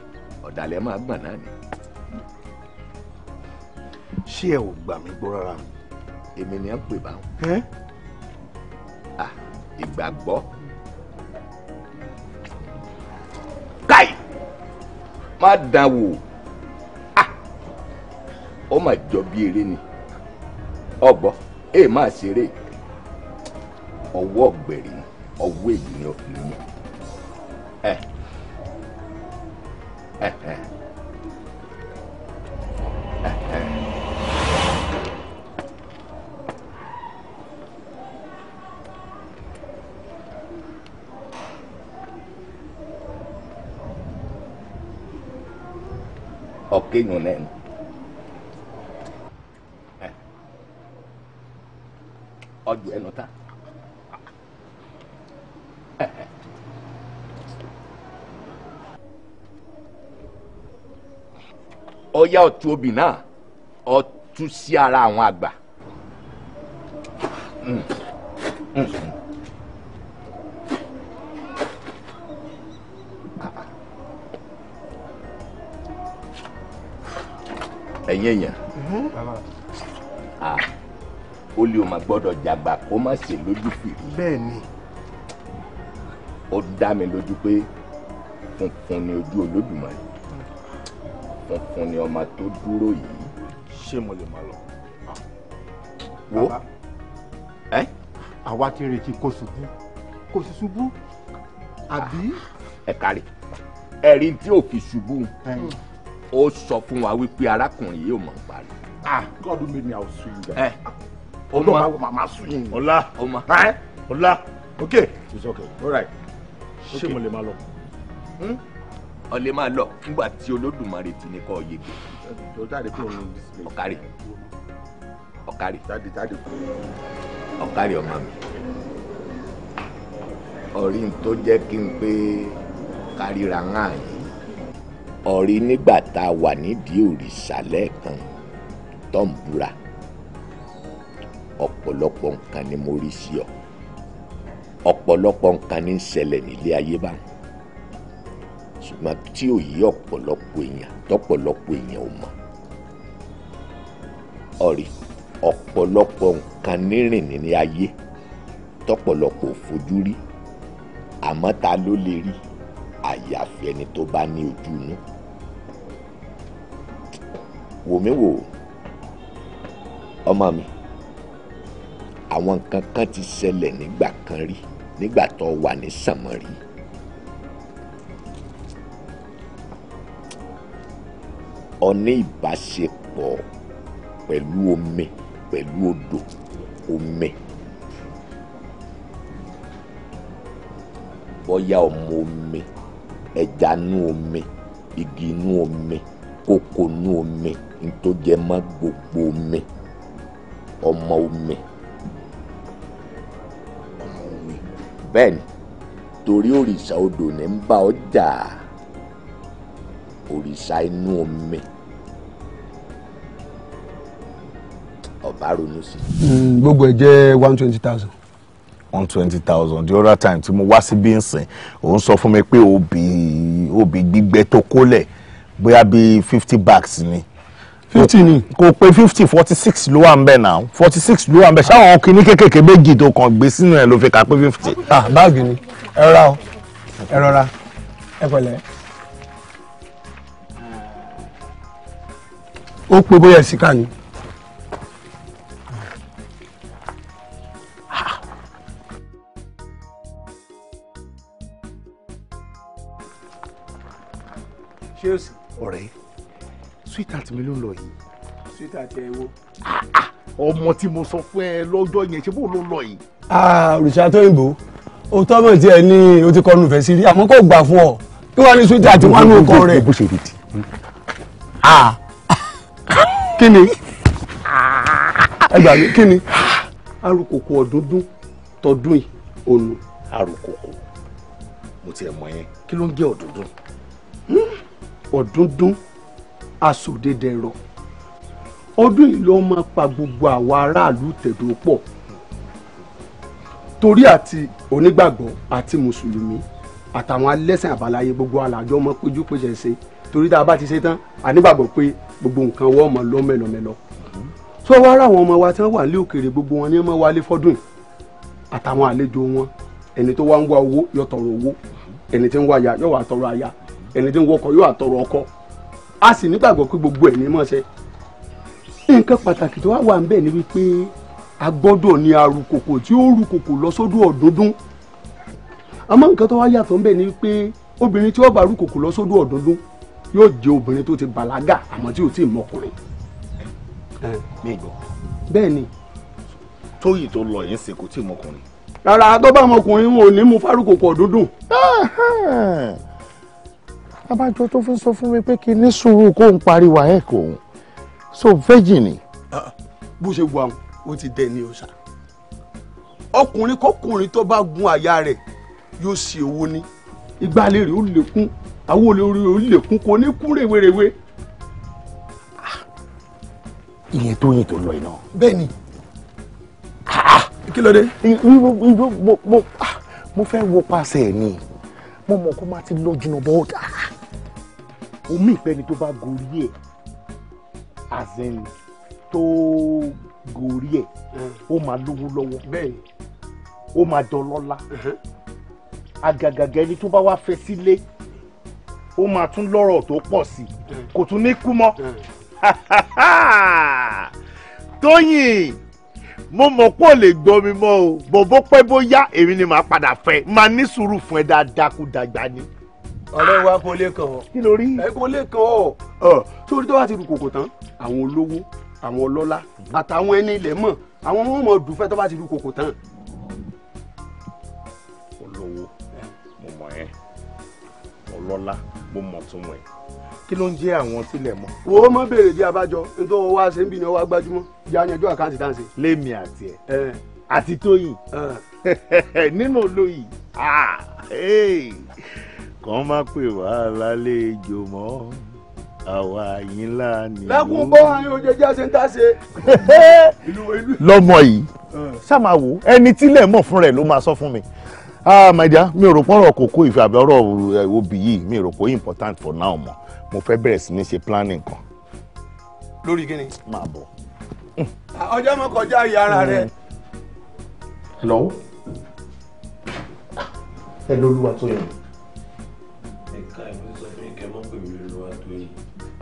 ọ̀dàlẹ̀ máa gbọ̀n náà ni. ṣé ẹ ò gbà mí gbọ́ rárá o. èmi ni ẹ ń pè bá wọn. à ìgbàgbọ́. káì má dán wò ó mà jọ bí eré ni ọgbọ èè máa ṣeré ọwọ́ ọ̀gbẹ̀rì ọwọ́ èyí ni ó fi mú ẹ. cái nguồn nệm ọdụ ờ. ờ, ẹnu ta ờ. ọyá ọ̀tún obì náà ọ̀tún sí ara àwọn àgbà. Mm. Mm. ẹ̀yin èèyàn ó ah, lè o máa gbọ́dọ̀ jàgbà kó má ṣe lójú fìrí. bẹ́ẹ̀ ó dá mi lójú pé funfun ni ojú Olódùmarè funfun ni ọmọ tó dúró yìí. ṣé mo lè máa lọ. wo ẹ. àwa ti retí kó ṣubú kó sì ṣubú àbí. ẹ kárí ẹ̀rí tí ò fi ṣubú ó sọ fún wa wípé arákùnrin yìí ò mọ̀ nípa ah God made me out swing there. o ma mama swing. ọlá ọlá ok. it's okay alright right. ṣé mo lè máa lọ ọlẹ́ máa lọ nígbà tí olódùmarè ti ní kọ́ yege. ọ̀kárì ọ̀kárì ọ̀kárì ọmọ mi ọ̀rí tó jẹ́ kí n pé kárìíra ń hàn yìí ọ̀rí nígbà tá a wà nídìí òrìṣà lẹ́ẹ̀kan tó ń búra ọ̀pọ̀lọpọ̀ nǹkan ni mo rí sí ọ ọ̀pọ̀lọpọ̀ nǹkan ni ń ṣẹlẹ̀ nílé ayé báyìí ṣùgbọ́n tí ò yí ọ̀pọ̀lọpọ̀ èèyàn tọ́pọ̀lọpọ̀ èèyàn ò mọ̀ ọ̀rì ọ̀pọ̀lọpọ̀ nǹkan nírìnrìn ní ayé tọ́pọ̀lọpọ̀ fojú rí àmọ́ ta ló lè rí àyàfi ẹni tó bá ní ọ ní ìbáṣepọ̀ pẹ̀lú omi pẹ̀lú odò omi bóyá ọmọ omi ẹja nú omi igi nú omi kókó nú omi ntójẹmọ́ gbogbo omi ọmọ omi bẹ́ẹ̀ ni torí òrìṣà odò ní ń bá ọ jà òrìṣà inú omi ọba ronú sí. Mm, gbogbo ẹ jẹ́ one twenty thousand one twenty thousand the other time tí mo wá síbí nsìn òun sọ fún mi pé obì obì gbígbẹ tó kólẹ̀ bóyá bíi fifty bags ni. fifty ni. kò pé fifty forty six ló wà ń náà forty six ló wà ń bẹ̀ ṣáwọn kinní kékèké méjì tó kàn gbé sínú ẹ̀ ló fi kà pé fifty. ah báàgì ni ẹ rọra o ẹ rọra ẹ pẹ̀lẹ́. ó pe bóyá síkà ni. ṣé o sì. ọ̀rẹ́ sweetheart mi ló ń lọ yìí. sweetheart ẹ wo. ọmọ tí mo sọ fún ẹ lọ́jọ́ yẹn ṣé bó ló lọ yìí. òrìṣà tóyìnbó o tọ́mọ̀ tí ẹ ní o ti kọnu ìfẹ́ sí rí àmọ́ kò gbà fún ọ kí wàá ní sweetheart wọn ní ọkọ rẹ. bó kí ni ẹ gbà mí kí ni arúkòkò ọ̀dúndún tọdún yìí olú arúkòkò mo tiẹ̀ mọ̀ yẹn kí ló ń jẹ́ ọ̀dúndún ọ̀dúndún asòdedẹ̀rọ̀ ọdún yìí ló máa pa gbogbo àwọn aráàlú tẹ̀dó pọ̀ torí àti onígbàgbọ́ àti mùsùlùmí àtàwọn alẹ́sìn àbáláyé gbogbo alájọ́ ọmọ péjú péjẹ ṣe torí tá a bá ti ṣe tán a nígbàgbọ́ pé gbogbo nǹkan wọ́n mọ̀ lọ mẹ́lọmẹ́lọ. tó wá ráwọn ọmọ wa tí wọ́n wà ní òkèèrè gbogbo wọn ní ọmọ wa lé fọ́dún yìí àtàwọn àlejò wọn ẹni tó wá ń wá owó yóò tọrọ owó ẹni tí ń wá aya yóò wá tọrọ aya ẹni tí ń wọkọ yóò wá tọrọ ọkọ a sì nígbàgbọ́ pé gbogbo ẹ̀ ní mọ̀ ṣe. nǹkan pàtàkì tó wá wà ń bẹ̀ ni wípé a gbọ́dọ̀ ní arukòkò tí ó rukòkò lọ sódò ọ̀dúndún àmọ́ nǹkan tó wá yàtọ̀ ń bẹ̀ ni wípé obìnrin tí ó bá rukòkò lọ sódò ọ̀dúndún yóò jẹ obìnrin tó ti bàlágà àmọ́ tí ò tí ì mọkùnrin mi gbọ́ bẹ́ẹ̀ ni. tóyì tó lọ yẹn ṣe kò tí ì mọkùnrin. rárá tó bá ọmọkùnrin wọn ò ní mú fárúkò pọ̀ dúndùn. abájọ tó fi sọ fún mi pé kí ní sùúrù kó ń pariwo ẹ̀ kò ń so virgin ni. Ah, ah, bó ṣe wà ó ti dẹ ní ọ̀sà ọkùnrin kọkùnrin tó bá gun àyà rẹ̀ yóò ṣe owó ní ìgbàlè rẹ̀ ó lékún àwọn olórí olùlẹ̀kùn kò ní kú rèwerèwe. Ah, ìyẹn tó yìn tó lọ iná. bẹ́ẹ̀ni ah, kí ló dé. Ah, mo fẹ́ wo paṣẹ ẹ̀ ni mo mọ̀ kó má ti lọ jìnnà bọ́ọ̀dà. omi ìfẹ́ ni tó bá gorí ẹ̀ àzẹ́ni tó gorí ẹ̀ ó máa lówó lọ́wọ́ ó máa dọlọ́lá àgàgàgà ẹni tó bá wá fẹ́ sílé. Si ó máa tún lọ́rọ̀ tó pọ̀ sí i mm. kò tún ní kú mọ́ mm. <laughs> tóyìn mo mọ̀ pé ò lè gbọ́ mi mọ́ o bòbó pẹ́ bóyá èmi ni màá padà fẹ́ máa ní sùúrù fún ẹ dáadáa kú dàgbà ni. ọ̀rẹ́ wa kò lè kàn ọ́ kí ló rí ẹ kò lè kàn ọ́ torí tó bá ti rú kòkò tán àwọn olówó àwọn ọlọ́lá àtàwọn ẹni ilẹ̀ mọ̀ àwọn ọmọ ọmọ dùfẹ́ tó bá ti rú kòkò tán. olówó mo mọ̀ ẹ́ ọlọ́lá mo mọ̀ tún wọn kí ló ń jẹ́ àwọn sílẹ̀ mọ́. wo ó mọ béèrè di abájọ nítorí wá ṣe ń bì ní ọwọ́ agbájúmọ́ jẹ́ àyànjú àkáǹtì tá à ń ṣe. lémi àti ẹ àti tóyìn <laughs> nínú olóyìn kàn má pè wá lálejò mọ́ àwa yín lánìí. lẹ́kùn bọ́ àyìn òjèjì àṣẹ ń tàṣe. <laughs> lọ́mọ yìí ṣá máa wò ẹni mọ̀ fún rẹ̀ ló máa sọ fún mi ah my dear mi ò rò pọ́nrọ̀ kókó ìfẹ́ àbí ọ̀rọ̀ òbí eh, yìí mi ò rò pé important for now mọ̀ mo fẹ́ bẹ̀rẹ̀ sí ní ṣe planning kan. lórí kí ni. máa bọ̀. ọjọ́ mọ́ kọjá ìyá ara rẹ. Hmm. hello ẹ lóluwà tó yẹ. ẹ ká ẹ mọ sọ fún ìkẹ́ mọ́ pé mi lóluwà tó yẹ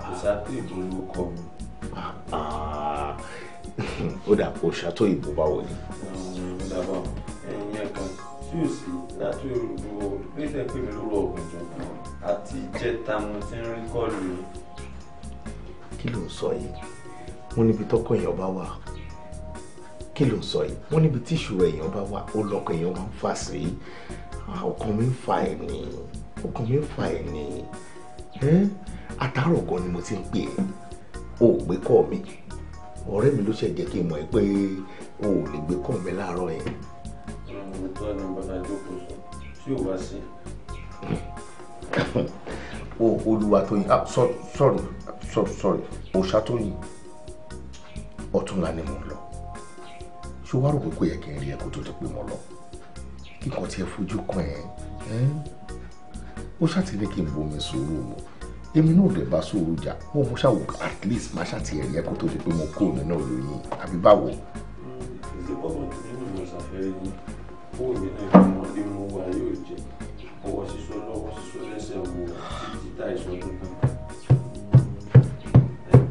kò ìbò ló kọ́ mi. ó dà kó ṣàtó ìbò báwo ni. ó dà ẹ̀yin ẹ̀ka tí ò sí láti òrùbó gbèsè pè mí lóró ọ̀gbìn jọ àti ìjẹta mo ti ń rí kọ́ọ̀lù yìí. kí ló ń sọ yìí wọ́n níbi tọ́kọ èèyàn bá wà kí ló ń sọ yìí wọ́n níbi tí ìṣòro èèyàn bá wà ó lọ́kọ èèyàn máa ń fà sí ah, ọkàn mi ń fa ẹ̀ ọkàn mi ń fa ẹ̀ ní àtàrọ̀ ni mo ti ń pè é o ò gbé kọ́ mi ọ̀rẹ́ mi ló ṣe jẹ́ kí n mọ̀ ẹ́ pé o ò lè gbé kọ́ mi láàárọ̀ yẹn mo tọ́ ẹnu bàtà ìjókòó sọ tí ò wá sí. o Olúwatóyìn ah sorry sorry sorry sorry Òṣàtóyìn ọ̀túnla ni mo lọ ṣé wàá rò pé kò yẹ kí n rí ẹ kó tó ti pé mo lọ kí nǹkan tí ẹ fojú kan o ó ṣàti ní kí n bomi sòrò mọ èmi náà lè bá sòrò jà mo mo ṣàwò at least máa ṣàti ẹ̀rí ẹ tó di pé mo kó nínú olóyìn àbí báwo. ìdìbò mi ni mo ṣàfẹ́rí yín fóònù náà ìfọmọdé mú wa yóò jẹ ọwọ́ sísọ lọ́wọ́ sísọ lẹ́sẹ̀ wo títí tá ìsọdún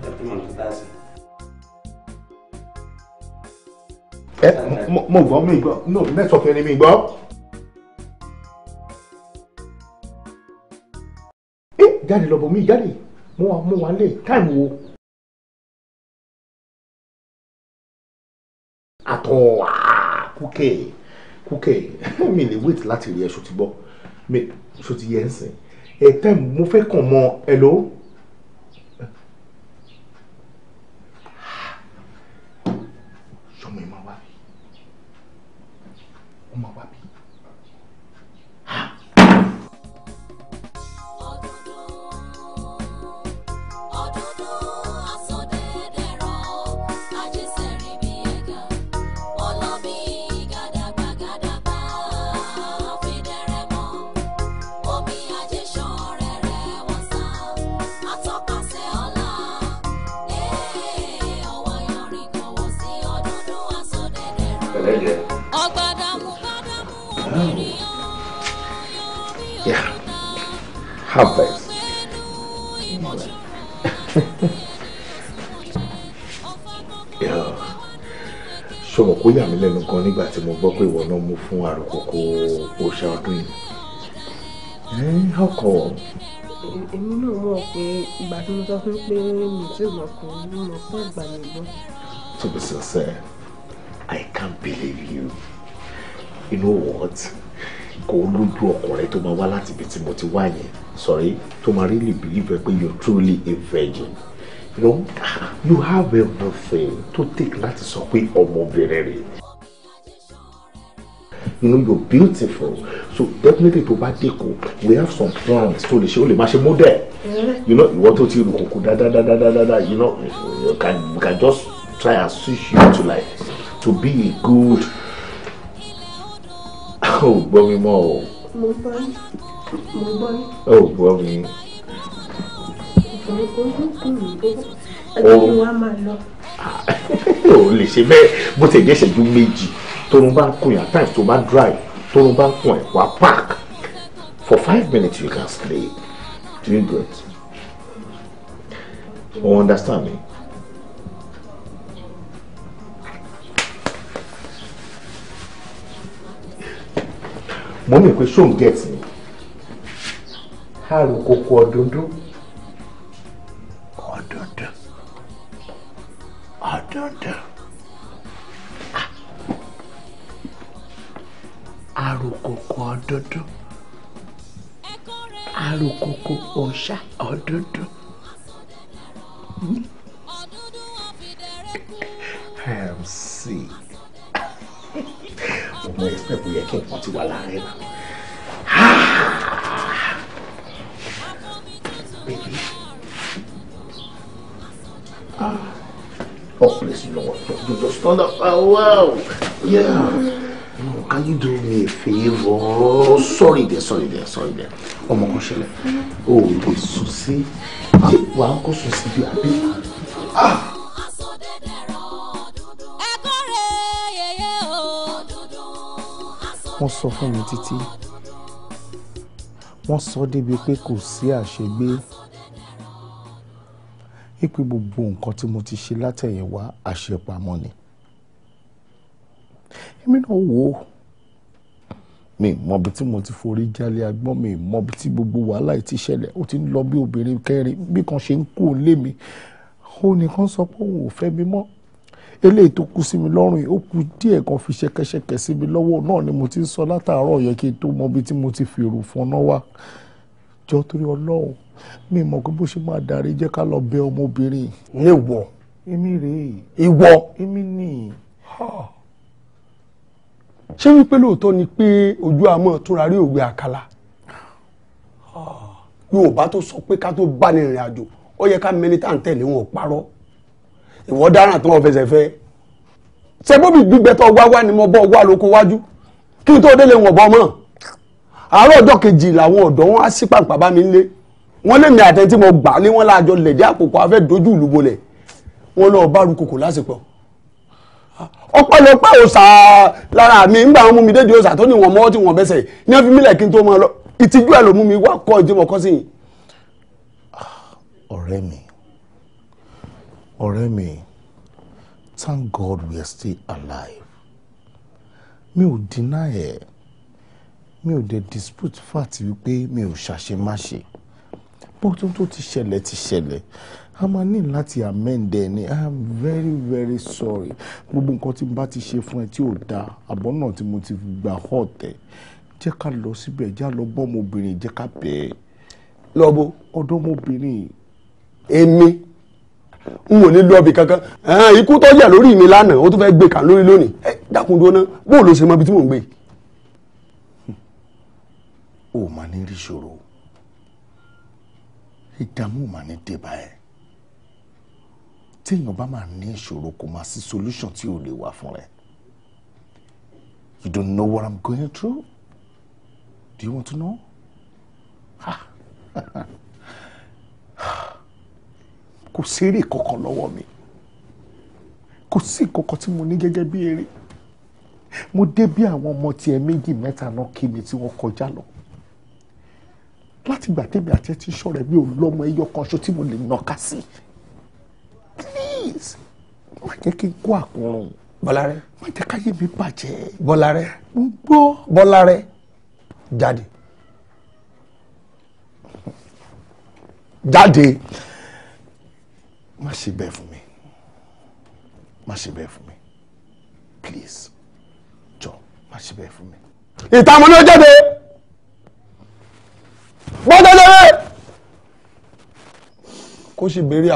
kan mọ nǹkan tá ẹ mo gbọ́ mi gbọ́ no network ẹni mi gbọ́. Eh, jáde lọ bọ mí jáde mo wà mo wà lé táìmù wo. àtọ̀ àkúkè. Okay kúkẹ́ <laughs> mi lè wait láti rí ẹ ṣòtí bọ́ mi ṣòtí yẹn sìn ẹ̀ tẹ́ mo fẹ́ kàn mọ́ ẹ lọ́wọ́. harvest. ṣé mo kó yà mí lẹ́nu gan nígbà tí mo gbọ́ pé ìwọ náà mú fún àròkòkò òòṣà ọdún yìí. ọkọ. èmi náà mọ̀ pé ìgbà tí mo sọ fún pé mi ti mọ̀ kó mi mọ̀ To be sincere, I can't believe you. You know what? Go lójú to a tó to my wallet ibi tí mo ti sorry, to really believe that you're truly a virgin. You know, <laughs> you have everything to take that sọ pé very. You know, you're beautiful. So definitely tó bá we have some plans tó the ṣe ó lè máa ṣe model. You know, ìwọ tó ti rò kòkò dáadáa, you know, you can, you can just try and switch you to like to be a good. <laughs> Oh, gbọ́ mi Mo bá yìí. Oh, gbọ́ rí. ó gbọ́ mi. ìṣòro kò ní kí n bó ẹgbẹ́ mi wá máa lọ. o lè ṣe bẹ́ẹ̀ bó ti jẹ́ ìṣẹ́jú méjì tórun bá kun yàn times tó bá drive tórun bá ń kun ẹ̀ wá park for five minutes you can sleep do you get you oh, understand me. mo ní pé ṣóun get me àròkòkò ọ̀dùndún ọ̀dùndún ọ̀dùndún àròkòkò ọ̀dùndún àròkòkò ọ̀ṣà ọ̀dùndún. MC. <laughs> Mo mọ ẹsẹ̀ bóyá kí nǹkan ti wà láàrin náà. on the oh, wow. Yeah. No, oh, can you do me a favor? Oh, sorry there, sorry there, sorry there. Oh my ṣẹlẹ̀. O ò lè sùn sí. Ṣé wà á kó sùn sí bí àbí? Ah! Wọ́n sọ fún mi títí. Wọ́n sọ débi pé kò sí àṣegbé. Ipe gbogbo nǹkan tí mo ti ṣe látẹ̀yìnwá àṣepamọ́ ni èmi náà wò ó mi mọ bí tí mo ti forí jálé agbọ́n mi mọ bí tí gbogbo wàhálà yìí ti ṣẹlẹ̀ ó ti ń lọ bí obìnrin kẹrin bí kan ṣe ń kú lé mi ó nìkan sọ pé òun ò fẹ́ mi mọ́ eléyìí tó kú sí mi lọ́rùn yìí ó kú díẹ̀ kan fi ṣẹkẹṣẹkẹ sí mi lọ́wọ́ náà ni mo ti ń sọ látàárọ̀ yẹ kí n tó mọ bí tí mo ti fèrò fọnà wá jọ torí ọlọ́run mi mọ̀ pé bó ṣe máa darí jẹ́ ká lọ bẹ ọmọbìnrin. ní ìwọ. rèé. ìwọ. èmi nìyí ṣé wípé lóòótọ́ ni pé ojú àmọ́ túnra rí òwe àkàlà Yorùbá tó sọ pé ká tó bá ní ìrìn àjò ó yẹ ká mẹni tá à ń tẹ̀lé wọn parọ́ ìwọ dáràn tó wọn fẹsẹ̀ fẹ́ ṣe bóbi gbígbẹ tó ni mo bọ́ wá lóko wájú kí n tó délé wọn bọ́ mọ́ àárọ̀ ọjọ́ kejì làwọn ọ̀dọ́ wọn á sí pàǹpà bá mi lé wọn lèmi àtẹ tí mo gbà lé wọn láàjọ lẹ̀dí àpòpọ̀ afẹ́ dojú ìlú bolẹ̀ wọn lọ́ọ́ bá ru kòkò lásìkò ọ̀pọ̀lọpọ̀ òòsà lára mi ńgbà wọn mú mi déjì òòsà tó ní wọn mọ́wọ́ tí wọn bẹ́sẹ̀ ní wọn fi mílẹ̀ kí n tó mọ lọ ìtìjú ẹ̀ ló mú mi wá kọ́ ìdímọ̀ kọ́ sí i. Ah, ọ̀rẹ́ mi ọ̀rẹ́ mi thank God we are still alive mi ò deny ẹ̀ mi ò dé dispute fact wípé mi ò ṣàṣemáṣe bó tó tó ti ṣẹlẹ̀ ti ṣẹlẹ̀ a máa ní láti amend ẹ ni i am very very sorry gbogbo nǹkan tí mo bá ti ṣe fún ẹ tí ò dáa àbọ̀ náà tí mo ti gbà họ́ tẹ̀ jẹ́ ká lọ síbẹ̀ jẹ́ lọ bọ́ ọmọbìnrin jẹ́ ká bẹ̀ẹ́. lọ́bọ̀ ọ̀dọ́ ọmọbìnrin èmi n ò ní lọ ibì kankan ikú tó yà lórí mi lánàá ó tún fẹ́ gbé kàn lórí lónìí dákun dúró náà bó ló ṣe mọ ibi tí mò ń gbé. o ò máa ní rí ìṣòro ìdààmú ò máa ní dé bá téèyàn bá máa ní ìṣòro kò máa sí solution tí ò lè wà fún rẹ you don't know what i'm going through do you want to know <laughs> kò sérè kankan lọ́wọ́ mi kò sí kankan tí mo ní gẹ́gẹ́ bí eré mo dé bí àwọn ọmọ tiẹ̀ méjì mẹ́ta náà kí mi tí wọ́n kọjá lọ látìgbà tèmi àti ẹ ti ṣọ̀rẹ́ mi ò lọ́mọ ẹyọ kan ṣo tí mo lè nàka sí please má jẹ́ kí n kó àkóràn bọ́lárẹ́ má jẹ́ káyé mi bàjẹ́ bọ́lárẹ́ mo gbọ́ bọ́lárẹ́ jáde jáde má ṣe bẹ́ẹ̀ fún mi má ṣe bẹ́ẹ̀ fún mi please jọ má ṣe bẹ́ẹ̀ fún mi. ìtààmú ni ó jáde. kó sì béèrè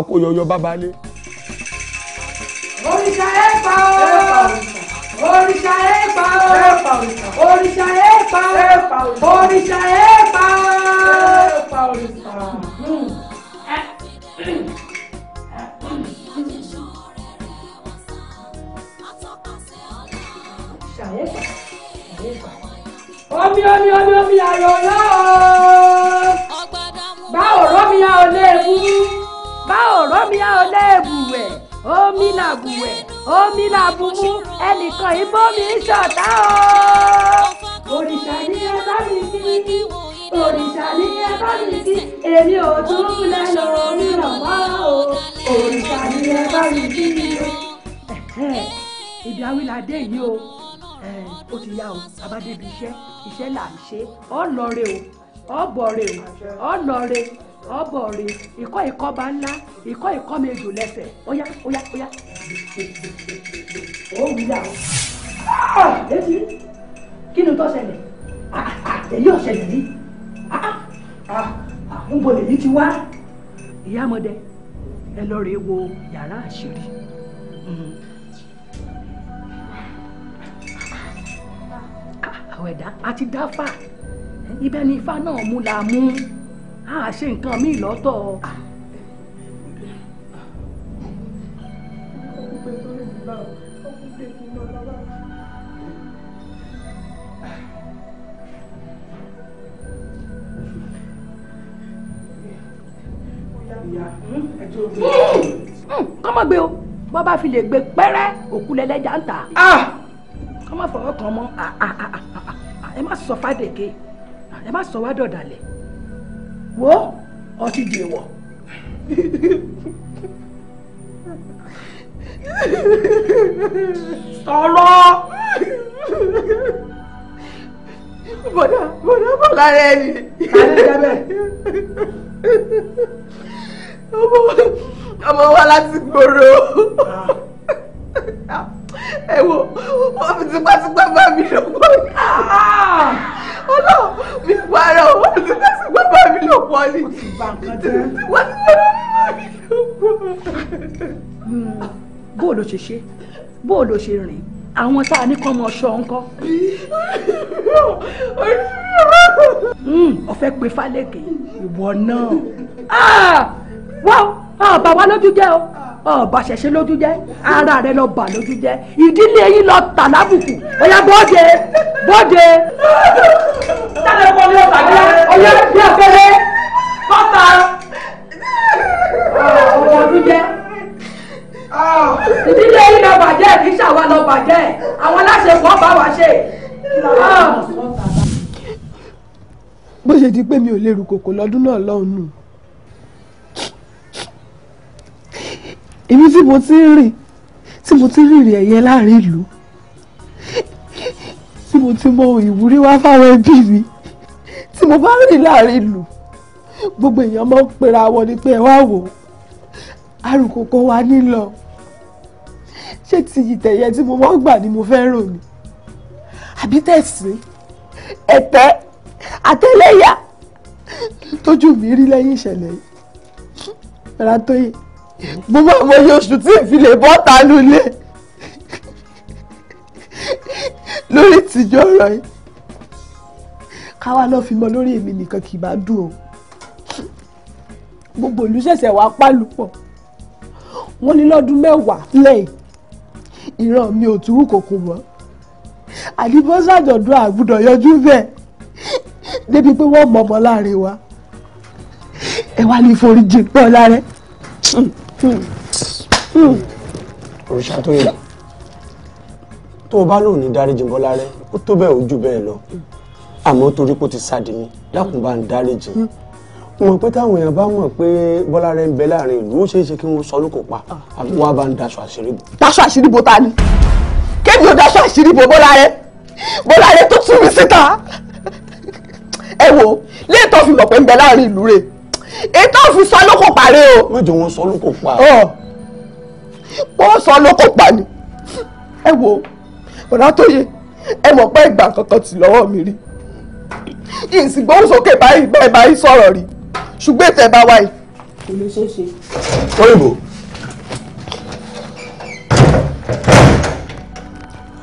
àkóyọyọ bábálé. òrìṣà ẹ pa o òrìṣà ẹ pa o òrìṣà ẹ pa o òrìṣà ẹ pa o. Omi omi omi omi ayọ̀ náà. omi mi omi làbùmú ẹnìkan ìbomi ṣọ̀tá o. òrìṣà ni ẹ bá mi sí òrìṣà ni ẹ bá mi sí èmi ò tún mi omi rànmọ́ o òrìṣà ni ẹ bá mi sí mi o. ìdí awilade yìí o ó ti yá o abádébi iṣẹ́ iṣẹ́ là ń ṣe ọ̀ lọ́ọ̀rẹ́ o ọ̀ bọ̀ọ̀rẹ́ o ọ̀ lọ́ọ̀rẹ́ o ọ̀bọ̀ rè ìkọ́ ìkọ́ bá ńlá ìkọ́ ìkọ́ méjò lẹ́sẹ̀ óyá Oya, oya, ó wù yà ó. èyí ah, kí ni tó ṣẹlẹ̀ ah, ah, èyí ò ṣẹlẹ̀ yìí ń bo lèyí ti wá. ìyá ọmọdé ẹ lọ rèé wo yàrá àṣírí. Hmm. àwọn ẹ̀dá àti dáfà ibẹ̀ ni ifá náà mú la mú. Mm -hmm a ṣe nǹkan míì lọ́tọ̀ o. Hmm, kọ́mọ gbé o bọ́ bá fi lè gbé pẹ́rẹ́ òkú lẹ́lẹ́jà ń tà ah! kọ́mọ fọwọ́ kan mọ́ ah, ah, ẹ má sọ fàdèké ẹ má sọ wá dọ̀dàlẹ̀ wo ọtí dèwọ̀. sọ̀rọ̀ bọ̀dá bọ̀dá bọ̀ lára ẹni. kálẹ̀ jábẹ́. ọmọ wa láti gbòòrò. Ah ẹ wo wọ́n fi tipátipá bá mi lò pọ̀ ní. Ah! ọlọ́ mi parọ́ wọ́n fi tipátipá bá mi lò pọ̀ ní. tipátipá bá mi lò pọ̀. Hmm, bó o ṣe ṣe bó o ṣe rìn àwọn tá a ní kọ́ ọmọ ọ̀ṣọ́ ńkọ́. ọ̀fẹ́ pe fálẹ́kẹ̀ ìwọ náà. Ah! wọ́n ọba wa lójú jẹ́ o ọba ṣẹ̀ṣẹ̀ lójú jẹ́ ara rẹ lọ bà lójú jẹ́ ìdílé yín lọ tà lábùkù ọ̀yà bọ́ọ̀dẹ bọ́ọ̀dẹ. sáré kọ́ ní ọ̀tà bí ọyẹ bí abẹ́rẹ́ bọ́tà ọmọ ọdún jẹ́ ìdílé yín lọ bàjẹ́ kì í ṣàwa lọ bàjẹ́ àwọn aláṣẹ kọ́ bá wa ṣe bó ṣe di pé mi ò lè rú kòkò lọ́dún náà lọ́hùn-ún èmi tí mo ti ń rìn tí mo ti ń rìnrìn ẹ̀yẹ láàrin ìlú tí mo ti mọ ìwúrí wá fáwọn ẹbí mi tí mo bá rìn láàrin ìlú gbogbo èèyàn máa ń pera wọn ni pé ẹ wá wò ó àrùkò kan wà nílọ ṣé ti ìtẹ̀yẹ tí mo máa ń gbà ni mo fẹ́ rò ni àbí tẹ̀sí ẹ̀tẹ́ àtẹlẹ́yà tójú mi rí lẹ́yìn ìṣẹ̀lẹ̀ yìí rà tó mo máa mọ iye oṣù tí èfi lè bọ́ ta lulẹ̀ lórí ìtìjú ọ̀rọ̀ yìí káwa lọ́ọ́ fi mọ lórí èmi nìkan kì í bá dùn o gbogbo olùṣẹ̀ṣẹ̀ wàá pálùpọ̀ wọ́n ní lọ́dún mẹ́wàá lẹ́yìn ìran mi ò túrú kòkò mọ́ àdìbọ́sà àjọ̀dún àgbùdọ̀ yọjú bẹ́ẹ̀ débi pé wọ́n mọ̀mọ́ láàrin wa ẹ wá ní foríjì pọ̀ lára ẹ̀ òrìṣà hmm. tó yẹ tó o bá lòun ní dáríjì bọ́lá rẹ ó tó bẹ́ẹ̀ ojú bẹ́ẹ̀ lọ àmọ́ torí pé ó ti sáàdì mi dákun bá ń dáríjì mọ̀ pé táwọn èèyàn bá mọ̀ pé bọ́lá rẹ ń bẹ láàrin ìlú ó ṣeé ṣe kí wọ́n sọ ló pa àbí wọ́n á bá ń daṣọ àṣírí bò. daṣọ àṣírí bò ta ni kébi ò daṣọ àṣírí bò bọ́lá rẹ bọ́lá rẹ tó tú mi síta ẹ wo léètọ́ fi mọ̀ pé ń bẹ láàrin ìlú rẹ̀ ètò òfin sọ ló kò parí o. mọ̀jọ̀ wọn sọ ló kò pa. wọ́n sọ ló kò pa ni. ẹ wo ọ̀nà tó yẹ ẹ mọ̀ pé ìgbà kankan ti lọ́wọ́ mi rí. ìsìngbóhùnsókè báyìí bẹ́ẹ̀ báyìí sọ̀rọ̀ rí ṣùgbọ́n ètò ẹ̀ bá wáyé. kò lè ṣeé ṣe. òyìnbó.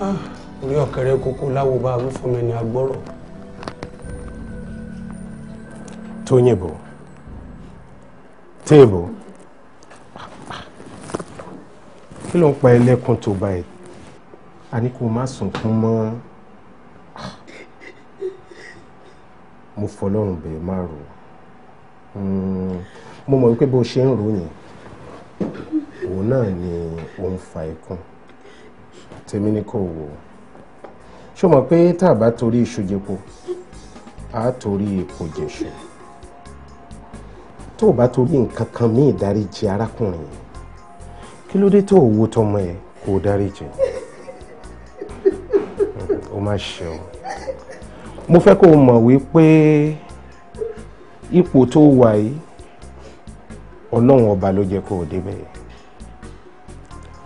Ah, orí ọ̀kẹ́rẹ́ kókó láwo bá wí fún mi ní agbọ́rọ̀. Tóyìnbó table kí ló ń pa ẹlẹ́kùn tó báyìí a ní kó má sunkún mọ́ mo fọlọ́run bẹ̀ẹ́ má rò hmm, mo mọ̀ wípé bó ṣe ń rò yẹn òun náà ni òun fa ikún tèmi ni kò wò ṣó mọ̀ pé tá a bá torí iṣu jẹpo a torí epo jẹṣu tó o bá torí nǹkan kan mí ìdáríjì arákùnrin yìí kí ló dé tó o wo tọmọ ẹ kó o dáríjì o má ṣe o mo fẹ́ kó o mọ̀ wípé ipò tó o wà yìí ọlọ́run ọba ló jẹ́ kó o débẹ̀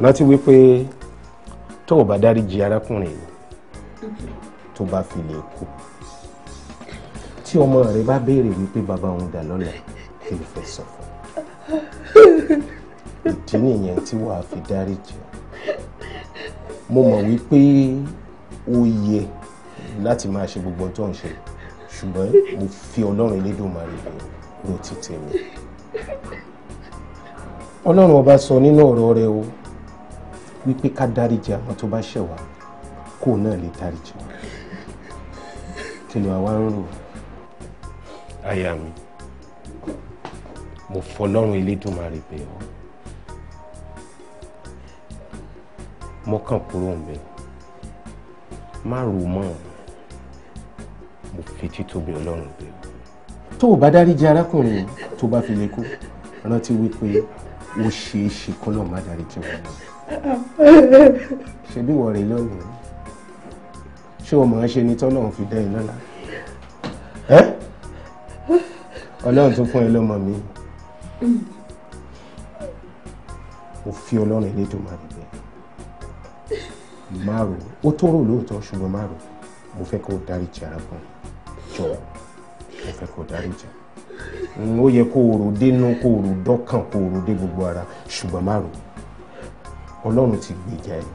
rántí wípé tó o bá dáríjì arákùnrin yìí tó bá fi lè kú tí ọmọ rẹ bá béèrè wípé bàbá òun dà lọ́la kí n fẹ́ sọ fún ọ ìdí nìyẹn tí wàá fi dáríjì mo mọ̀ wípé ó yẹ láti máa ṣe gbogbo tó ń ṣe ṣùgbọ́n mo fi ọlọ́run elédùnmarè bẹ̀ ló ti tèmi ọlọ́run ọba sọ nínú ọ̀rọ̀ rẹ̀ o wípé ká dáríjì àwọn tó bá ṣẹ̀ kó náà lè dáríjì wá kí ni àwa ń rò. aya mi mo fọlọ́run elédùnmarè bẹ̀ ọ́ mọ́kàn kúrò ń bẹ̀ má rò mọ́ mo fi títóbi ọlọ́run bẹ̀ ọ́. tó o bá dáríji arákùnrin tó bá fi lè kú rántí wípé ó ṣeé ṣe kọ́lọ̀ má dáríji wọn lọ ṣebí wọ̀ rẹ̀ lọ́rùn ṣé o mọ̀ ọ́n ṣe ni tọ́lọ́run fi dá ẹ lọ́la ọlọ́run tó fún ẹ lọ́mọ mi o fi ọlọ́run Elédùmarè bẹ̀ má rò ó tó rò lóòótọ́ ṣùgbọ́n má rò mo fẹ́ kó dáríjì arákùnrin jọ mo fẹ́ kó dáríjì ó yẹ kó o rò dénú kó o rò dọ́kàn kó o rò dé gbogbo ara ṣùgbọ́n má rò ọlọ́run ti gbèjà ẹ̀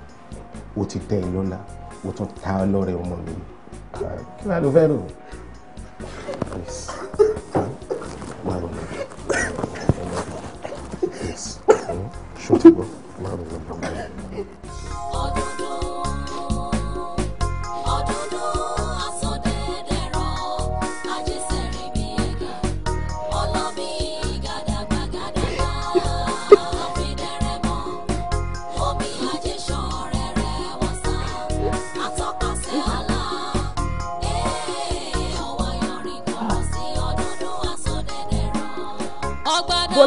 o ti tẹ́ ẹ lọ́la o tún ta ọ lọ́rẹ̀ ọmọ mi ah, kí wàá ló fẹ́ rò. Yes. Wow. Yes. ti gbọ́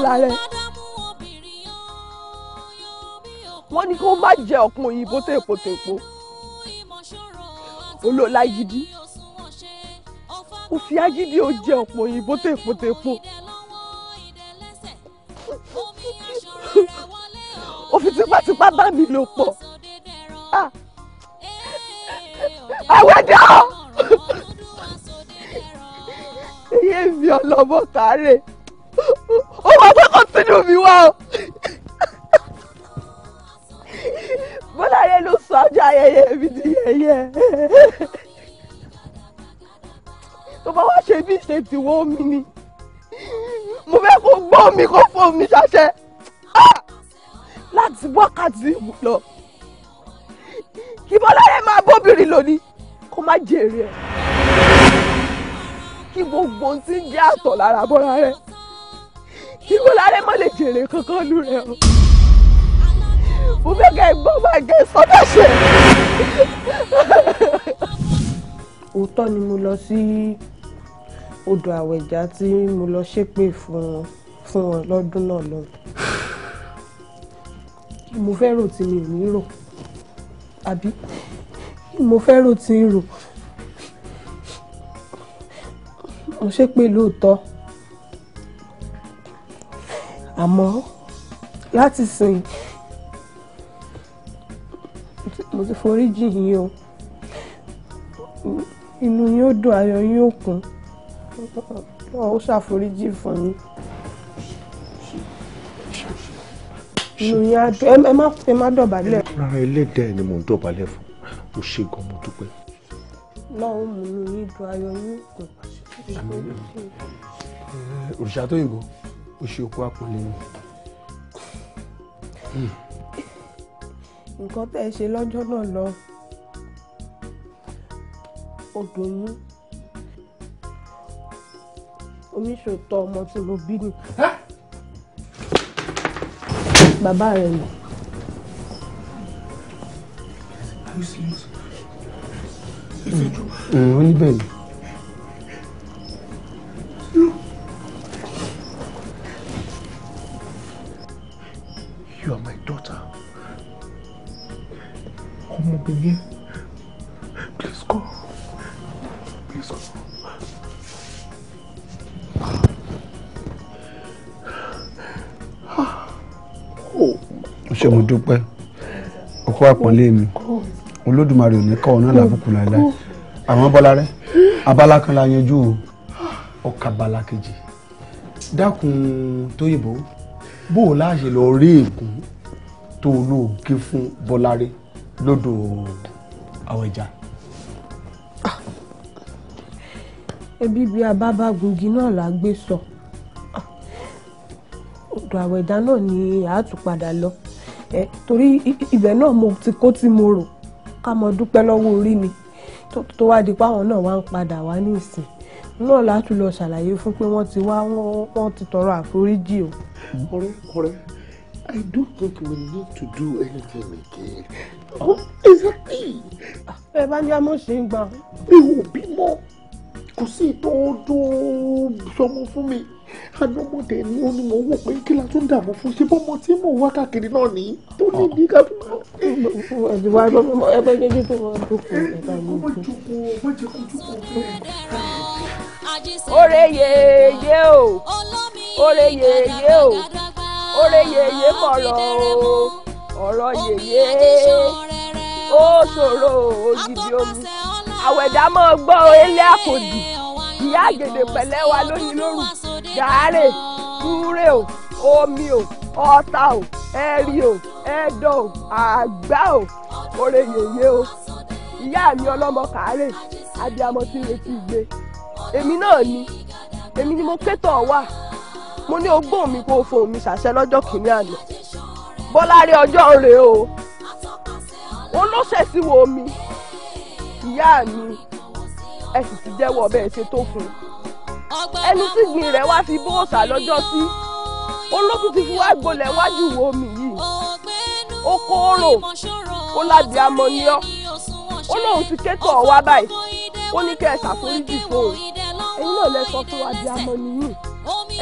lára rẹ̀ wọ́n ní kó má jẹ ọ̀pọ̀ òyìnbó tèpo tèpo olóòlà yìí ó fi agídí ó jẹ ọ̀pọ̀ òyìnbó tèpo tèpo ó fi tipátipá bá mi lò pọ̀ ah! àwẹ̀dẹ̀ ọ́ iye mi ọlọ́mọ kárẹ̀ ó máa fẹ́ kó tún inú mi wá o. bọ́lá yẹn ló sọ ọjọ́ ayẹyẹ mi di yẹyẹ tó bá wá ṣe bí ṣe tìwọ́ mi ni mo fẹ́ kó gbọ́ mi kó fún mi ṣaṣẹ láti wákàtí lọ kí bọ́lá yẹn máa bóbìnrin lónìí kó má jèrè ẹ̀ kí gbogbo ohun tí ń jẹ́ àtọ̀ lára bọ́lá rẹ̀ kíkó lárẹ́ má lè jèrè kankan lù rẹ̀ o mo fẹ́ kẹ́ gbọ́ máa jẹ sọ́dọ̀ṣẹ̀. òótọ́ ni mo lọ sí odò àwẹ̀já tí mo lọ ṣépè fún wọn fún wọn lọ́dún náà lọ. mo fẹ́ rò tí mi ò ní rò àbí mo fẹ́ rò tí ń rò mo ṣépè lóòótọ́ àmọ́ láti sìn mo ti forí jì yín o inú yín ó dùn ayọ̀ yín ó kún ó ṣàforíjì fún yín inú yín á dùn ẹ má ẹ má dọ̀bálẹ̀. rárá ẹlẹ́dẹ̀ ni mò ń dọ̀bálẹ̀ fún o ṣe gan mo dúpẹ́. lọ́wọ́ mú inú yín dùn ayọ̀ yín ó kún. òrìṣà tó yìnbọn o ṣe òkú àpọ́nlé ni. Hmm. nǹkan tẹ́ ẹ ṣe lọ́jọ́ náà lọ ó dùn mí oníṣòótọ́ ọmọ tí mo bí ni bàbá rẹ̀ nù. Hmm, ó ní bẹ́ẹ̀ ni. you are my daughter. Come Ọmọbìnrin, please go. Please go. ó ṣe mo dúpẹ́ ọkọ àpọ́nlé mi olódùmarè ò ní kọ́ ọ náà lábùkù láìláì àmọ́ bọ́lárẹ́ abala kan la yanjú o ọkà bala kejì dákun tóyìnbó bó o láṣẹ lọ rí ègún tó olóògé fún bọ́láre lọ́dọ̀ àwọn ìjà. ebi bíi abábágungi náà là á gbé sọ ọ̀dọ̀ àwẹ̀dá náà ni àátúpadà lọ torí ibẹ̀ náà mo ti kó tí mo rò ká mọ dúpẹ́ lọ́wọ́ orí mi tó wá di pé àwọn náà wá ń padà wá ní ìsìn náà látún lọ ṣàlàyé fún pé wọ́n ti wá wọ́n ti tọrọ àforíjì o. ọ̀rẹ́ ọ̀rẹ́ I don't think we need to do anything again. Oh, exactly. ẹ bá ní amọ̀ ṣe ń gbà. mi ò bímọ kò sí ìtọ́ ọdún sọmọ fún mi àdọ́mọdé ni ó ní mo wò pé kí la tún dààmú fún ṣe bọ́mọ tí mò ń wá káàkiri náà ní tó ní ní kábí. ẹ̀dùnwá ẹgbẹ́ méjì tó wọ́n dúkùú ẹ̀ka ìlú. ọmọ ìjókòó ọmọ ìjókòó ore yeye o ore yeye o ore yeye mọ̀rọ̀ o ọ̀rọ̀ yeye ó ṣòro òjijì omi àwẹ̀dá máa gbọ́ ilé àkòdì ìyá àgèdè pẹ̀lẹ́ wa lónìí lóru gàárè kúrè o omi o ọta o ẹ̀rí o ẹ̀dọ̀ o àgbá o ore yeye o ìyá mi ọlọ́mọ kàárè abiyamọ tí ń retí igbe èmi náà ni èmi ni mo kétọ̀ wà mo ní ogbón mi kó fohùn mi ṣàṣẹ lọ́jọ́ kìíní àná bọ́lárí ọjọ́ rèé o òun ló ṣẹ̀sí wo mi ìyá mi ẹ sì ti jẹ́wọ́ bẹ́ẹ̀ ṣe tó fún un ẹni tí gbìn rẹ̀ wá fi bóòsà lọ́jọ́ sí òun ló tún ti fi wá gbolẹ̀ wájú wo mi yìí ó kóró ó lábì amọ̀ ní ọ́ ó lóun ti kétọ̀ wá báyìí ó ní kẹ́ ẹ ṣàforíjì fóun ẹ̀yin náà lẹ sọ fún wa di amọ nìyí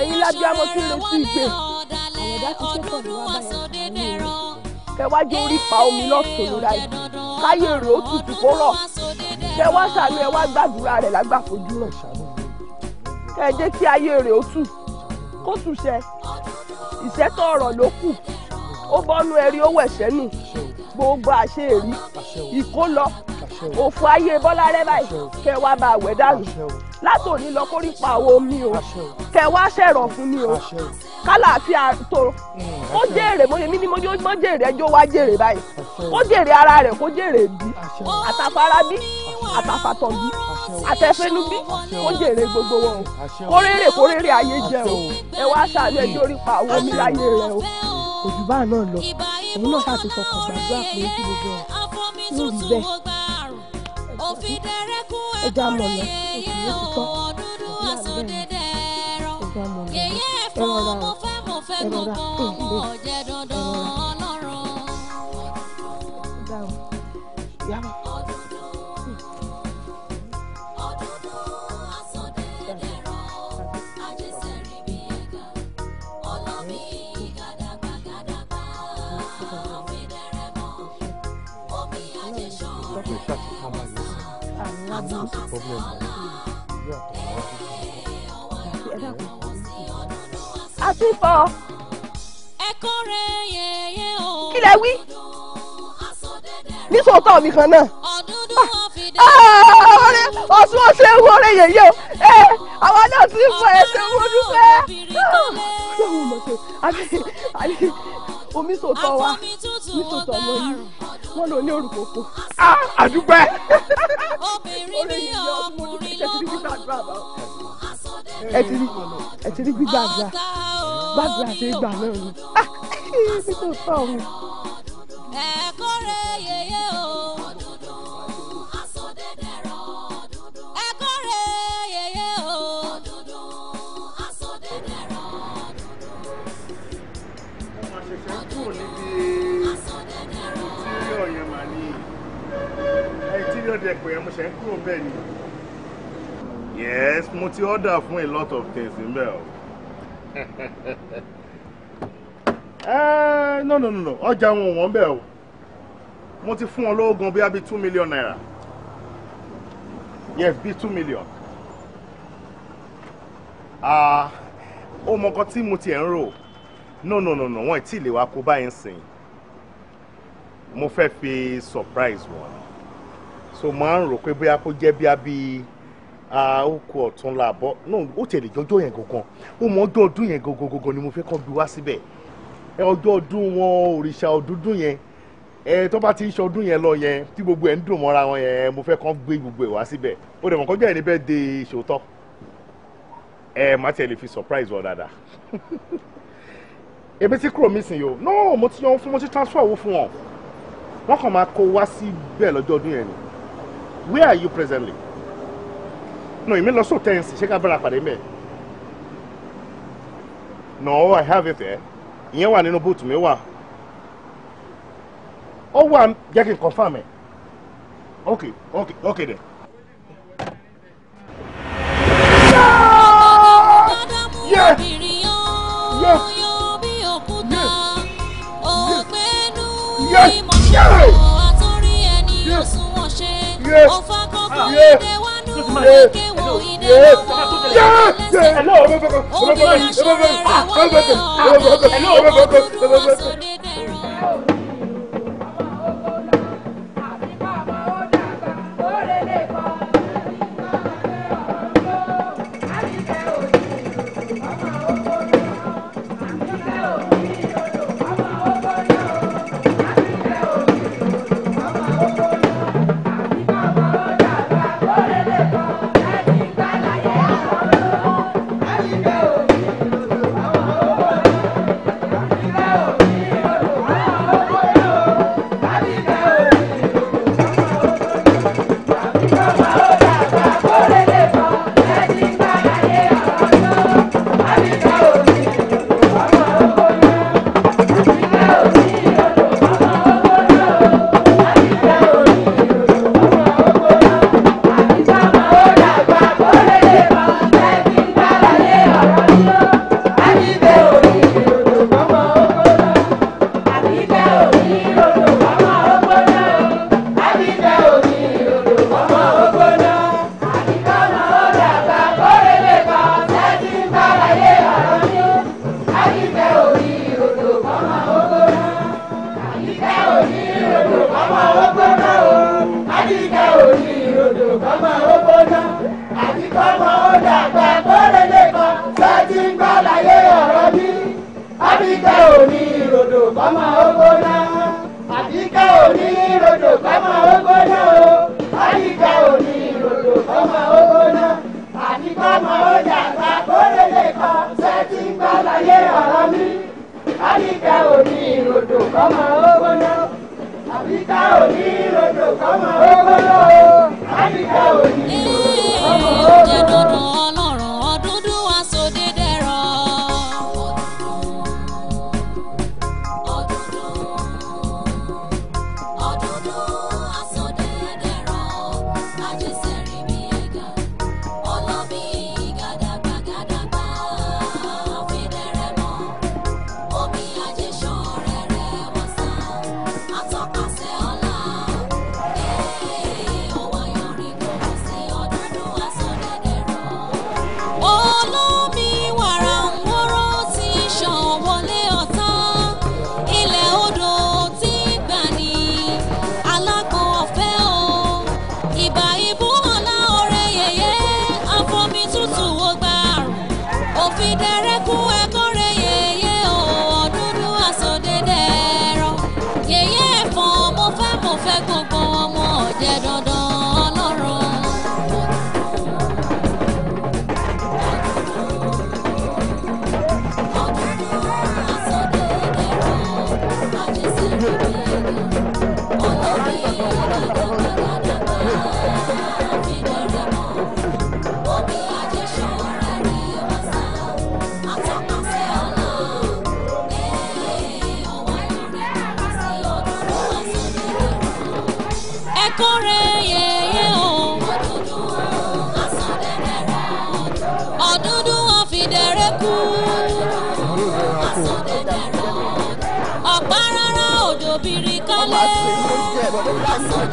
ẹ̀yin lábí amọ tí ń retí ìgbé àwọ̀dá ti kẹ́kọ̀ọ́ ní wàá báyìí kẹwàájú orí pa omi lọ́sùn lóra yìí káyé rò ó tutù kó rọ̀ kẹwàá sàánú ẹ wá gbàdúrà rẹ̀ lágbàfojú rẹ̀ kẹjẹ kí ayé rẹ̀ ó tù kó tù ṣẹ ìṣẹ́tọ̀ ọ̀rọ̀ ló kù ó bọ́nú ẹ̀rí owó ẹ̀ṣẹ́ nù gbogbo àṣẹ èrí ìkó lọ òfò ayé bọ́lá rẹ báyìí kẹ wá bá àwẹ̀ dànù látòní lọ kórì pa àwọn omi o kẹ wá ṣẹ̀rọ̀ fún mi o kálàáfíà tó ó jèrè mo ní mímí mo jèrè ẹjọ́ wá jèrè báyìí kó jèrè ara rẹ̀ kó jèrè bí àtàfàrà bí àtàfàtọ̀ bí àtẹ̀fẹ́nu bí kó jèrè gbogbo wọn o kó rèrè kó rèrè ayé jẹ o ẹ wá ṣàlẹ̀ ẹjọ́ rí pa àwọn omi láyé rẹ o kò jù báà náà lọ òun náà ṣáà ti fọkàn gbàdúrà pé kí gbogbo ẹ̀ ń rí bẹ́ẹ̀ ẹja mọ̀ lọ oṣù yóò ti tọ́ ìyá mi ẹja mọ̀ lọ ẹrọra ẹrọra ẹrọra ẹrọra. problem sí problem nàìjíríà tó ń wá sí ẹ̀dá kan. a ti fọ. ẹ̀kọ́ rẹ̀ yẹ̀yẹ́ o. kí lẹ wí ní sòótọ́ mi kan náà. Ah, ah, ọ̀rẹ́ ọ̀sùn ọ̀sẹ̀ ewu ọ̀rẹ́ yẹ̀yẹ́ o ẹ àwọn náà ti fọ ẹsẹ̀ wọn dúpẹ́ omi sòtọ́ wa omi sòtọ́ ló ní wọ́n lò ní òrùkòkò. Ah, àdúgbò ẹ. obìnrin bí ọkùnrin ló mọ̀ ẹ ti rí ẹ ti rí gbígbà àgbà gbàgbà àti ìgbà náà ni omi sòtọ́ ọ̀hún. ẹ̀kọ́ rẹ̀ yẹ̀yẹ́ o. three hundred pè yẹn ṣe ń kúrò bẹ́ẹ̀ ni. yes mo ti order fún a lot of things níbẹ̀ o. <laughs> Eh, no no no ọjà wọn ò wọ́n bẹ́ẹ̀ o mo ti fún wọn lówó gan bí abi two million naira yes bí two million ah ó mọ nǹkan tí mo tiẹ̀ ń rò no no no no wọ́n ì tí ì lè wá kó báyìí sìn mo fẹ́ fi surprise wọn so máa ń rò pé bóyá kó jẹ́ bíá bíi àókò ọ̀tún làbọ̀ náà ó tẹ̀lé jọjọ́ yẹn gangan ó mọ ọjọ́ ọdún yẹn gangan gangan ni mo fẹ́ kàn bí wá síbẹ̀ ẹ ọjọ́ ọdún wọn òrìṣà ọdúndún yẹn ẹ tó bá ti ń ṣọdún yẹn lọ yẹn tí gbogbo ẹ̀ ń dùn mọ́ra wọn yẹn mo fẹ́ kàn gbé gbogbo ẹ̀ wá síbẹ̀ ó dẹ̀ mọ̀ kọjá ẹ̀ níbẹ̀ de ìṣòótọ́ ẹ má tẹ̀lé fi surprise wọn dáadáa <laughs> èmi ti kúrò mí sìn yìí o náà mo ti yan fún mo ti transfer owó fún wọn wọn kàn máa kó wá síbẹ̀ lọ́jọ́ ọdún yẹn ni where are you presently? No, you may lost so tense. Check ká bára pàdé No, I have it there. Eh? Ìyẹn wà nínú bóòtù mi wà. Ó wà jẹ́ kí n Okay, okay, okay then. Yes. Yes. Yes. Yes. yeah. Yes. Yes. Yes. Yes. Yes. Yes. wò ìdè lọ́wọ́ lẹ́sẹ̀ obìnrin aṣọ rẹ̀ wọ́n ní ọ̀rọ̀ ọ̀rọ̀ ọ̀rọ̀ sódìdì.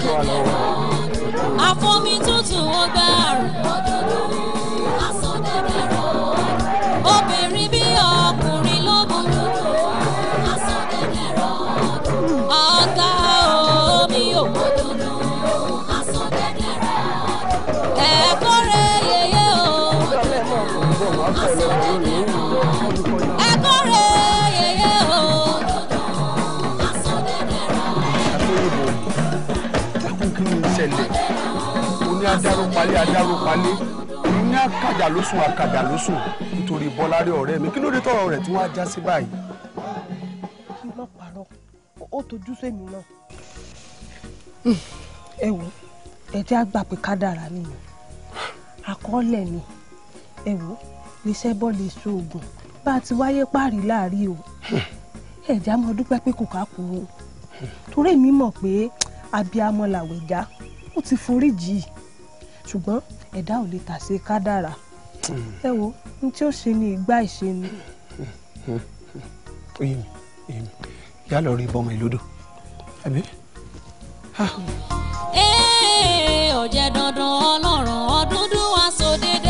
all adárópalé adárópalé èyí ní àkàjà ló sùn àkàjà nítorí bọ́lárí ọ̀rẹ́ mi kí ló dé tọ̀rọ̀ rẹ̀ tí wọ́n á já sí báyìí. kí má ó tojú sẹ́mi náà. ẹ wo ẹ àgbà pé kádàrá nìyẹn àkọọ́lẹ̀ ni ẹ wo lè ṣẹ́bọ́ lè so oògùn bá a ti wáyé páàrí láàrin o ẹ jẹ́ àmọ́ pé kò ká kúrò torí èmi mọ̀ pé abiyamọ làwẹ̀já ó ti foríjì yìí ṣùgbọ́n ẹ̀dá ò lè tà sí kádàrà hmm. ẹ wo ní tí ó ṣe ni ìgbà ìṣe ni. èmi èmi yà lọ rí bọmọ ìlódò àbí. Eh, ọ̀jẹ̀ dandan ọlọ́run ọdún dún wá sóde.